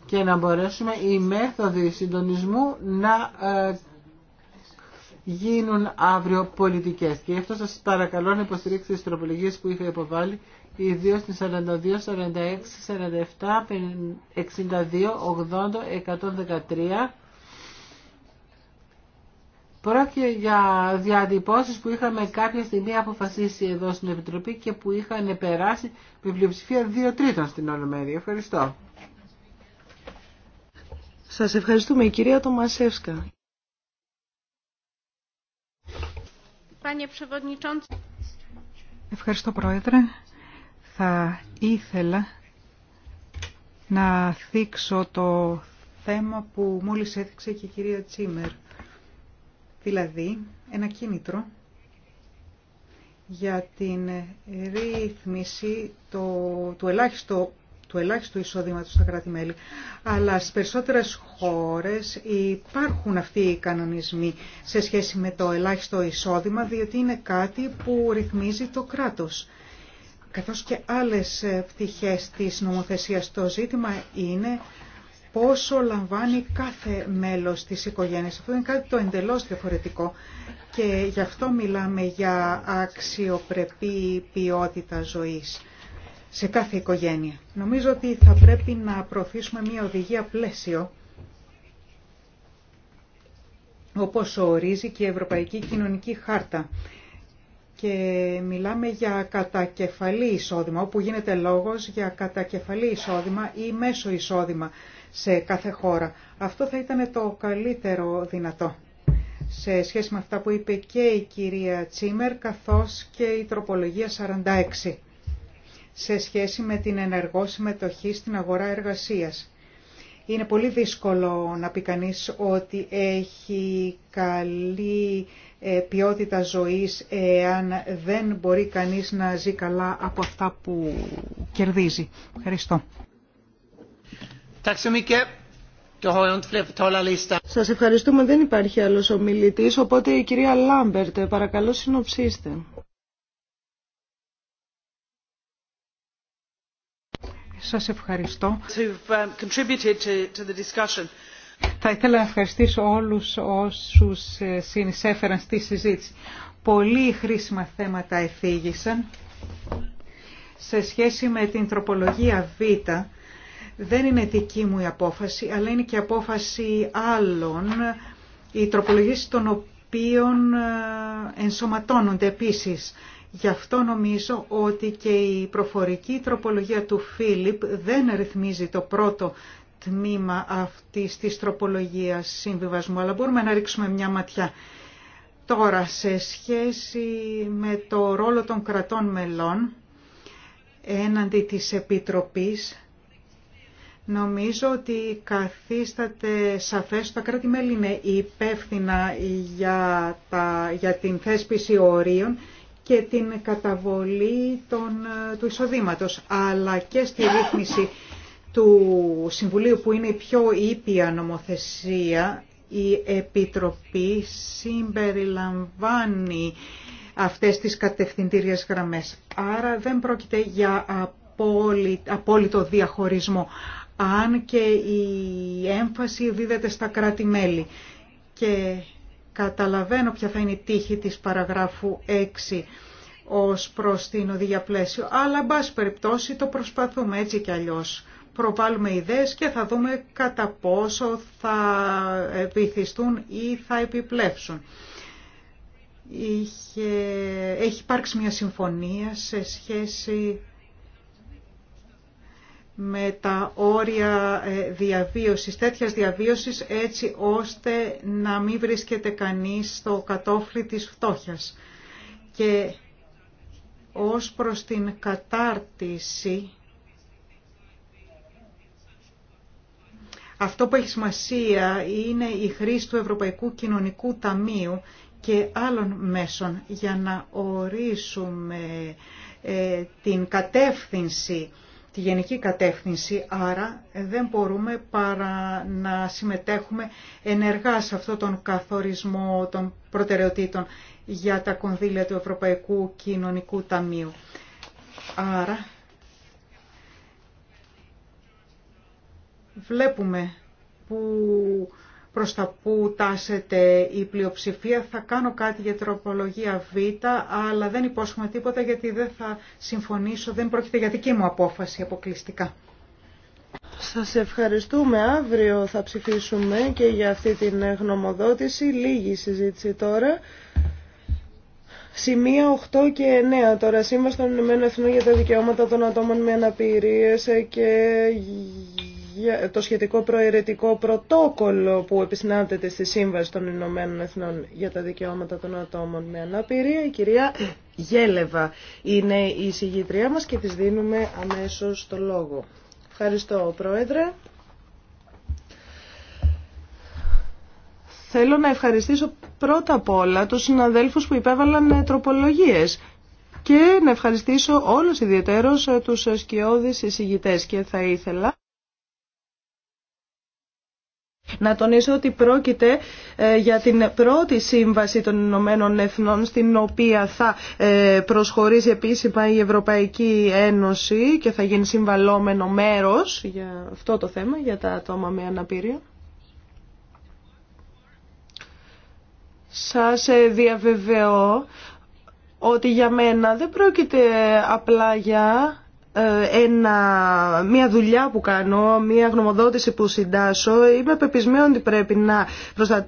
και να μπορέσουμε οι μέθοδοι συντονισμού να ε, γίνουν αύριο πολιτικές. Και αυτό σας παρακαλώ να υποστηρίξετε τις τροπολογίες που είχα υποβάλει, ιδίω στις 42, 46, 47, 62, 80, 113, Πρόκειται για διατυπώσεις που είχαμε κάποια στιγμή αποφασίσει εδώ στην Επιτροπή και που είχαν περάσει με πλειοψηφία δύο τρίτων στην Ολομέλεια. Ευχαριστώ.
Σας ευχαριστούμε. Η κυρία Τομασεύσκα. Ευχαριστώ Πρόεδρε. Θα
ήθελα να θίξω το θέμα που μόλις έδειξε και η κυρία Τσίμερ δηλαδή ένα κίνητρο για την ρύθμιση του, ελάχιστο, του ελάχιστου εισόδηματος στα κράτη-μέλη. Αλλά στις περισσότερες χώρες υπάρχουν αυτοί οι κανονισμοί σε σχέση με το ελάχιστο εισόδημα, διότι είναι κάτι που ρυθμίζει το κράτος. Καθώς και άλλες πτυχές της νομοθεσίας, το ζήτημα είναι πόσο λαμβάνει κάθε μέλος της οικογένειας. Αυτό είναι κάτι το εντελώς διαφορετικό και γι' αυτό μιλάμε για αξιοπρεπή ποιότητα ζωής σε κάθε οικογένεια. Νομίζω ότι θα πρέπει να προωθήσουμε μια οδηγία πλαίσιο όπως ορίζει και η Ευρωπαϊκή Κοινωνική Χάρτα. Και μιλάμε για κατακεφαλή εισόδημα, όπου γίνεται λόγος για κατακεφαλή εισόδημα ή μέσο εισόδημα σε κάθε χώρα. Αυτό θα ήταν το καλύτερο δυνατό σε σχέση με αυτά που είπε και η κυρία Τσίμερ καθώς και η τροπολογία 46 σε σχέση με την ενεργό συμμετοχή στην αγορά εργασίας. Είναι πολύ δύσκολο να πει κανεί ότι έχει καλή ε, ποιότητα ζωής εάν δεν μπορεί κανείς να ζει καλά από αυτά που
κερδίζει. Ευχαριστώ. Σας ευχαριστούμε. Δεν υπάρχει άλλος ομιλητής, οπότε η κυρία Λάμπερτ, παρακαλώ συνοψίστε.
Σας ευχαριστώ. Um, Θα ήθελα να ευχαριστήσω όλους όσους ε, συνεισέφεραν στη συζήτηση. Πολύ χρήσιμα θέματα εφήγησαν. Σε σχέση με την τροπολογία Β, δεν είναι δική μου η απόφαση, αλλά είναι και απόφαση άλλων, οι τροπολογίες των οποίων ε, ενσωματώνονται επίσης. Γι' αυτό νομίζω ότι και η προφορική τροπολογία του Φίλιπ δεν ρυθμίζει το πρώτο τμήμα αυτής της τροπολογίας συμβιβασμού, αλλά μπορούμε να ρίξουμε μια ματιά. Τώρα, σε σχέση με το ρόλο των κρατών μελών, έναντι της Επιτροπής, Νομίζω ότι καθίσταται σαφές ότι τα κράτη-μέλη είναι υπεύθυνα για, τα, για την θέσπιση ορίων και την καταβολή των, του εισοδήματος, αλλά και στη ρύθμιση του Συμβουλίου που είναι η πιο ήπια νομοθεσία, η Επιτροπή συμπεριλαμβάνει αυτές τις κατευθυντήριες γραμμές. Άρα δεν πρόκειται για απόλυτο διαχωρισμό αν και η έμφαση δίδεται στα κράτη-μέλη. Και καταλαβαίνω ποια θα είναι η τύχη της παραγράφου 6 ως προς την οδηγία πλαίσιο, αλλά μπας περιπτώσει το προσπαθούμε έτσι κι αλλιώς. Προβάλλουμε ιδέες και θα δούμε κατά πόσο θα επιθυστούν ή θα επιπλέψουν. Έχει υπάρξει μια συμφωνία σε σχέση με τα όρια ε, διαβίωσης, τέτοιας διαβίωσης έτσι ώστε να μην βρίσκεται κανείς στο κατόφλι της φτώχειας. Και ως προς την κατάρτιση, αυτό που έχει σημασία είναι η χρήση του Ευρωπαϊκού Κοινωνικού Ταμείου και άλλων μέσων για να ορίσουμε ε, την κατεύθυνση τη γενική κατεύθυνση, άρα δεν μπορούμε παρά να συμμετέχουμε ενεργά σε αυτόν τον καθορισμό των προτεραιοτήτων για τα κονδύλια του Ευρωπαϊκού Κοινωνικού Ταμείου. Άρα βλέπουμε που προς τα που η πλειοψηφία. Θα κάνω κάτι για τροπολογία Β, αλλά δεν υπόσχομαι τίποτα γιατί δεν θα συμφωνήσω, δεν πρόκειται για δική μου
απόφαση αποκλειστικά. Σας ευχαριστούμε. Αύριο θα ψηφίσουμε και για αυτή την γνωμοδότηση. Λίγη συζήτηση τώρα. Σημεία 8 και 9 τώρα. Σύμβαση των Ηνωμένων Εθνών για τα δικαιώματα των ατόμων με αναπηρίες και το σχετικό προαιρετικό πρωτόκολλο που επισυνάπτεται στη Σύμβαση των Ηνωμένων Εθνών για τα Δικαιώματα των Ατόμων με Αναπηρία. Η κυρία Γέλεβα είναι η συγγήτριά μας και της δίνουμε αμέσως το λόγο. Ευχαριστώ, Πρόεδρε. Θέλω να ευχαριστήσω πρώτα απ' όλα τους συναδέλφους που υπέβαλαν ε, τροπολογίες και να ευχαριστήσω όλους ιδιαίτερως ε, τους σκιώδεις εισηγητές και θα ήθελα να τονίσω ότι πρόκειται ε, για την πρώτη σύμβαση των Ηνωμένων Εθνών στην οποία θα ε, προσχωρήσει επίσημα η Ευρωπαϊκή Ένωση και θα γίνει συμβαλόμενο μέρος για αυτό το θέμα, για τα άτομα με αναπήρεια. Σας ε, διαβεβαιώ ότι για μένα δεν πρόκειται απλά για ε, ένα, μια δουλειά που κάνω, μια γνωμοδότηση που συντάσω. Είμαι πεπισμένη ότι πρέπει να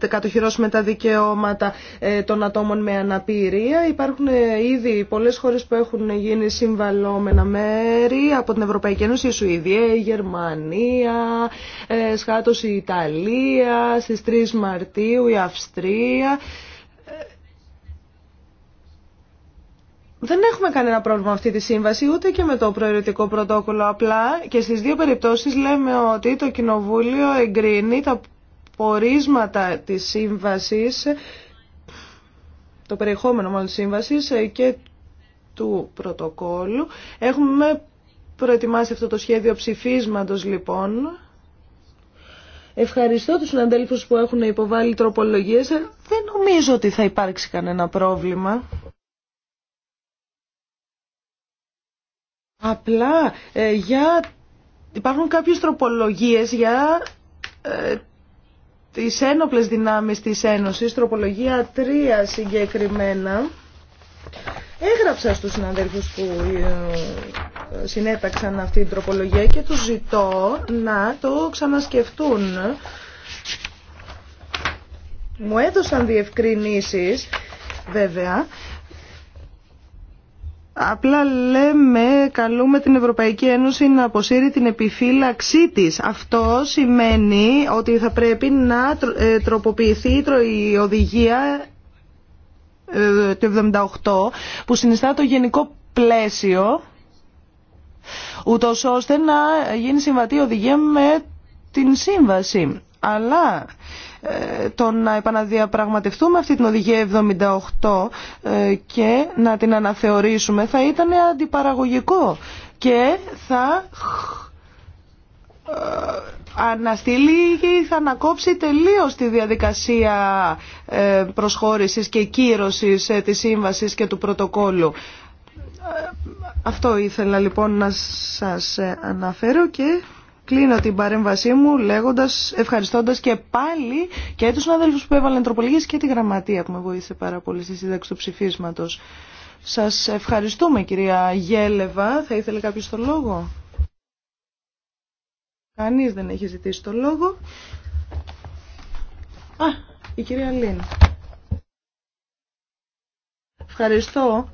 κατοχυρώσουμε τα δικαιώματα ε, των ατόμων με αναπηρία. Υπάρχουν ε, ήδη πολλές χώρες που έχουν γίνει συμβαλόμενα μέρη από την Ευρωπαϊκή Ένωση, η Σουηδία, η Γερμανία, ε, σχάτως η Ιταλία, στις 3 Μαρτίου η Αυστρία. Δεν έχουμε κανένα πρόβλημα αυτή τη σύμβαση, ούτε και με το προαιρετικό πρωτόκολλο. Απλά και στις δύο περιπτώσεις λέμε ότι το Κοινοβούλιο εγκρίνει τα πορίσματα της σύμβασης, το περιεχόμενο μάλλον της σύμβασης και του πρωτοκόλλου. Έχουμε προετοιμάσει αυτό το σχέδιο ψηφίσματος λοιπόν. Ευχαριστώ τους συναντέλφους που έχουν υποβάλει τροπολογίες. Δεν νομίζω ότι θα υπάρξει κανένα πρόβλημα. Απλά ε, για... υπάρχουν κάποιες τροπολογίες για ε, τις ένοπλες δυνάμεις της Ένωσης, τροπολογία 3 συγκεκριμένα. Έγραψα στους συναδέλφους που ε, συνέταξαν αυτή την τροπολογία και τους ζητώ να το ξανασκεφτούν. Μου έδωσαν διευκρινήσεις, βέβαια, Απλά λέμε, καλούμε την Ευρωπαϊκή Ένωση να αποσύρει την επιφύλαξή της. Αυτό σημαίνει ότι θα πρέπει να ε, τροποποιηθεί η οδηγία ε, του 78 που συνιστά το γενικό πλαίσιο ούτως ώστε να γίνει συμβατή οδηγία με την σύμβαση αλλά ε, το να επαναδιαπραγματευτούμε αυτή την οδηγία 78 ε, και να την αναθεωρήσουμε θα ήταν αντιπαραγωγικό και θα ε, αναστείλει ή θα ανακόψει τελείως τη διαδικασία προσχώρησης και κύρωσης της σύμβασης και του πρωτοκόλου. Αυτό ήθελα λοιπόν να σας αναφέρω και Κλείνω την παρέμβασή μου λέγοντας, ευχαριστώντας και πάλι και τους συναδέλφους που έβαλαν τροπολογίες και τη γραμματεία που με βοήθησε πάρα πολύ στη σύνταξη του ψηφίσματος. Σας ευχαριστούμε κυρία Γέλεβα. Θα ήθελε κάποιος το λόγο. Κανείς δεν έχει ζητήσει το λόγο. Α, η κυρία Λίν. Ευχαριστώ.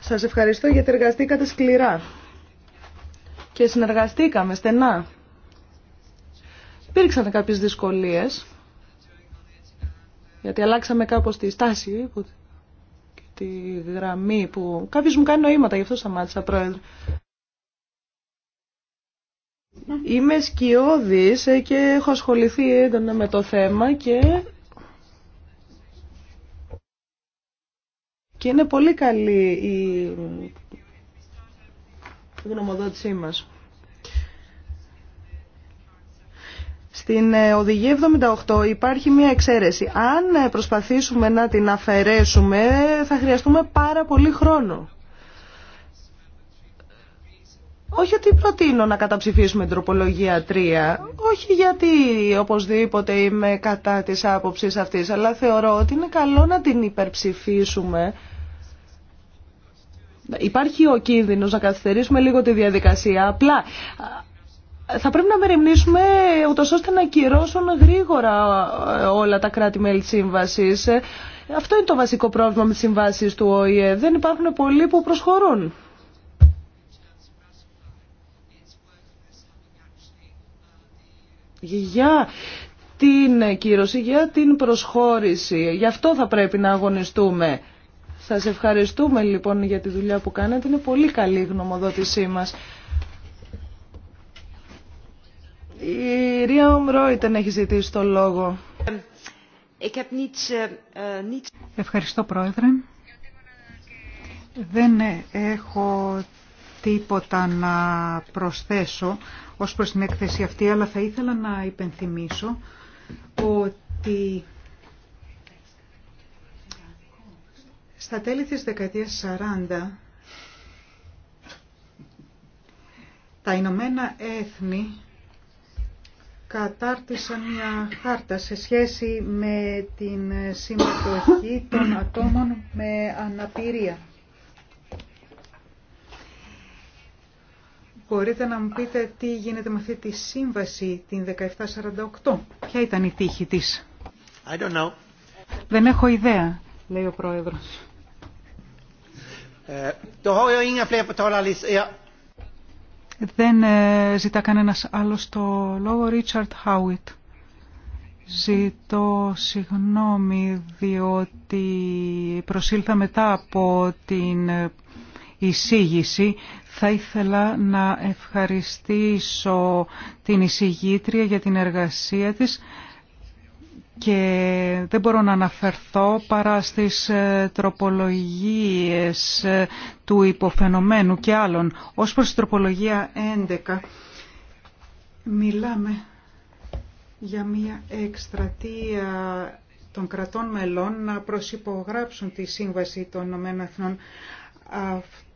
Σας ευχαριστώ γιατί εργαστήκατε σκληρά και συνεργαστήκαμε στενά. Υπήρξαν κάποιες δυσκολίες, γιατί αλλάξαμε κάπως τη στάση και τη γραμμή που... Κάποιος μου κάνει νοήματα, γι' αυτό σταμάτησα, Πρόεδρε. Είμαι σκιώδης ε, και έχω ασχοληθεί έντονα με το θέμα και... Και είναι πολύ καλή η γνωμοδότησή μας. Στην ε, οδηγία 78 υπάρχει μια εξαίρεση. Αν ε, προσπαθήσουμε να την αφαιρέσουμε θα χρειαστούμε πάρα πολύ χρόνο. Όχι ότι προτείνω να καταψηφίσουμε τροπολογία 3, όχι γιατί οπωσδήποτε είμαι κατά της άποψης αυτής, αλλά θεωρώ ότι είναι καλό να την υπερψηφίσουμε Υπάρχει ο κίνδυνος να καθυστερήσουμε λίγο τη διαδικασία. Απλά θα πρέπει να μεριμνήσουμε ούτως ώστε να κυρώσουν γρήγορα ε, όλα τα κράτη-μέλη της σύμβασης. Ε, αυτό είναι το βασικό πρόβλημα με τις συμβάσεις του ΟΗΕ. Δεν υπάρχουν πολλοί που προσχωρούν. Για την κύρωση, για την προσχώρηση. Γι' αυτό θα πρέπει να αγωνιστούμε. Σας ευχαριστούμε λοιπόν για τη δουλειά που κάνετε. Είναι πολύ καλή η γνωμοδότησή μας. Η Ρία Ομρόιτεν έχει ζητήσει το λόγο.
Ε, ε,
Ευχαριστώ πρόεδρε. Δεν έχω
τίποτα να προσθέσω ως προς την έκθεση αυτή, αλλά θα ήθελα να υπενθυμίσω ότι Στα τέλη της δεκαετίας 40, τα Ηνωμένα Έθνη κατάρτισαν μια χάρτα σε σχέση με την συμμετοχή των ατόμων με αναπηρία. Μπορείτε να μου πείτε τι γίνεται με αυτή τη σύμβαση την 1748. Ποια ήταν η τύχη της. Δεν έχω ιδέα, λέει ο Πρόεδρος. Δεν ε, ζητά κανένας άλλος το λόγο. Ρίτσαρτ Χάουιτ. Ζητώ συγγνώμη διότι προσήλθα μετά από την ε, εισήγηση. Θα ήθελα να ευχαριστήσω την εισηγήτρια για την εργασία της και δεν μπορώ να αναφερθώ παρά στις ε, τροπολογίες ε, του υποφαινομένου και άλλων. Ως προς την τροπολογία 11 μιλάμε για μια εκστρατεία των κρατών μελών να προσυπογράψουν τη Σύμβαση των Ηνωμένων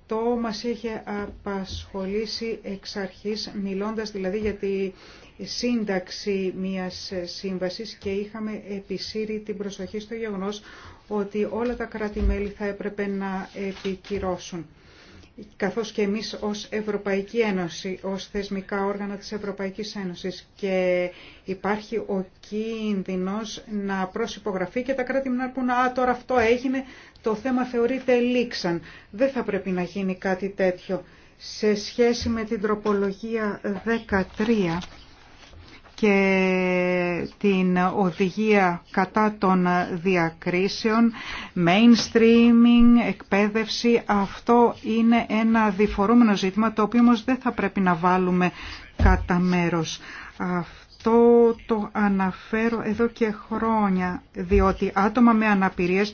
το μας είχε απασχολήσει εξ αρχής, μιλώντας δηλαδή για τη σύνταξη μιας σύμβασης και είχαμε επισύρει την προσοχή στο γεγονός ότι όλα τα κράτη-μέλη θα έπρεπε να επικυρώσουν καθώς και εμείς ως Ευρωπαϊκή Ένωση, ως θεσμικά όργανα της Ευρωπαϊκής Ένωσης και υπάρχει ο κίνδυνος να προσυπογραφεί και τα κράτη να πούνε «Α, τώρα αυτό έγινε, το θέμα θεωρείται λήξαν». Δεν θα πρέπει να γίνει κάτι τέτοιο. Σε σχέση με την τροπολογία 13 και την οδηγία κατά των διακρίσεων, mainstreaming, εκπαίδευση. Αυτό είναι ένα διφορούμενο ζήτημα το οποίο όμως δεν θα πρέπει να βάλουμε κατά μέρος. Αυτό το αναφέρω εδώ και χρόνια, διότι άτομα με αναπηρίες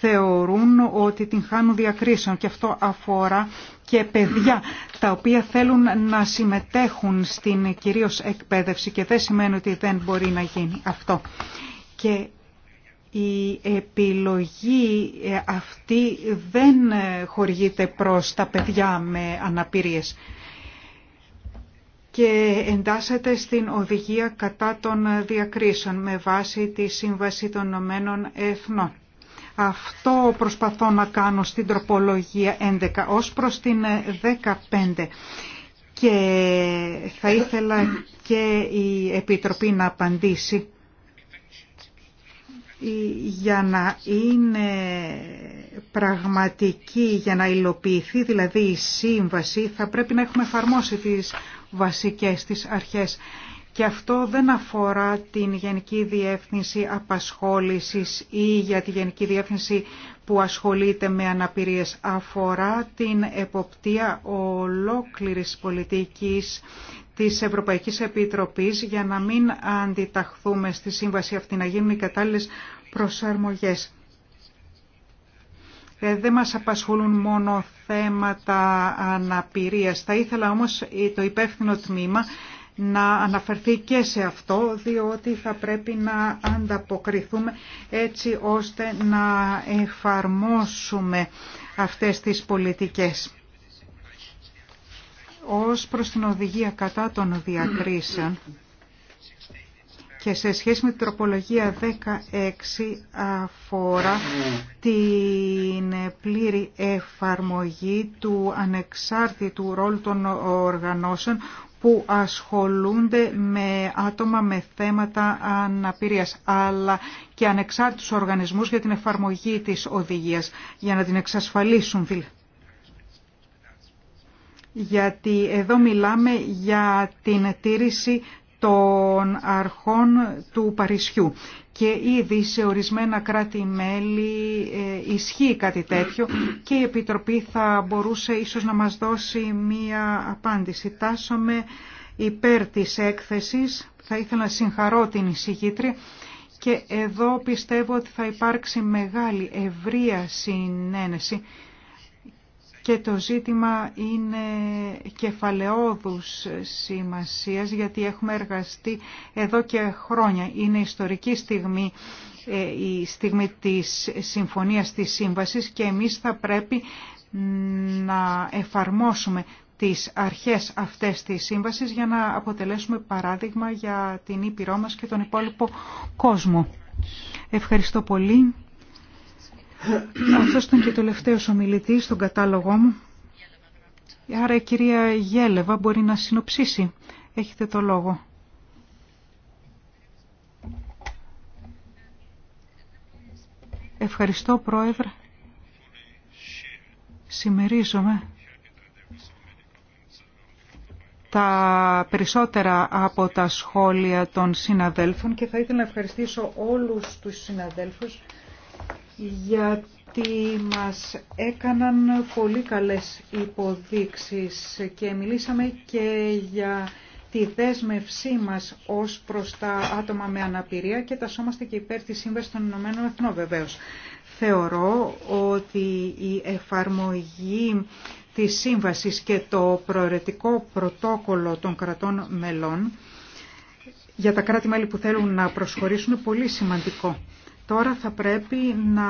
θεωρούν ότι την χάνουν διακρίσεων και αυτό αφορά και παιδιά τα οποία θέλουν να συμμετέχουν στην κυρίως εκπαίδευση και δεν σημαίνει ότι δεν μπορεί να γίνει αυτό. Και η επιλογή ε, αυτή δεν ε, χορηγείται προς τα παιδιά με αναπηρίες και εντάσσεται στην οδηγία κατά των διακρίσεων με βάση τη Σύμβαση των Ηνωμένων Εθνών. Αυτό προσπαθώ να κάνω στην τροπολογία 11 ως προς την 15. Ε, και θα ήθελα και η Επιτροπή να απαντήσει για να είναι πραγματική, για να υλοποιηθεί δηλαδή η σύμβαση, θα πρέπει να έχουμε εφαρμόσει τις βασικές της αρχές. Και αυτό δεν αφορά την Γενική Διεύθυνση Απασχόλησης ή για τη Γενική Διεύθυνση που ασχολείται με αναπηρίες. Αφορά την εποπτεία ολόκληρης πολιτικής της Ευρωπαϊκής Επιτροπής για να μην αντιταχθούμε στη σύμβαση αυτή, να γίνουν οι κατάλληλες προσαρμογές. Ε, δεν μας απασχολούν μόνο θέματα αναπηρίας. Θα ήθελα όμως το υπεύθυνο τμήμα να αναφερθεί και σε αυτό, διότι θα πρέπει να ανταποκριθούμε έτσι ώστε να εφαρμόσουμε αυτές τις πολιτικές. Ως προς την οδηγία κατά των διακρίσεων και σε σχέση με την τροπολογία 16 αφορά την πλήρη εφαρμογή του ανεξάρτητου ρόλου των οργανώσεων που ασχολούνται με άτομα με θέματα αναπηρίας, αλλά και ανεξάρτητους οργανισμούς για την εφαρμογή της οδηγίας, για να την εξασφαλίσουν γιατί εδώ μιλάμε για την τήρηση των αρχών του Παρισιού και ήδη σε ορισμένα κράτη-μέλη ε, ισχύει κάτι τέτοιο και η Επιτροπή θα μπορούσε ίσως να μας δώσει μία απάντηση. Τάσομαι υπέρ της έκθεσης, θα ήθελα να συγχαρώ την εισηγήτρια και εδώ πιστεύω ότι θα υπάρξει μεγάλη ευρεία συνένεση και το ζήτημα είναι κεφαλαιόδους σημασίας γιατί έχουμε εργαστεί εδώ και χρόνια. Είναι ιστορική στιγμή ε, η στιγμή της συμφωνίας της σύμβασης και εμείς θα πρέπει να εφαρμόσουμε τις αρχές αυτές της σύμβασης για να αποτελέσουμε παράδειγμα για την Ήπειρό μας και τον υπόλοιπο κόσμο. Ευχαριστώ πολύ. Αυτό ήταν και το τελευταίο ομιλητή στον κατάλογό μου. Άρα η κυρία Γέλεβα μπορεί να συνοψίσει. Έχετε το λόγο. Ευχαριστώ Πρόεδρε. Σημερίζομαι. τα περισσότερα από τα σχόλια των συναδέλφων και θα ήθελα να ευχαριστήσω όλους τους συναδέλφους γιατί μας έκαναν πολύ καλές υποδείξεις και μιλήσαμε και για τη δέσμευσή μας ως προς τα άτομα με αναπηρία και τα σώμαστε και υπέρ της Σύμβασης των Ηνωμένων Εθνών βεβαίως. Θεωρώ ότι η εφαρμογή της Σύμβασης και το προαιρετικό πρωτόκολλο των κρατών μελών για τα κράτη-μέλη που θέλουν να προσχωρήσουν είναι πολύ σημαντικό. Τώρα θα πρέπει να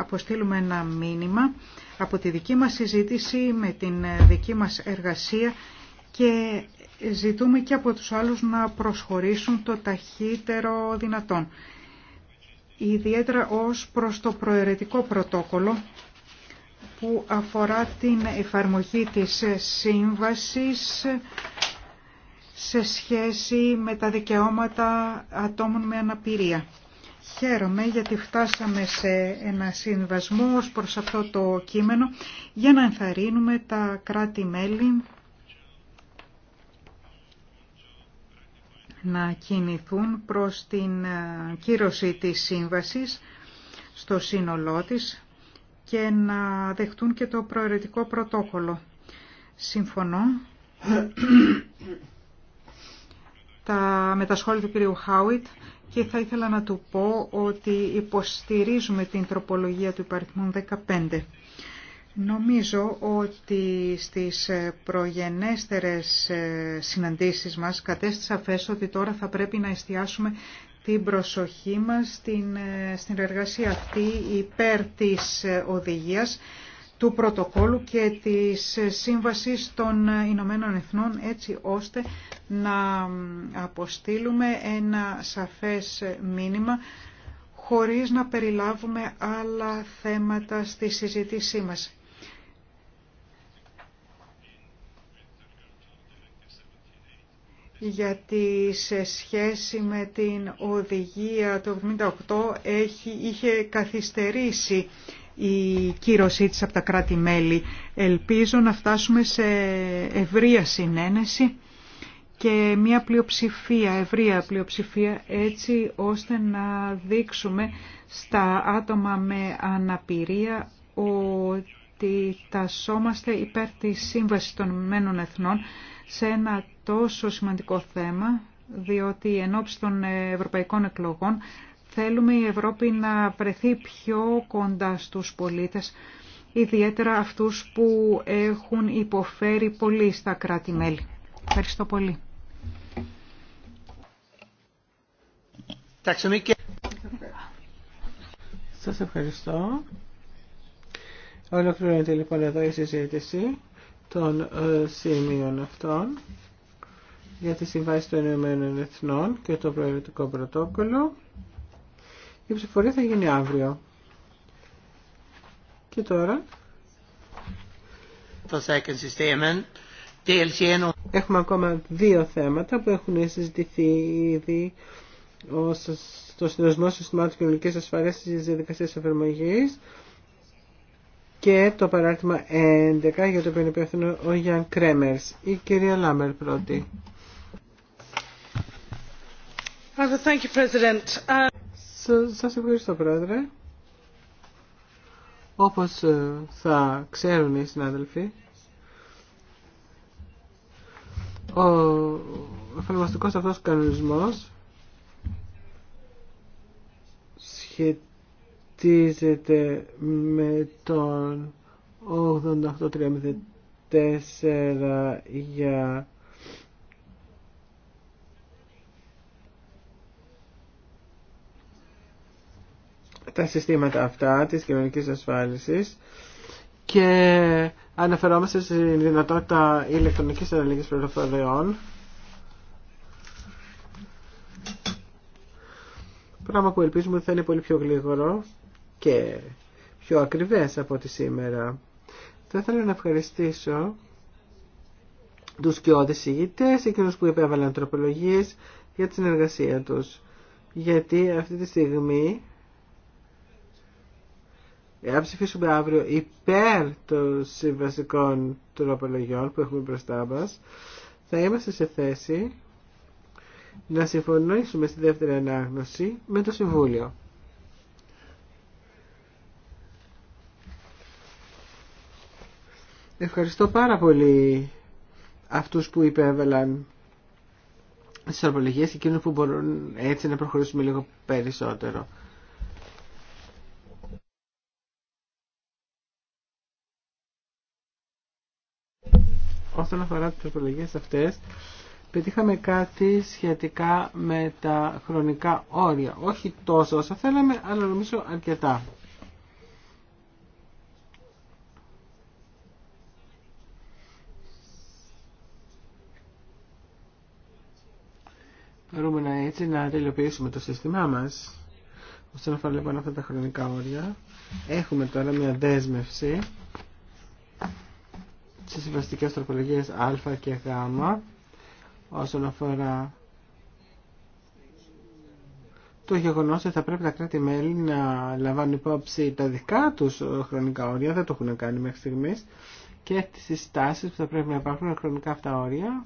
αποστείλουμε ένα μήνυμα από τη δική μας συζήτηση με την δική μας εργασία και ζητούμε και από τους άλλους να προσχωρήσουν το ταχύτερο δυνατόν. Ιδιαίτερα ως προς το προαιρετικό πρωτόκολλο που αφορά την εφαρμογή της σύμβασης σε σχέση με τα δικαιώματα ατόμων με αναπηρία. Χαίρομαι γιατί φτάσαμε σε ένα συμβασμό ως προς αυτό το κείμενο για να ενθαρρύνουμε τα κράτη-μέλη να κινηθούν προς την ε, κύρωση της σύμβασης στο σύνολό της και να δεχτούν και το προαιρετικό πρωτόκολλο. Συμφωνώ. τα, με τα σχόλια του κ. Χάουιτ και θα ήθελα να του πω ότι υποστηρίζουμε την τροπολογία του υπαριθμού 15. Νομίζω ότι στις προγενέστερες ε, συναντήσεις μας κατέστησα φέσο ότι τώρα θα πρέπει να εστιάσουμε την προσοχή μας στην, ε, στην εργασία αυτή υπέρ της ε, οδηγίας του πρωτοκόλου και της σύμβασης των Ηνωμένων Εθνών έτσι ώστε να αποστείλουμε ένα σαφές μήνυμα χωρίς να περιλάβουμε άλλα θέματα στη συζήτησή μας. γιατί σε σχέση με την οδηγία του 78 είχε καθυστερήσει η κύρωσή της από τα κράτη-μέλη. Ελπίζω να φτάσουμε σε ευρεία συνένεση και μια πλειοψηφία, ευρεία πλειοψηφία έτσι ώστε να δείξουμε στα άτομα με αναπηρία ότι τασόμαστε υπέρ της σύμβαση των Ηνωμένων Εθνών σε ένα τόσο σημαντικό θέμα διότι εν των ευρωπαϊκών εκλογών Θέλουμε η Ευρώπη να βρεθεί πιο κοντά στους πολίτες, ιδιαίτερα αυτούς που έχουν υποφέρει πολύ στα κράτη-μέλη. Ευχαριστώ πολύ.
Σας ευχαριστώ. Ολοκληρώνεται λοιπόν εδώ η συζήτηση των ε, σημείων αυτών για τη Συμβάση των Ηνωμένων Εθνών και το Προαιρετικό Πρωτόκολλο. Η ψηφορία θα γίνει αύριο. Και τώρα... Έχουμε ακόμα δύο θέματα που έχουν συζητηθεί ήδη στο Συνδεσμό συστημάτων κοινωνική ασφαλεία τη διαδικασία εφαρμογή και το παράρτημα 11 για το οποίο είναι υπεύθυνο ο Γιάν Κρέμερ. Η κυρία Λάμερ πρώτη. Thank President. Σας ευχαριστώ πρόεδρε. Όπως ε, θα ξέρουν οι συνάδελφοι, ο εφαρμοστικός αυτός κανονισμός σχετίζεται με τον 8834 για τα συστήματα αυτά της κοινωνικής ασφάλισης και αναφερόμαστε στη δυνατότητα ηλεκτρονικής αναλύγης πληροφοριών πράγμα που ελπίζουμε ότι θα είναι πολύ πιο γλίγορο και πιο ακριβές από τη σήμερα. Θα ήθελα να ευχαριστήσω τους και ηγητές, εκείνους που επέβαλαν τροπολογίες για τη συνεργασία τους. Γιατί αυτή τη στιγμή Εάν ψηφίσουμε αύριο υπέρ των συμβασικών τροπολογιών που έχουμε μπροστά μα θα είμαστε σε θέση να συμφωνήσουμε στη δεύτερη ανάγνωση με το Συμβούλιο. Ευχαριστώ πάρα πολύ αυτούς που υπέβαλαν τις απολογίες και εκείνους που μπορούν έτσι να προχωρήσουμε λίγο περισσότερο. όσον αφορά τις προσπολογίες αυτές, πετύχαμε κάτι σχετικά με τα χρονικά όρια. Όχι τόσο όσο θέλαμε, αλλά νομίζω αρκετά. Μπορούμε να έτσι να τελειοποιήσουμε το σύστημά μας. Όσον αφορά λοιπόν αυτά τα χρονικά όρια, έχουμε τώρα μια δέσμευση στις συμβαστικές τροπολογίες α και γ όσον αφορά το γεγονός ότι θα πρέπει τα κράτη-μέλη να λαμβάνουν υπόψη τα δικά τους χρονικά όρια, δεν το έχουν κάνει μέχρι στιγμής, και τις συστάσεις που θα πρέπει να υπάρχουν χρονικά αυτά όρια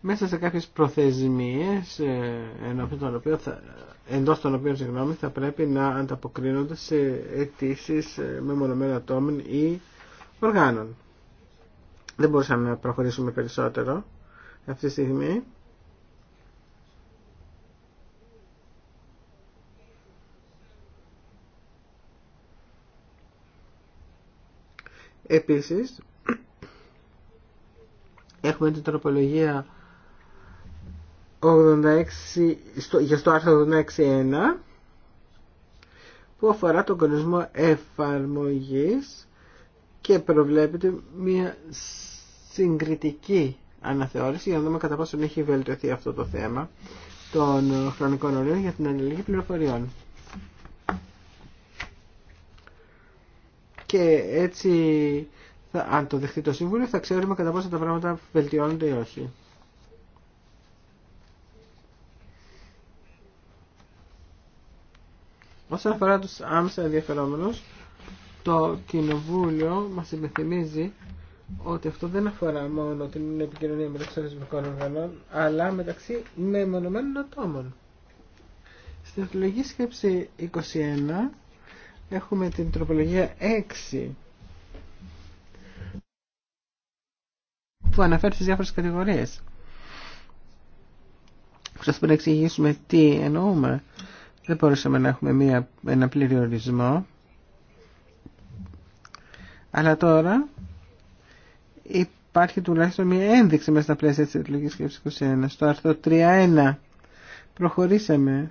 μέσα σε κάποιες προθεσμίες ε, εντός των οποίων συγγνώμη, θα πρέπει να ανταποκρίνονται σε αιτήσει ε, μεμονωμένων ατόμων ή οργάνων. Δεν μπορούσαμε να προχωρήσουμε περισσότερο αυτή τη στιγμή. Επίσης, έχουμε την τροπολογία 86, για στο άρθρο 86.1 που αφορά τον κανονισμό εφαρμογής και προβλέπεται μια συγκριτική αναθεώρηση για να δούμε κατά πόσο έχει βελτιωθεί αυτό το θέμα των χρονικών ορίων για την αλληλεγγύη πληροφοριών. Και έτσι, αν το δεχτεί το Σύμβουλο, θα ξέρουμε κατά πόσο τα πράγματα βελτιώνονται ή όχι. Όσον αφορά τους άμεσα ενδιαφερόμενους, το Κοινοβούλιο μας υπενθυμίζει ότι αυτό δεν αφορά μόνο την επικοινωνία μεταξύ ορισμικών οργανών, αλλά μεταξύ μεμονωμένων ατόμων. Στην εθνολογική σκέψη 21 έχουμε την τροπολογία 6 που αναφέρει τις διάφορες κατηγορίες. πρέπει να εξηγήσουμε τι εννοούμε δεν μπορούσαμε να έχουμε μία, ένα πλήρη ορισμό. Αλλά τώρα υπάρχει τουλάχιστον μία ένδειξη μέσα στα πλαίσια της εκλογής σκέψης 21. Στο άρθρο 3.1 προχωρήσαμε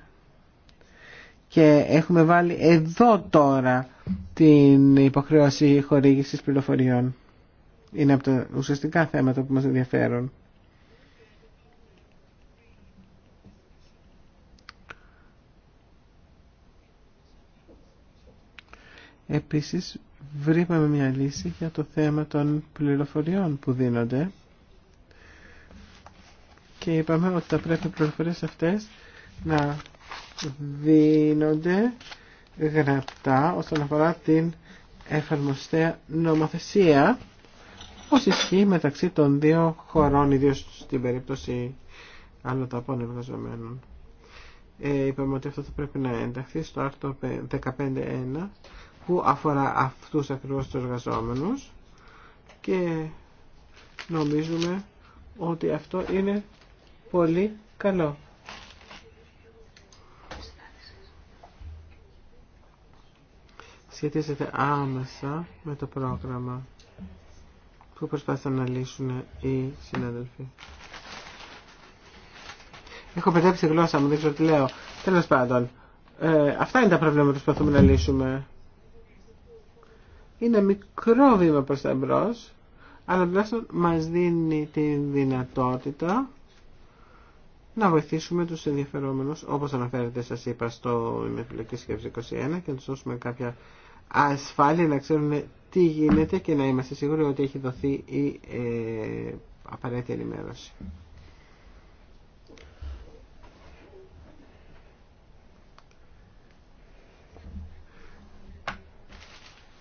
και έχουμε βάλει εδώ τώρα την υποχρέωση χορήγησης πληροφοριών. Είναι από τα ουσιαστικά θέματα που μας ενδιαφέρουν. Επίσης βρήκαμε μια λύση για το θέμα των πληροφοριών που δίνονται και είπαμε ότι θα πρέπει οι πληροφορίες αυτές να δίνονται γραπτά όσον αφορά την εφαρμοστέα νομοθεσία ως ισχύει μεταξύ των δύο χωρών, ιδίω στην περίπτωση ταπών εργαζομένων. Ε, είπαμε ότι αυτό θα πρέπει να ενταχθεί στο άρθρο 15.1 που αφορά αυτούς ακριβώς τους εργαζόμενου και νομίζουμε ότι αυτό είναι πολύ καλό. Σχετίζεται άμεσα με το πρόγραμμα που προσπάθησαν να λύσουν οι συνάδελφοι. Έχω πετάξει γλώσσα μου, δεν ξέρω τι λέω. Τέλος πάντων, ε, αυτά είναι τα προβλήματα που προσπαθούμε να λύσουμε είναι μικρό βήμα προς τα αλλά τουλάχιστον μας δίνει τη δυνατότητα να βοηθήσουμε τους ενδιαφερόμενους, όπως αναφέρεται σας είπα στο Επιλογή Σκέψη 21 και να τους δώσουμε κάποια ασφάλεια να ξέρουν τι γίνεται και να είμαστε σίγουροι ότι έχει δοθεί η ε, απαραίτητη ενημέρωση.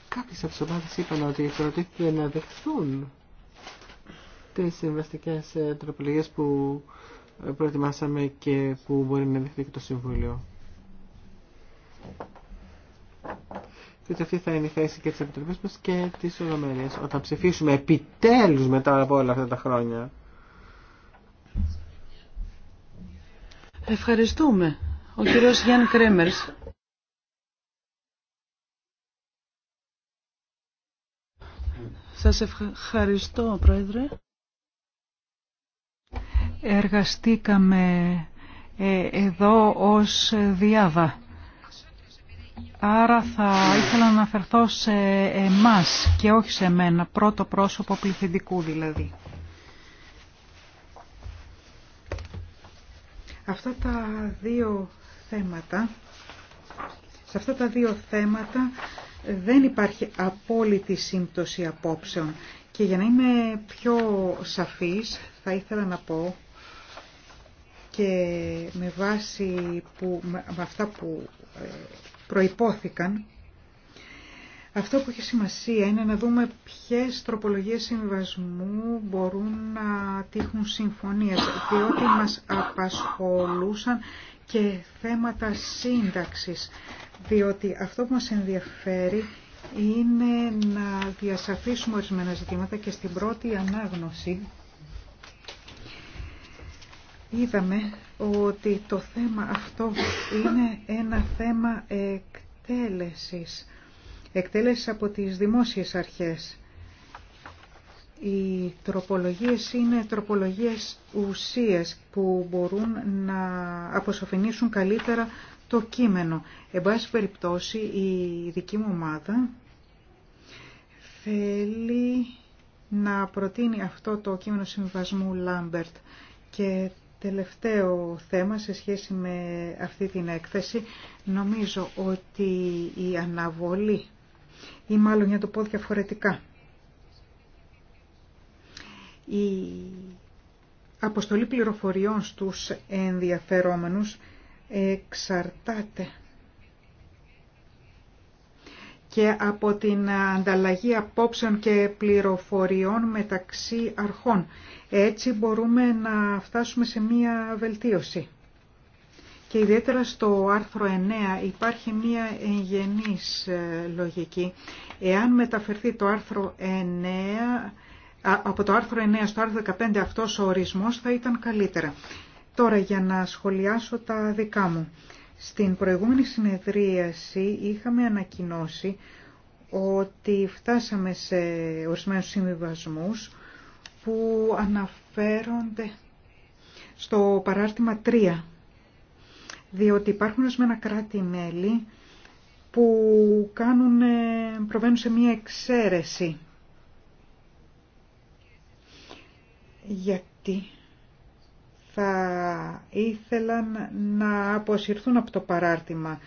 κάποιες από τις ομάδες είπαν ότι προτίθεται να δεχθούν τις συμβαστικές ε, τροπολογίες που ε, προετοιμάσαμε και που μπορεί να δεχθεί και το Συμβούλιο. Και ότι αυτή θα είναι η θέση και της Επιτροπής μας και της Ολομέλειας όταν ψηφίσουμε επιτέλους μετά από όλα αυτά τα χρόνια.
Ευχαριστούμε. Ο κύριος Γιάνν Κρέμερς. Σας ευχαριστώ, Πρόεδρε.
Εργαστήκαμε ε, εδώ ως διάδα. Άρα θα ήθελα να αναφερθώ σε εμάς και όχι σε μένα, πρώτο πρόσωπο πληθυντικού δηλαδή. Αυτά τα δύο θέματα, σε αυτά τα δύο θέματα δεν υπάρχει απόλυτη σύμπτωση απόψεων. Και για να είμαι πιο σαφής θα ήθελα να πω και με βάση που, αυτά που ε, προϋπόθηκαν αυτό που έχει σημασία είναι να δούμε ποιες τροπολογίες συμβασμού μπορούν να τύχουν συμφωνίας, διότι μας απασχολούσαν και θέματα σύνταξης διότι αυτό που μας ενδιαφέρει είναι να διασαφίσουμε ορισμένα ζητήματα και στην πρώτη ανάγνωση είδαμε ότι το θέμα αυτό είναι ένα θέμα εκτέλεσης, εκτέλεσης από τις δημόσιες αρχές. Οι τροπολογίες είναι τροπολογίες ουσίες που μπορούν να αποσωφηνήσουν καλύτερα το κείμενο. Εν πάση περιπτώσει η δική μου ομάδα θέλει να προτείνει αυτό το κείμενο συμβασμού Λάμπερτ και τελευταίο θέμα σε σχέση με αυτή την έκθεση νομίζω ότι η αναβολή ή μάλλον για το πω διαφορετικά η αποστολή πληροφοριών στους ενδιαφερόμενους εξαρτάται και από την ανταλλαγή απόψεων και πληροφοριών μεταξύ αρχών. Έτσι μπορούμε να φτάσουμε σε μία βελτίωση. Και ιδιαίτερα στο άρθρο 9 υπάρχει μία εγγενής ε, λογική. Εάν μεταφερθεί το άρθρο 9, από το άρθρο 9 στο άρθρο 15 αυτός ο ορισμός θα ήταν καλύτερα. Τώρα για να σχολιάσω τα δικά μου. Στην προηγούμενη συνεδρίαση είχαμε ανακοινώσει ότι φτάσαμε σε ορισμένους συμβιβασμούς που αναφέρονται στο παράρτημα 3, διότι υπάρχουν ορισμένα κράτη-μέλη που κάνουν, ε, προβαίνουν σε μία εξαίρεση. Γιατί θα ήθελαν να αποσυρθούν από το παράρτημα.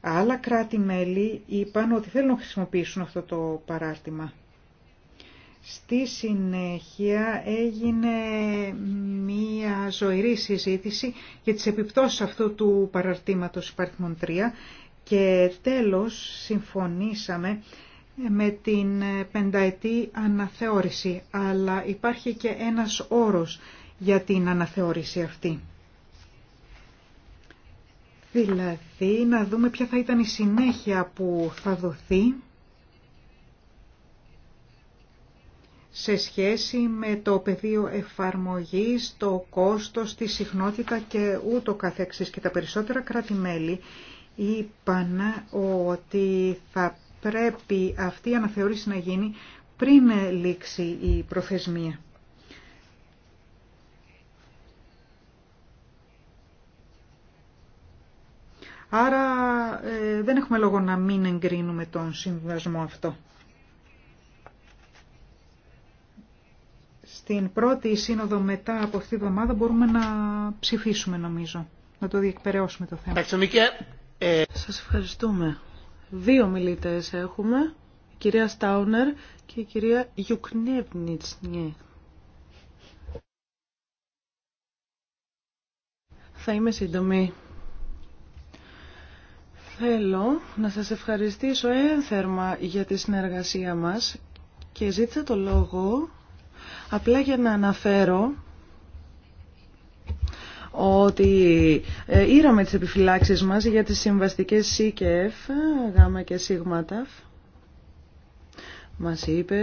Άλλα κράτη-μέλη είπαν ότι θέλουν να χρησιμοποιήσουν αυτό το παράρτημα. Στη συνέχεια έγινε μία ζωηρή συζήτηση για τις επιπτώσεις αυτού του παραρτήματος υπαριθμών 3 και τέλος συμφωνήσαμε με την πενταετή αναθεώρηση, αλλά υπάρχει και ένας όρος για την αναθεώρηση αυτή. Δηλαδή να δούμε ποια θα ήταν η συνέχεια που θα δοθεί σε σχέση με το πεδίο εφαρμογής, το κόστος, τη συχνότητα και ούτω καθεξής. Και τα περισσότερα κράτη-μέλη είπαν ότι θα πρέπει αυτή η αναθεώρηση να γίνει πριν λήξει η προθεσμία. Άρα ε, δεν έχουμε λόγο να μην εγκρίνουμε τον συμβιβασμό αυτό. Στην πρώτη σύνοδο μετά από αυτή τη βδομάδα μπορούμε να ψηφίσουμε νομίζω. Να το διεκπαιρεώσουμε το θέμα. Ε, Σας ευχαριστούμε.
Δύο μιλήτες έχουμε. Η κυρία Στάουνερ και η κυρία Γιουκνεύνιτσνιέ. Θα είμαι σύντομη. Θέλω να σας ευχαριστήσω ένθερμα για τη συνεργασία μας και ζήτησα το λόγο απλά για να αναφέρω ότι ε, ήραμε τις επιφυλάξεις μας για τις συμβαστικές C και F, γάμα και σίγμα Μας είπε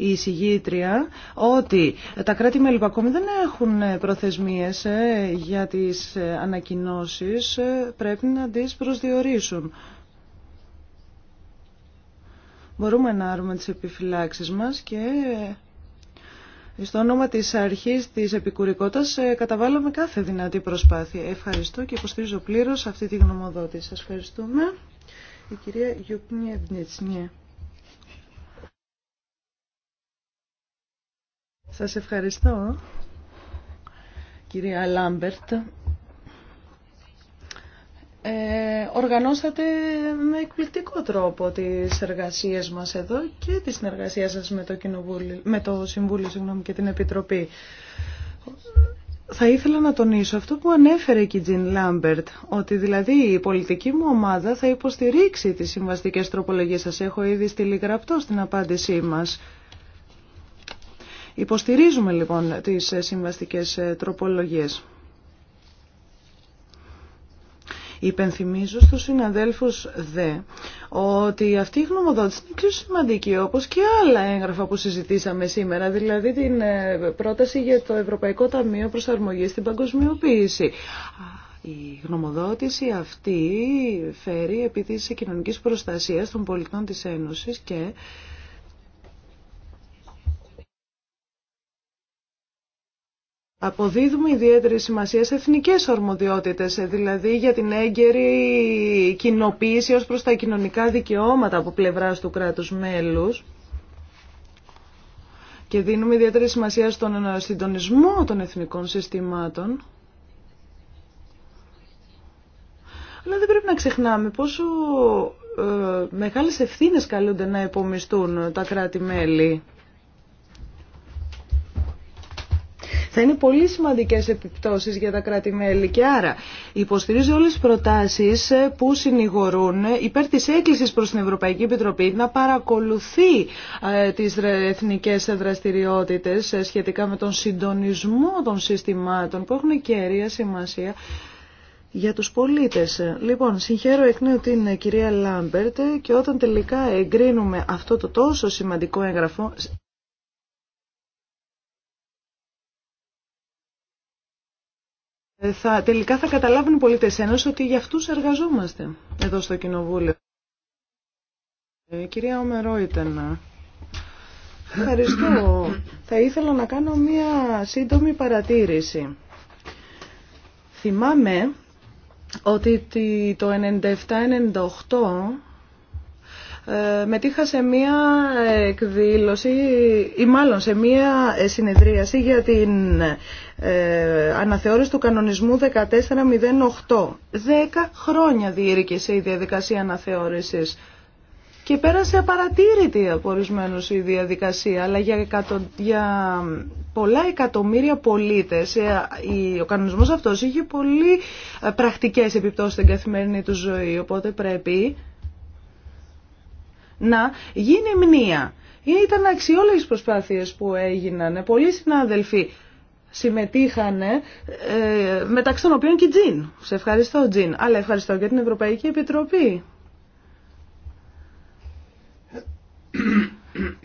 η εισηγήτρια ότι τα κράτη-μέλη που ακόμη δεν έχουν προθεσμίες ε, για τις ε, ανακοινώσεις ε, πρέπει να τις προσδιορίσουν. Μπορούμε να άρουμε τις επιφυλάξεις μας και στο όνομα της αρχής της επικουρικότητας καταβάλαμε κάθε δυνατή προσπάθεια. Ευχαριστώ και υποστηρίζω πλήρως αυτή τη γνωμοδότηση. Σας ευχαριστούμε. Η κυρία Σας ευχαριστώ, κυρία Λάμπερτ. Ε, οργανώσατε με εκπληκτικό τρόπο τις εργασίες μας εδώ και τη συνεργασία σας με το, Κοινοβούλιο, με το Συμβούλιο συγγνώμη, και την Επιτροπή. Θα ήθελα να τονίσω αυτό που ανέφερε και η Τζιν Λάμπερτ, ότι δηλαδή η πολιτική μου ομάδα θα υποστηρίξει τις συμβαστικές τροπολογίες σας. Έχω ήδη στείλει γραπτό στην απάντησή μας. Υποστηρίζουμε λοιπόν τις ε, συμβαστικές ε, τροπολογίες. Υπενθυμίζω στους συναδέλφους δε ότι αυτή η γνωμοδότηση είναι πιο σημαντική όπως και άλλα έγγραφα που συζητήσαμε σήμερα, δηλαδή την ε, πρόταση για το Ευρωπαϊκό Ταμείο Προσαρμογής στην Παγκοσμιοποίηση. Η γνωμοδότηση αυτή φέρει επί της κοινωνικής προστασίας των πολιτών της Ένωσης και Αποδίδουμε ιδιαίτερη σημασία σε εθνικές ορμοδιότητες, δηλαδή για την έγκαιρη κοινοποίηση ως προς τα κοινωνικά δικαιώματα από πλευράς του κράτους μέλους και δίνουμε ιδιαίτερη σημασία στον συντονισμό των εθνικών συστημάτων. Αλλά δεν πρέπει να ξεχνάμε πόσο ε, μεγάλες ευθύνες καλούνται να επομιστούν τα κράτη-μέλη. θα είναι πολύ σημαντικές επιπτώσεις για τα κράτη-μέλη. Και άρα υποστηρίζω όλες τις προτάσεις ε, που συνηγορούν υπέρ της έκκλησης προς την Ευρωπαϊκή Επιτροπή να παρακολουθεί ε, τις εθνικές δραστηριότητες ε, σχετικά με τον συντονισμό των συστημάτων που έχουν κέρια σημασία για τους πολίτες. Λοιπόν, συγχαίρω εκ νέου την κυρία Λάμπερτ και όταν τελικά εγκρίνουμε αυτό το τόσο σημαντικό έγγραφο θα, τελικά θα καταλάβουν οι πολίτες Ένωση ότι για αυτούς εργαζόμαστε εδώ στο Κοινοβούλιο. Ε, κυρία Ομερό ήταν. Ευχαριστώ. θα ήθελα να κάνω μία σύντομη παρατήρηση. Θυμάμαι ότι το 97-98 ε, μετήχα σε μία εκδήλωση ή μάλλον σε μία ε, συνεδρίαση για την ε, αναθεώρηση του κανονισμού 1408. Δέκα χρόνια διήρκησε η διαδικασία αναθεώρησης και πέρασε απαρατήρητη από η διαδικασία, αλλά για, εκατο... για πολλά εκατομμύρια πολίτες ο κανονισμός αυτός είχε πολύ πρακτικές επιπτώσεις στην καθημερινή του ζωή, οπότε πρέπει να γίνει μνήα. Ε, ήταν αξιόλογες προσπάθειες που έγιναν. Πολλοί συνάδελφοι συμμετείχανε, ε, μεταξύ των οποίων και Τζιν. Σε ευχαριστώ Τζιν, αλλά ευχαριστώ και την Ευρωπαϊκή Επιτροπή.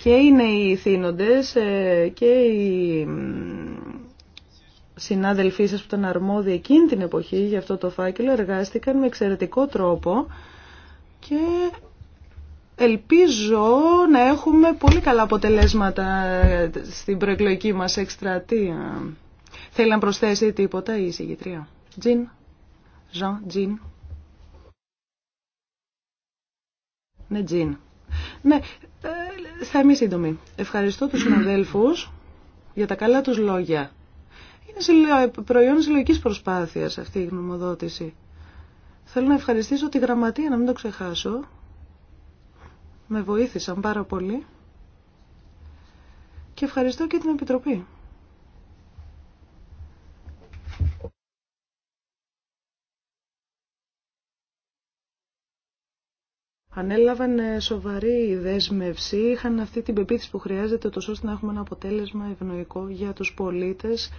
και είναι οι θύνοντες ε, και οι συνάδελφοί σας που ήταν αρμόδιοι εκείνη την εποχή για αυτό το φάκελο εργάστηκαν με εξαιρετικό τρόπο και Ελπίζω να έχουμε πολύ καλά αποτελέσματα ε, στην προεκλογική μας εκστρατεία. Θέλει να προσθέσει τίποτα η συγγητρία. Τζιν. Ζαν, Τζιν. Ναι, Τζιν. Ναι, ε, θα είμαι σύντομη. Ευχαριστώ τους συναδέλφους για τα καλά τους λόγια. Είναι προϊόν συλλογική προσπάθειας αυτή η γνωμοδότηση. Θέλω να ευχαριστήσω τη γραμματεία, να μην το ξεχάσω, με βοήθησαν πάρα πολύ και ευχαριστώ και την Επιτροπή. Ανέλαβαν ε, σοβαρή δέσμευση, είχαν αυτή την πεποίθηση που χρειάζεται, ώστε να έχουμε ένα αποτέλεσμα ευνοϊκό για τους πολίτες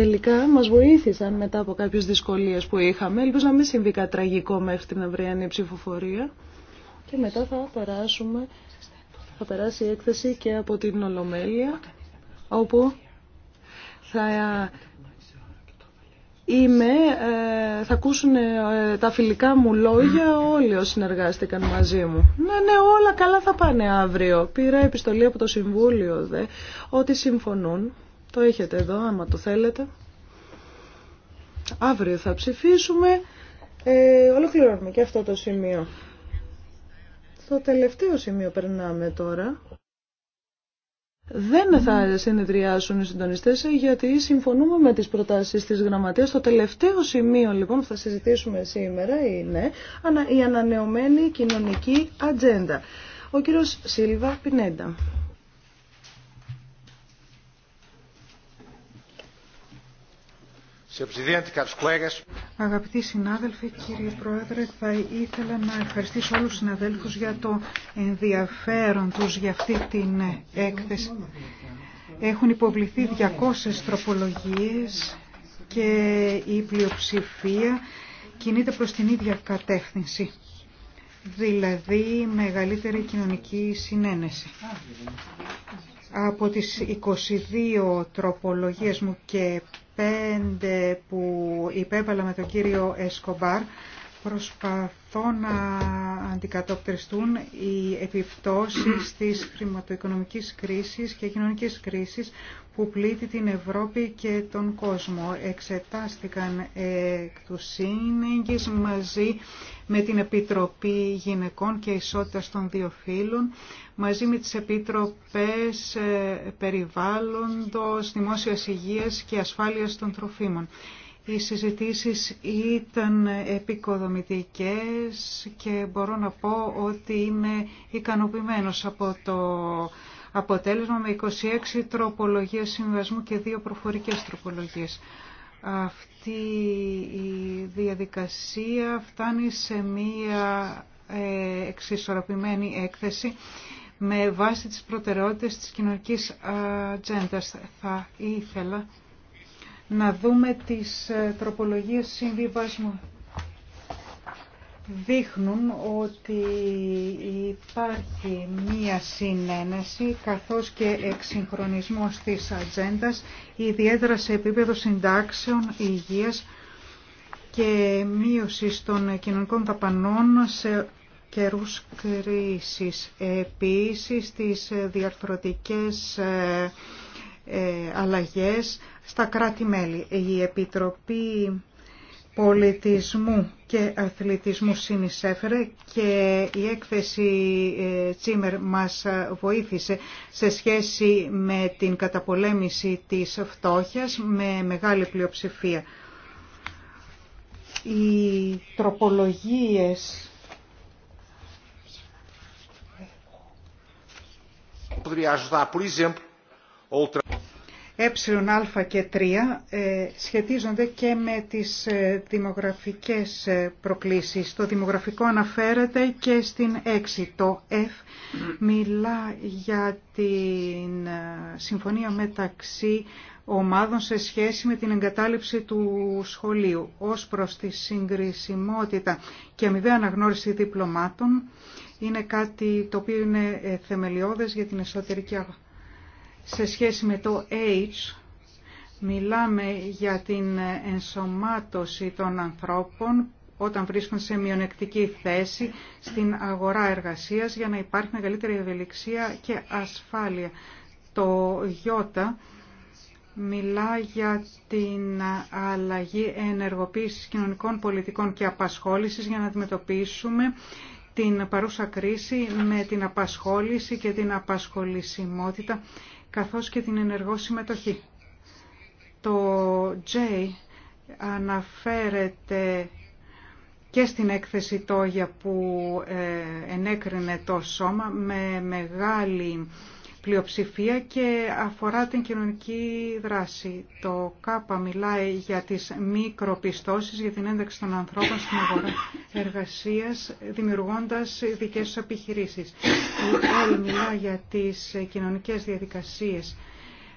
τελικά μας βοήθησαν μετά από κάποιες δυσκολίες που είχαμε. Ελπίζω να μην συμβεί κάτι τραγικό μέχρι την αυριανή ψηφοφορία. Και μετά θα περάσουμε, θα περάσει η έκθεση και από την Ολομέλεια, όπου θα είμαι, ε, θα ακούσουν ε, τα φιλικά μου λόγια όλοι όσοι συνεργάστηκαν μαζί μου. Ναι, ναι, όλα καλά θα πάνε αύριο. Πήρα επιστολή από το Συμβούλιο, δε, ότι συμφωνούν το έχετε εδώ, άμα το θέλετε. Αύριο θα ψηφίσουμε. Ε, ολοκληρώνουμε και αυτό το σημείο. Το τελευταίο σημείο περνάμε τώρα. Δεν θα συνεδριάσουν οι συντονιστές γιατί συμφωνούμε με τις προτάσεις της γραμματείας. Το τελευταίο σημείο λοιπόν που θα συζητήσουμε σήμερα είναι η ανανεωμένη κοινωνική ατζέντα. Ο κύριος Σίλβα Πινέντα.
Αγαπητοί συνάδελφοι, κύριε Πρόεδρε, θα ήθελα να ευχαριστήσω όλους τους συναδέλφους για το ενδιαφέρον τους για αυτή την έκθεση. Έχουν υποβληθεί 200 τροπολογίες και η πλειοψηφία κινείται προς την ίδια κατεύθυνση, δηλαδή μεγαλύτερη κοινωνική συνένεση από τις 22 τροπολογίες μου και που υπέβαλα με τον κύριο Εσκομπάρ προσπαθώ να αντικατοπτριστούν οι επιπτώσεις της χρηματοοικονομικής κρίσης και κοινωνικής κρίσης που πλήττει την Ευρώπη και τον κόσμο. Εξετάστηκαν εκ του μαζί με την Επιτροπή Γυναικών και Ισότητας των Δύο Φύλων, μαζί με τις Επιτροπές ε, Περιβάλλοντος, δημόσια Υγείας και Ασφάλειας των Τροφίμων. Οι συζητήσεις ήταν επικοδομητικές και μπορώ να πω ότι είμαι ικανοποιημένος από το αποτέλεσμα με 26 τροπολογίες συμβιβασμού και δύο προφορικές τροπολογίες. Αυτή η διαδικασία φτάνει σε μία ε, εξισορροπημένη έκθεση με βάση τις προτεραιότητες της κοινωνικής ατζέντα. Θα ήθελα να δούμε τις ε, τροπολογίες συμβιβασμού δείχνουν ότι υπάρχει μία συνένεση καθώς και εξυγχρονισμός της ατζέντα, ιδιαίτερα σε επίπεδο συντάξεων υγείας και μείωση των κοινωνικών δαπανών σε καιρούς κρίσης. Επίσης, τις διαρθρωτικές ε, ε, αλλαγές στα κράτη-μέλη. Η Επιτροπή πολιτισμού και αθλητισμού συνεισέφερε και η έκθεση ε, Τσίμερ μας βοήθησε σε σχέση με την καταπολέμηση της φτώχειας με μεγάλη πλειοψηφία. Οι τροπολογίες poderia ajudar, por exemplo, outra. Α ε, και 3 ε, σχετίζονται και με τις ε, δημογραφικές προκλήσεις. Το δημογραφικό αναφέρεται και στην 6. Το F μιλά για την συμφωνία μεταξύ ομάδων σε σχέση με την εγκατάλειψη του σχολείου ως προς τη συγκρισιμότητα και αμοιβαία αναγνώριση διπλωμάτων είναι κάτι το οποίο είναι θεμελιώδες για την εσωτερική αγορά σε σχέση με το AIDS μιλάμε για την ενσωμάτωση των ανθρώπων όταν βρίσκονται σε μειονεκτική θέση στην αγορά εργασίας για να υπάρχει μεγαλύτερη ευελιξία και ασφάλεια. Το ΙΟΤΑ μιλά για την αλλαγή ενεργοποίησης κοινωνικών πολιτικών και απασχόλησης για να αντιμετωπίσουμε την παρούσα κρίση με την απασχόληση και την απασχολησιμότητα καθώς και την ενεργό συμμετοχή. Το J αναφέρεται και στην έκθεση τόγια που ε, ενέκρινε το σώμα με μεγάλη πλειοψηφία και αφορά την κοινωνική δράση. Το ΚΑΠΑ μιλάει για τις μικροπιστώσεις για την ένταξη των ανθρώπων στην αγορά εργασίας, δημιουργώντας δικές τους επιχειρήσεις. Η ΕΛ μιλάει για τις κοινωνικές διαδικασίες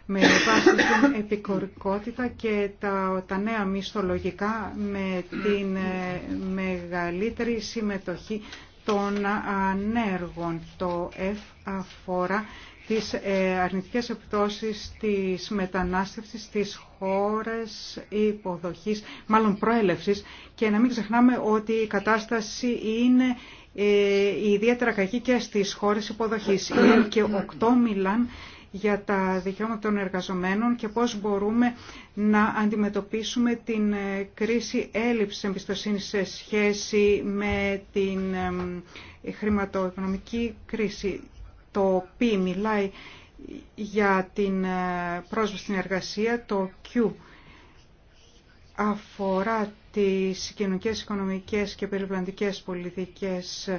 με βάση την επικορικότητα και τα, τα νέα μισθολογικά με την ε, μεγαλύτερη συμμετοχή των ανέργων. Το F αφορά τις ε, αρνητικές επιπτώσεις της μετανάστευσης στις χώρες υποδοχής, μάλλον προέλευσης και να μην ξεχνάμε ότι η κατάσταση είναι ε, ιδιαίτερα κακή και στις χώρες υποδοχής. Οι και οκτώ μιλάν για τα δικαιώματα των εργαζομένων και πώς μπορούμε να αντιμετωπίσουμε την ε, κρίση έλλειψης εμπιστοσύνης σε σχέση με την χρηματοοικονομική κρίση. Το P μιλάει για την ε, πρόσβαση στην εργασία, το Q αφορά τις κοινωνικές, οικονομικές και περιβαλλοντικές πολιτικές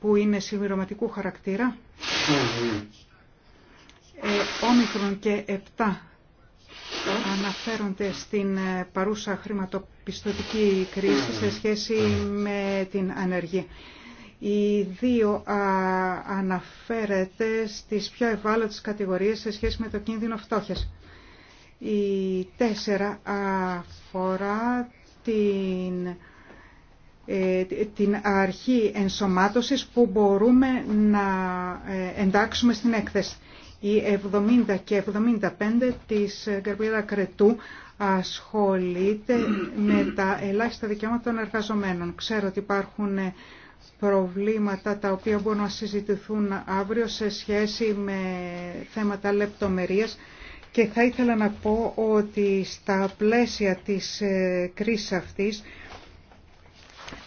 που είναι συμπληρωματικού χαρακτήρα. Ε, όμικρον και 7 αναφέρονται στην ε, παρούσα χρηματοπιστωτική κρίση σε σχέση με την ανεργία. Οι δύο αναφέρεται στις πιο ευάλωτες κατηγορίες σε σχέση με το κίνδυνο φτώχειας. Η τέσσερα αφορά την, ε, την αρχή ενσωμάτωσης που μπορούμε να ε, εντάξουμε στην έκθεση. Η 70 και 75 της Γκαρμπίδα Κρετού ασχολείται με τα ελάχιστα δικαιώματα των εργαζομένων. Ξέρω ότι υπάρχουν ε, προβλήματα τα οποία μπορούν να συζητηθούν αύριο σε σχέση με θέματα λεπτομερίας και θα ήθελα να πω ότι στα πλαίσια της ε, κρίσης αυτής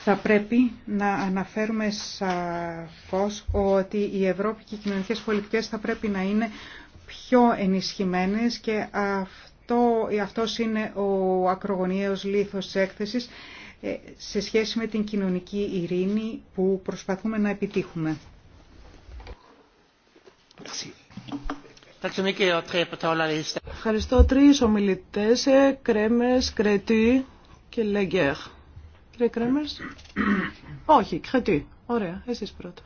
θα πρέπει να αναφέρουμε σαφώς ότι η Ευρώπη και οι κοινωνικές πολιτικές θα πρέπει να είναι πιο ενισχυμένες και αυτό, αυτός είναι ο ακρογωνιαίος λίθος της έκθεσης ε, σε σχέση με την κοινωνική ειρήνη που προσπαθούμε να επιτύχουμε.
Ευχαριστώ τρεις ομιλητές, ε, Κρέμες, Κρετή και Λεγκέρ. Κύριε Κρέμες, όχι, Κρετή. Ωραία, εσείς πρώτα.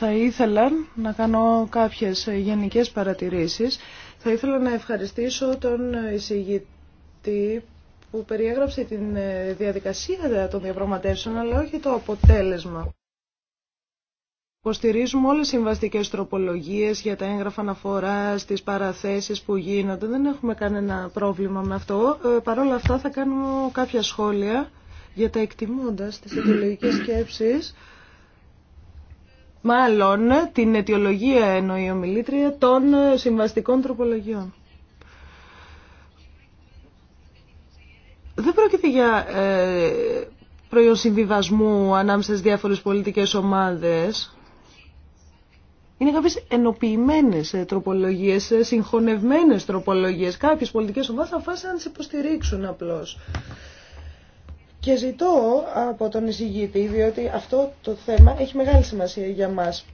Θα ήθελα να κάνω κάποιες γενικές παρατηρήσεις. Θα ήθελα να ευχαριστήσω τον εισηγητή που περιέγραψε την διαδικασία των διαπραγματεύσεων, αλλά όχι το αποτέλεσμα. Υποστηρίζουμε όλες τις συμβαστικές τροπολογίες για τα έγγραφα αναφορά, τις παραθέσεις που γίνονται. Δεν έχουμε κανένα πρόβλημα με αυτό. Ε, Παρ' όλα αυτά θα κάνουμε κάποια σχόλια για τα εκτιμώντας τις ιδεολογικές σκέψεις μάλλον την αιτιολογία εννοεί η ομιλήτρια των συμβαστικών τροπολογιών. Δεν πρόκειται για ε, προϊόν συμβιβασμού ανάμεσα στις διάφορες πολιτικές ομάδες. Είναι κάποιες ενοποιημένες ε, τροπολογίες, ε, συγχωνευμένες τροπολογίες. Κάποιες πολιτικές ομάδες φάσουν να τις υποστηρίξουν απλώς. Και ζητώ από τον εισηγητή, διότι αυτό το θέμα έχει μεγάλη σημασία για μας.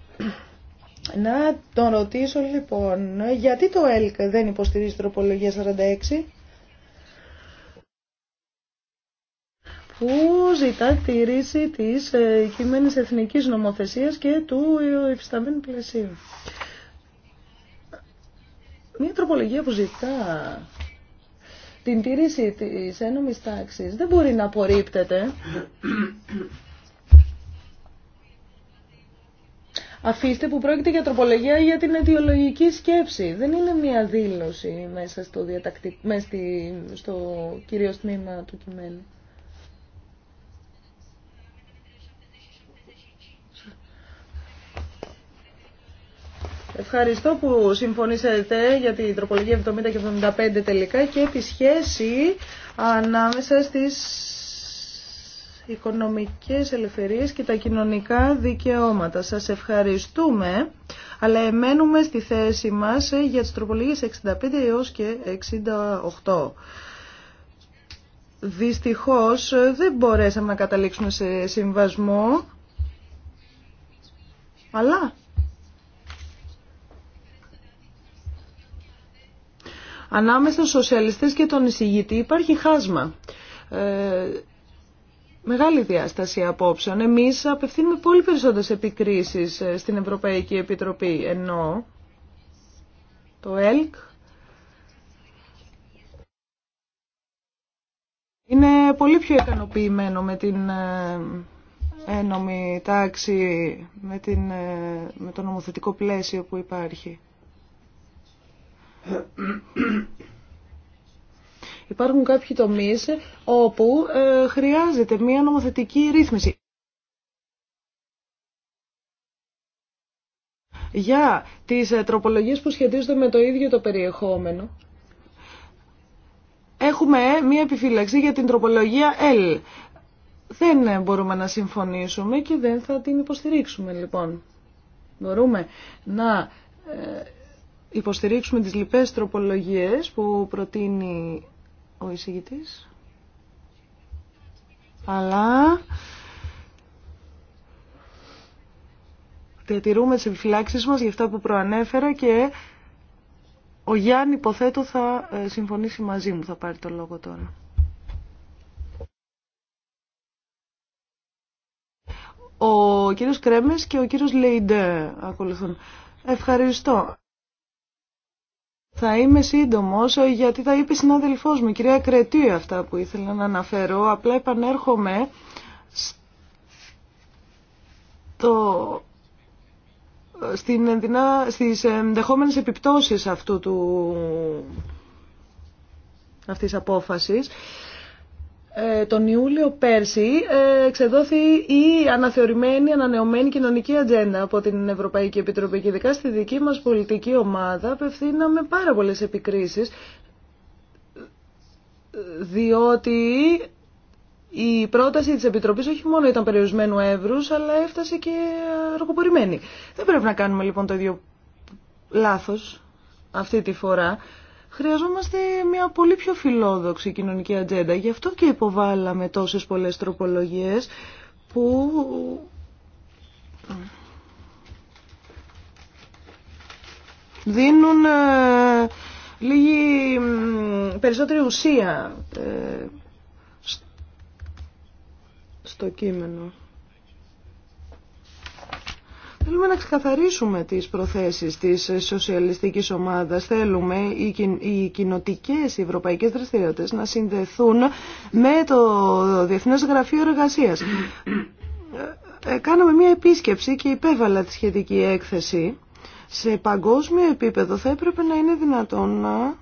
Να τον ρωτήσω λοιπόν, γιατί το ΕΛΚ δεν υποστηρίζει τροπολογία 46, που ζητά τη ρίση της ε, κειμένης εθνικής νομοθεσίας και του υφισταμένου πλαισίου. Μία τροπολογία που ζητά την τήρηση της ένομης τάξης δεν μπορεί να απορρίπτεται. Αφήστε που πρόκειται για τροπολογία για την αιτιολογική σκέψη. Δεν είναι μία δήλωση μέσα στο, διατακτικό μέσα στο κυρίως τμήμα του κειμένου. Ευχαριστώ που συμφωνήσατε για την τροπολογία 70 και 75 τελικά και τη σχέση ανάμεσα στις οικονομικές ελευθερίες και τα κοινωνικά δικαιώματα. Σας ευχαριστούμε, αλλά εμένουμε στη θέση μας για τις τροπολογίες 65 έως και 68. Δυστυχώς δεν μπορέσαμε να καταλήξουμε σε συμβασμό, αλλά Ανάμεσα στους σοσιαλιστές και τον εισηγητή υπάρχει χάσμα. Ε, μεγάλη διάσταση απόψεων. Εμείς απευθύνουμε πολύ περισσότερες επικρίσεις ε, στην Ευρωπαϊκή Επιτροπή, ενώ το ΕΛΚ είναι πολύ πιο ικανοποιημένο με την ε, ένομη τάξη, με, την, ε, με το νομοθετικό πλαίσιο που υπάρχει. Υπάρχουν κάποιοι τομείς όπου ε, χρειάζεται μία νομοθετική ρύθμιση. Για τις ε, τροπολογίες που σχετίζονται με το ίδιο το περιεχόμενο, έχουμε ε, μία επιφύλαξη για την τροπολογία L. Δεν μπορούμε να συμφωνήσουμε και δεν θα την υποστηρίξουμε, λοιπόν. Μπορούμε να υποστηρίξουμε τις λοιπές τροπολογίες που προτείνει ο εισηγητής. Αλλά διατηρούμε τις επιφυλάξεις μας για αυτά που προανέφερα και ο Γιάννη υποθέτω θα ε, συμφωνήσει μαζί μου, θα πάρει το λόγο τώρα. Ο κύριος Κρέμες και ο κύριος Λέιντε ακολουθούν. Ευχαριστώ. Θα είμαι σύντομο ε, γιατί θα είπε η μου, η κυρία Κρετή αυτά που ήθελα να αναφέρω. Απλά επανέρχομαι στο... στην ενδυνά... στις ενδεχόμενες επιπτώσεις αυτού του... αυτής απόφασης. Ε, τον Ιούλιο πέρσι ε, εξεδόθη η αναθεωρημένη, ανανεωμένη κοινωνική ατζέντα από την Ευρωπαϊκή Επιτροπή και ειδικά στη δική μας πολιτική ομάδα απευθύναμε πάρα πολλές επικρίσεις διότι η πρόταση της Επιτροπής όχι μόνο ήταν περιορισμένου εύρους αλλά έφτασε και αργοπορημένη. Δεν πρέπει να κάνουμε λοιπόν το ίδιο λάθος αυτή τη φορά. Χρειαζόμαστε μια πολύ πιο φιλόδοξη κοινωνική ατζέντα. Γι' αυτό και υποβάλαμε τόσες πολλές τροπολογίες που δίνουν ε, λίγη περισσότερη ουσία ε, στο κείμενο. Θέλουμε να ξεκαθαρίσουμε τις προθέσεις της σοσιαλιστικής ομάδας. Θέλουμε οι κοινοτικές, οι ευρωπαϊκές δραστηριότητες να συνδεθούν με το Διεθνές Γραφείο Εργασίας. Ε, ε, κάναμε μια επίσκεψη και υπέβαλα τη σχετική έκθεση. Σε παγκόσμιο επίπεδο θα έπρεπε να είναι δυνατόν να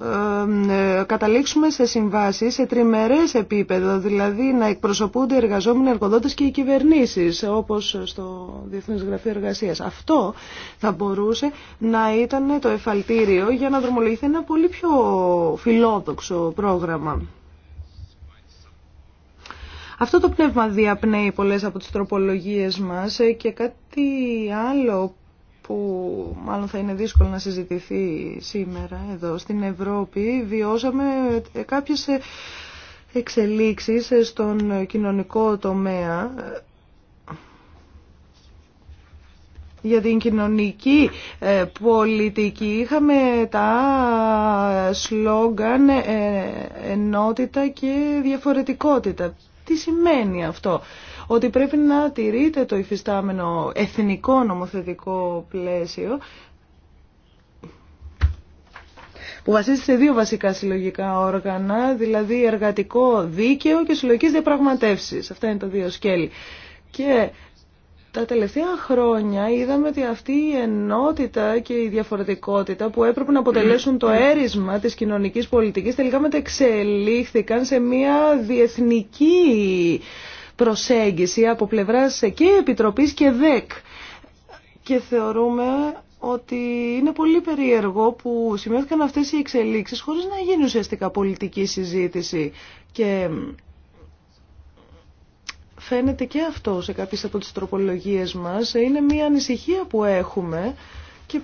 ε, καταλήξουμε σε συμβάσεις σε τριμερές επίπεδο, δηλαδή να εκπροσωπούνται οι εργαζόμενοι εργοδότες και οι κυβερνήσεις, όπως στο Διεθνές Γραφείο Εργασίας. Αυτό θα μπορούσε να ήταν το εφαλτήριο για να δρομολογηθεί ένα πολύ πιο φιλόδοξο πρόγραμμα. Αυτό το πνεύμα διαπνέει πολλές από τις τροπολογίες μας ε, και κάτι άλλο που μάλλον θα είναι δύσκολο να συζητηθεί σήμερα εδώ στην Ευρώπη, βιώσαμε κάποιες εξελίξεις στον κοινωνικό τομέα για την κοινωνική ε, πολιτική είχαμε τα σλόγγαν ε, ενότητα και διαφορετικότητα. Τι σημαίνει αυτό ότι πρέπει να τηρείται το υφιστάμενο εθνικό νομοθετικό πλαίσιο που βασίζεται σε δύο βασικά συλλογικά όργανα, δηλαδή εργατικό δίκαιο και συλλογικής διαπραγματεύσεις. Αυτά είναι τα δύο σκέλη. Και τα τελευταία χρόνια είδαμε ότι αυτή η ενότητα και η διαφορετικότητα που έπρεπε να αποτελέσουν το έρισμα της κοινωνικής πολιτικής τελικά μετεξελίχθηκαν σε μια διεθνική προσέγγιση από πλευράς και Επιτροπής και ΔΕΚ. Και θεωρούμε ότι είναι πολύ περίεργο που σημειώθηκαν αυτές οι εξελίξεις χωρίς να γίνει ουσιαστικά πολιτική συζήτηση. Και φαίνεται και αυτό σε κάποιες από τις τροπολογίες μας. Είναι μια ανησυχία που έχουμε και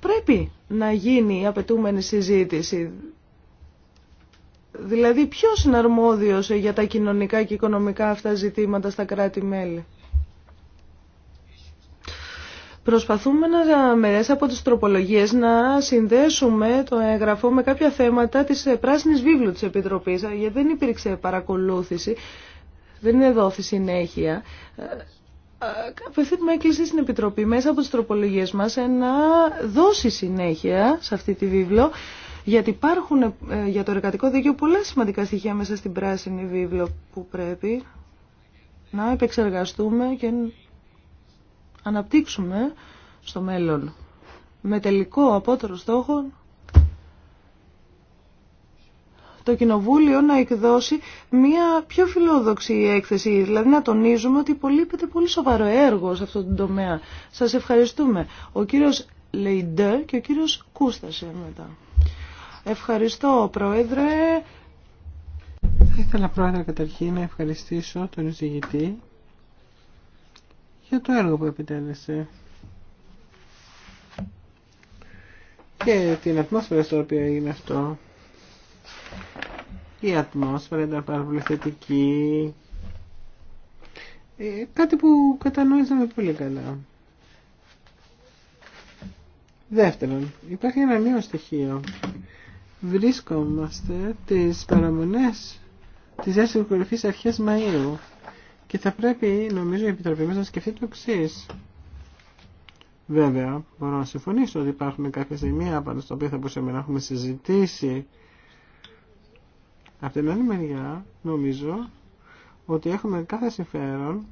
πρέπει να γίνει η απαιτούμενη συζήτηση. Δηλαδή ποιος είναι αρμόδιος για τα κοινωνικά και οικονομικά αυτά ζητήματα στα κράτη-μέλη. Προσπαθούμε να, μέσα από τις τροπολογίες να συνδέσουμε το έγγραφο με κάποια θέματα της ε, πράσινης βίβλου της Επιτροπής, ε, γιατί δεν υπήρξε παρακολούθηση, δεν είναι δόθη συνέχεια. Ε, απευθύνουμε έκκληση στην Επιτροπή μέσα από τις τροπολογίες μας να δώσει συνέχεια σε αυτή τη βίβλο γιατί υπάρχουν ε, για το εργατικό δίκαιο πολλά σημαντικά στοιχεία μέσα στην πράσινη βίβλο που πρέπει να επεξεργαστούμε και αναπτύξουμε στο μέλλον. Με τελικό απότερο στόχο το Κοινοβούλιο να εκδώσει μια πιο φιλόδοξη έκθεση, δηλαδή να τονίζουμε ότι υπολείπεται πολύ σοβαρό έργο σε αυτόν τον τομέα. Σας ευχαριστούμε. Ο κύριος Λεϊντέ και ο κύριος Κούστασε μετά.
Ευχαριστώ, Πρόεδρε. Θα ήθελα, Πρόεδρε, καταρχήν να ευχαριστήσω τον εισηγητή για το έργο που επιτέλεσε και την ατμόσφαιρα στο οποίο έγινε αυτό. Η ατμόσφαιρα ήταν πάρα πολύ θετική. Ε, κάτι που κατανόησαμε πολύ καλά. Δεύτερον, υπάρχει ένα νέο στοιχείο βρίσκομαστε τις παραμονές της δεύτερης κορυφής αρχές Μαΐου και θα πρέπει νομίζω η Επιτροπή μας να σκεφτεί το εξή. Βέβαια, μπορώ να συμφωνήσω ότι υπάρχουν κάποια σημεία πάνω στα οποία θα μπορούσαμε να έχουμε συζητήσει. Από την άλλη μεριά, νομίζω ότι έχουμε κάθε συμφέρον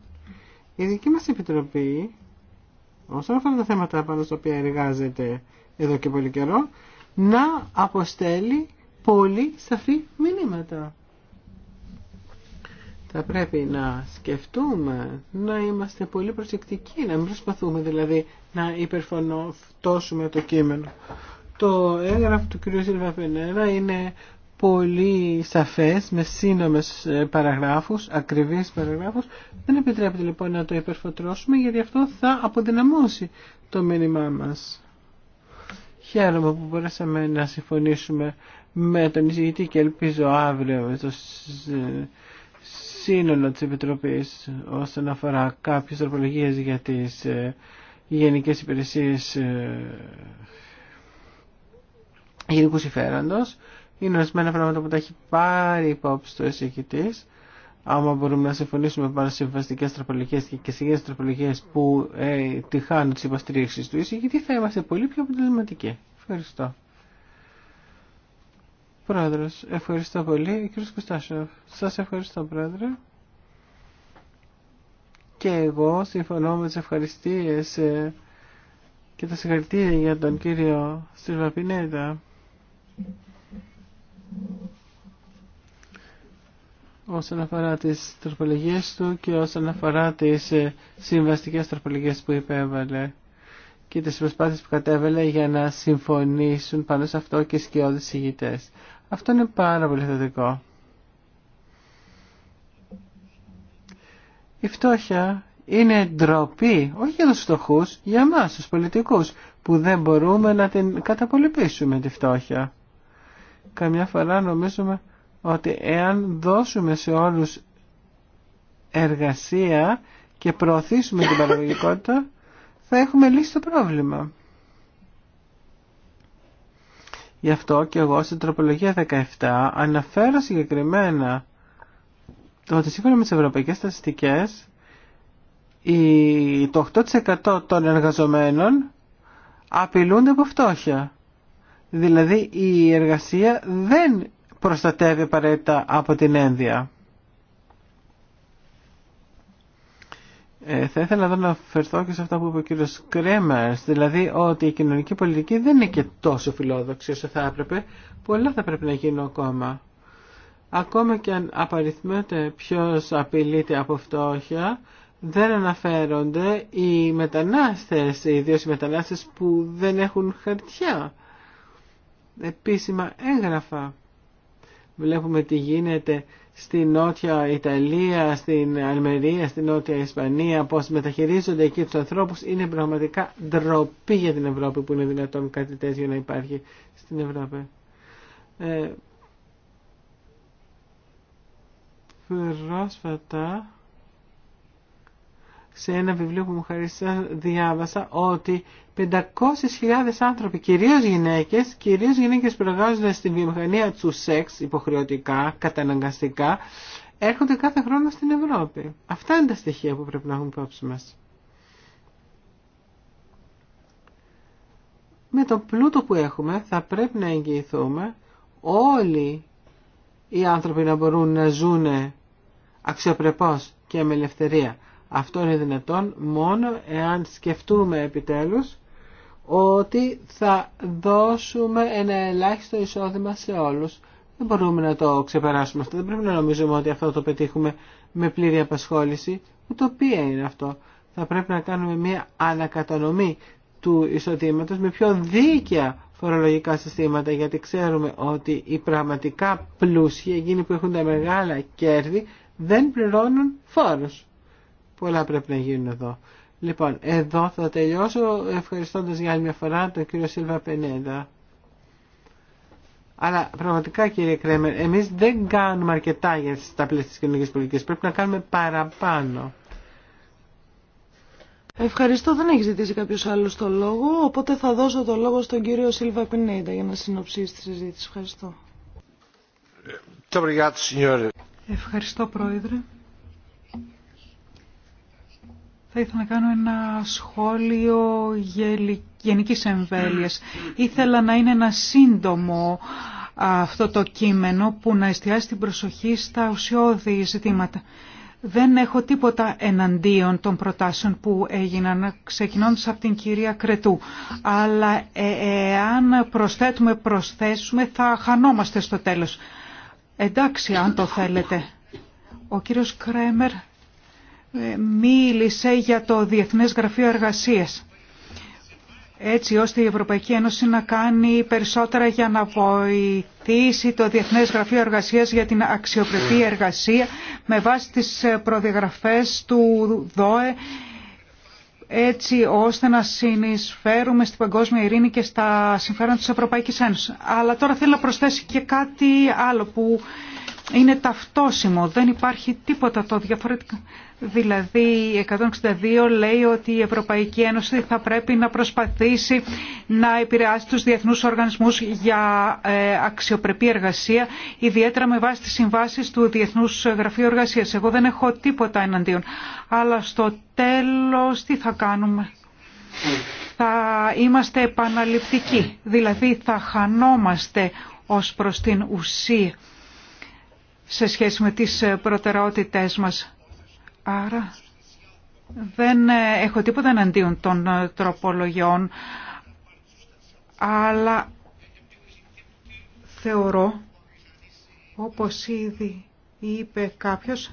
η δική μας Επιτροπή όσον αφορά τα θέματα πάνω στα οποία εργάζεται εδώ και πολύ καιρό να αποστέλει πολύ σαφή μηνύματα. Θα πρέπει να σκεφτούμε, να είμαστε πολύ προσεκτικοί, να μην προσπαθούμε δηλαδή να υπερφωνοφτώσουμε το κείμενο. Το έγγραφο του κ. Σίλβα είναι πολύ σαφές, με σύνομες ε, παραγράφους, ακριβείς παραγράφους. Δεν επιτρέπεται λοιπόν να το υπερφωτρώσουμε γιατί αυτό θα αποδυναμώσει το μήνυμά μας. Χαίρομαι που μπορέσαμε να συμφωνήσουμε με τον εισηγητή και ελπίζω αύριο με το σύνολο της Επιτροπής όσον αφορά κάποιες τροπολογίες για τις ε, γενικές υπηρεσίες ε, γενικού συμφέροντος. Είναι ορισμένα πράγματα που τα έχει πάρει υπόψη το εισηγητής άμα μπορούμε να συμφωνήσουμε πάνω σε συμβαστικέ τροπολογίε και σε τροπολογίες τροπολογίε που ε, τη χάνουν υποστήριξη του εισηγητή, θα είμαστε πολύ πιο αποτελεσματικοί. Ευχαριστώ. Πρόεδρο, ευχαριστώ πολύ. Κύριο Κουστάσοφ, σα ευχαριστώ, Πρόεδρε. Και εγώ συμφωνώ με τι ευχαριστίε ε, και τα συγχαρητήρια για τον κύριο
you
όσον αφορά τις τροπολογίες του και όσον αφορά τις ε, συμβαστικές τροπολογίες που υπέβαλε και τις προσπάθειες που κατέβαλε για να συμφωνήσουν πάνω σε αυτό και σκιώδεις ηγητές. Αυτό είναι πάρα πολύ θετικό. Η φτώχεια είναι ντροπή, όχι για τους φτωχούς, για εμάς τους πολιτικούς, που δεν μπορούμε να την καταπολεμήσουμε τη φτώχεια. Καμιά φορά νομίζουμε ότι εάν δώσουμε σε όλους εργασία και προωθήσουμε την παραγωγικότητα θα έχουμε λύσει το πρόβλημα. Γι' αυτό και εγώ στην τροπολογία 17 αναφέρω συγκεκριμένα το ότι σύμφωνα με τις ευρωπαϊκές στατιστικές το 8% των εργαζομένων απειλούνται από φτώχεια. Δηλαδή η εργασία δεν προστατεύει απαραίτητα από την ένδια. Ε, θα ήθελα εδώ να αφαιρθώ και σε αυτά που είπε ο κύριο Κρέμερ, δηλαδή ότι η κοινωνική πολιτική δεν είναι και τόσο φιλόδοξη όσο θα έπρεπε. Πολλά θα πρέπει να γίνουν ακόμα. Ακόμα και αν απαριθμέται ποιο απειλείται από φτώχεια, δεν αναφέρονται οι μετανάστες, ιδίως οι μετανάστες που δεν έχουν χαρτιά, επίσημα έγγραφα. Βλέπουμε τι γίνεται στη Νότια Ιταλία, στην Αλμερία, στη Νότια Ισπανία, πώς μεταχειρίζονται εκεί τους ανθρώπους. Είναι πραγματικά ντροπή για την Ευρώπη που είναι δυνατόν κάτι τέτοιο να υπάρχει στην Ευρώπη. Ε, πρόσφατα σε ένα βιβλίο που μου χαρίσα διάβασα ότι 500.000 άνθρωποι, κυρίως γυναίκες, κυρίως γυναίκες που εργάζονται στην βιομηχανία του σεξ υποχρεωτικά, καταναγκαστικά, έρχονται κάθε χρόνο στην Ευρώπη. Αυτά είναι τα στοιχεία που πρέπει να έχουμε υπόψη μας. Με το πλούτο που έχουμε θα πρέπει να εγγυηθούμε όλοι οι άνθρωποι να μπορούν να ζουν αξιοπρεπώς και με ελευθερία. Αυτό είναι δυνατόν μόνο εάν σκεφτούμε επιτέλους ότι θα δώσουμε ένα ελάχιστο εισόδημα σε όλους. Δεν μπορούμε να το ξεπεράσουμε αυτό. Δεν πρέπει να νομίζουμε ότι αυτό το πετύχουμε με πλήρη απασχόληση. Ουτοπία είναι αυτό. Θα πρέπει να κάνουμε μια ανακατανομή του εισοδήματος με πιο δίκαια φορολογικά συστήματα γιατί ξέρουμε ότι οι πραγματικά πλούσιοι, εκείνοι που έχουν τα μεγάλα κέρδη, δεν πληρώνουν φόρους. Πολλά πρέπει να γίνουν εδώ. Λοιπόν, εδώ θα τελειώσω ευχαριστώντας για άλλη μια φορά τον κύριο Σίλβα Πενέντα. Αλλά πραγματικά κύριε Κρέμερ, εμείς δεν κάνουμε αρκετά για τα πλαίσια της κοινωνικής πολιτικής. Πρέπει να κάνουμε παραπάνω.
Ευχαριστώ, δεν έχει ζητήσει κάποιο άλλο το λόγο, οπότε θα δώσω το λόγο στον κύριο Σίλβα Πενέντα για να συνοψίσει τη συζήτηση. Ευχαριστώ. Ευχαριστώ, Πρόεδρε.
Θα ήθελα να κάνω ένα σχόλιο γενικής εμβέλειας. Ήθελα να είναι ένα σύντομο αυτό το κείμενο που να εστιάσει την προσοχή στα ουσιώδη ζητήματα. Δεν έχω τίποτα εναντίον των προτάσεων που έγιναν, ξεκινώντας από την κυρία Κρετού. Αλλά ε, ε, εάν προσθέτουμε, προσθέσουμε, θα χανόμαστε στο τέλος. Εντάξει, αν το θέλετε. Ο κύριος Κρέμερ ε, μίλησε για το Διεθνές Γραφείο Εργασίας έτσι ώστε η Ευρωπαϊκή Ένωση να κάνει περισσότερα για να βοηθήσει το Διεθνές Γραφείο Εργασίας για την αξιοπρεπή εργασία με βάση τις ε, προδιαγραφές του ΔΟΕ έτσι ώστε να συνεισφέρουμε στην παγκόσμια ειρήνη και στα συμφέροντα της Ευρωπαϊκής Ένωσης. Αλλά τώρα θέλω να προσθέσει και κάτι άλλο που είναι ταυτόσιμο. Δεν υπάρχει τίποτα το διαφορετικό. Δηλαδή 162 λέει ότι η Ευρωπαϊκή Ένωση θα πρέπει να προσπαθήσει να επηρεάσει τους διεθνούς οργανισμούς για ε, αξιοπρεπή εργασία, ιδιαίτερα με βάση τις συμβάσεις του Διεθνούς Γραφείου Εργασίας. Εγώ δεν έχω τίποτα εναντίον. Αλλά στο τέλος τι θα κάνουμε. Θα είμαστε επαναληπτικοί, δηλαδή θα χανόμαστε ως προς την ουσία σε σχέση με τις προτεραιότητές μας Άρα δεν ε, έχω τίποτα εναντίον των ε, τροπολογιών, αλλά θεωρώ, όπως ήδη είπε κάποιος,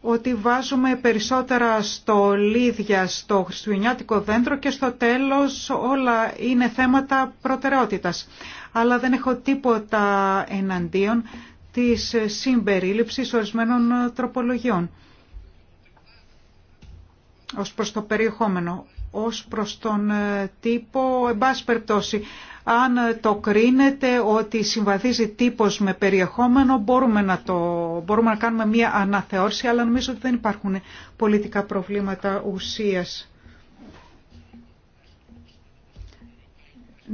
ότι βάζουμε περισσότερα στο λίδια, στο χριστουγεννιάτικο δέντρο και στο τέλος όλα είναι θέματα προτεραιότητας. Αλλά δεν έχω τίποτα εναντίον της συμπερίληψης ορισμένων ε, τροπολογιών ως προς το περιεχόμενο, ως προς τον ε, τύπο, εν πάση περιπτώσει. Αν ε, το κρίνετε ότι συμβαδίζει τύπος με περιεχόμενο, μπορούμε να, το, μπορούμε να κάνουμε μία αναθεώρηση, αλλά νομίζω ότι δεν υπάρχουν πολιτικά προβλήματα ουσίας.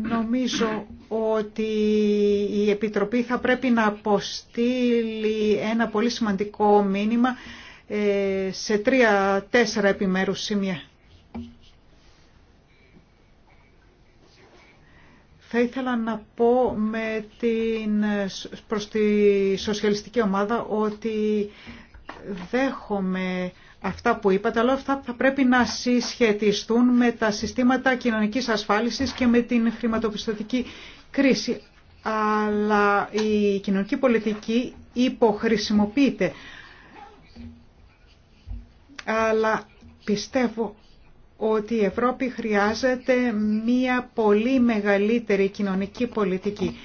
Νομίζω ότι η Επιτροπή θα πρέπει να αποστείλει ένα πολύ σημαντικό μήνυμα σε τρία-τέσσερα επιμέρους σημεία. Θα ήθελα να πω με την, προς τη σοσιαλιστική ομάδα ότι δέχομαι αυτά που είπατε, αλλά αυτά θα πρέπει να συσχετιστούν με τα συστήματα κοινωνικής ασφάλισης και με την χρηματοπιστωτική κρίση. Αλλά η κοινωνική πολιτική υποχρησιμοποιείται αλλά πιστεύω ότι η Ευρώπη χρειάζεται μία πολύ μεγαλύτερη κοινωνική πολιτική.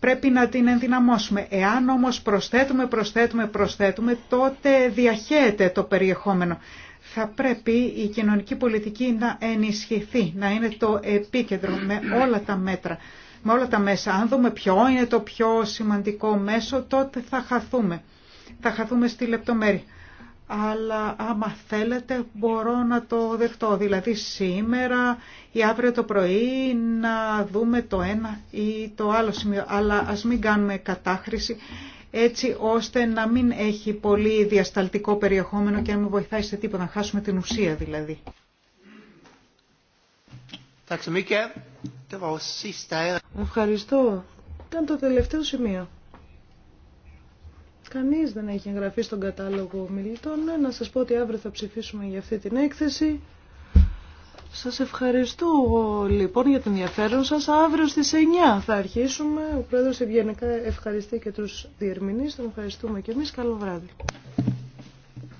Πρέπει να την ενδυναμώσουμε. Εάν όμως προσθέτουμε, προσθέτουμε, προσθέτουμε, τότε διαχέεται το περιεχόμενο. Θα πρέπει η κοινωνική πολιτική να ενισχυθεί, να είναι το επίκεντρο με όλα τα μέτρα, με όλα τα μέσα. Αν δούμε ποιο είναι το πιο σημαντικό μέσο, τότε θα χαθούμε. Θα χαθούμε στη λεπτομέρεια αλλά άμα θέλετε μπορώ να το δεχτώ. Δηλαδή σήμερα ή αύριο το πρωί να δούμε το ένα ή το άλλο σημείο, αλλά ας μην κάνουμε κατάχρηση έτσι ώστε να μην έχει πολύ διασταλτικό περιεχόμενο και να μην βοηθάει σε τίποτα, να χάσουμε την
ουσία δηλαδή. Er- Ευχαριστώ. Ήταν το τελευταίο σημείο. Κανείς δεν έχει εγγραφεί στον κατάλογο μιλητών. Να σας πω ότι αύριο θα ψηφίσουμε για αυτή την έκθεση. Σας ευχαριστώ λοιπόν για την ενδιαφέρον σας. Αύριο στις 9 θα αρχίσουμε. Ο Πρόεδρος ευγενικά ευχαριστεί και τους διερμηνείς. Τον ευχαριστούμε και εμείς. Καλό βράδυ.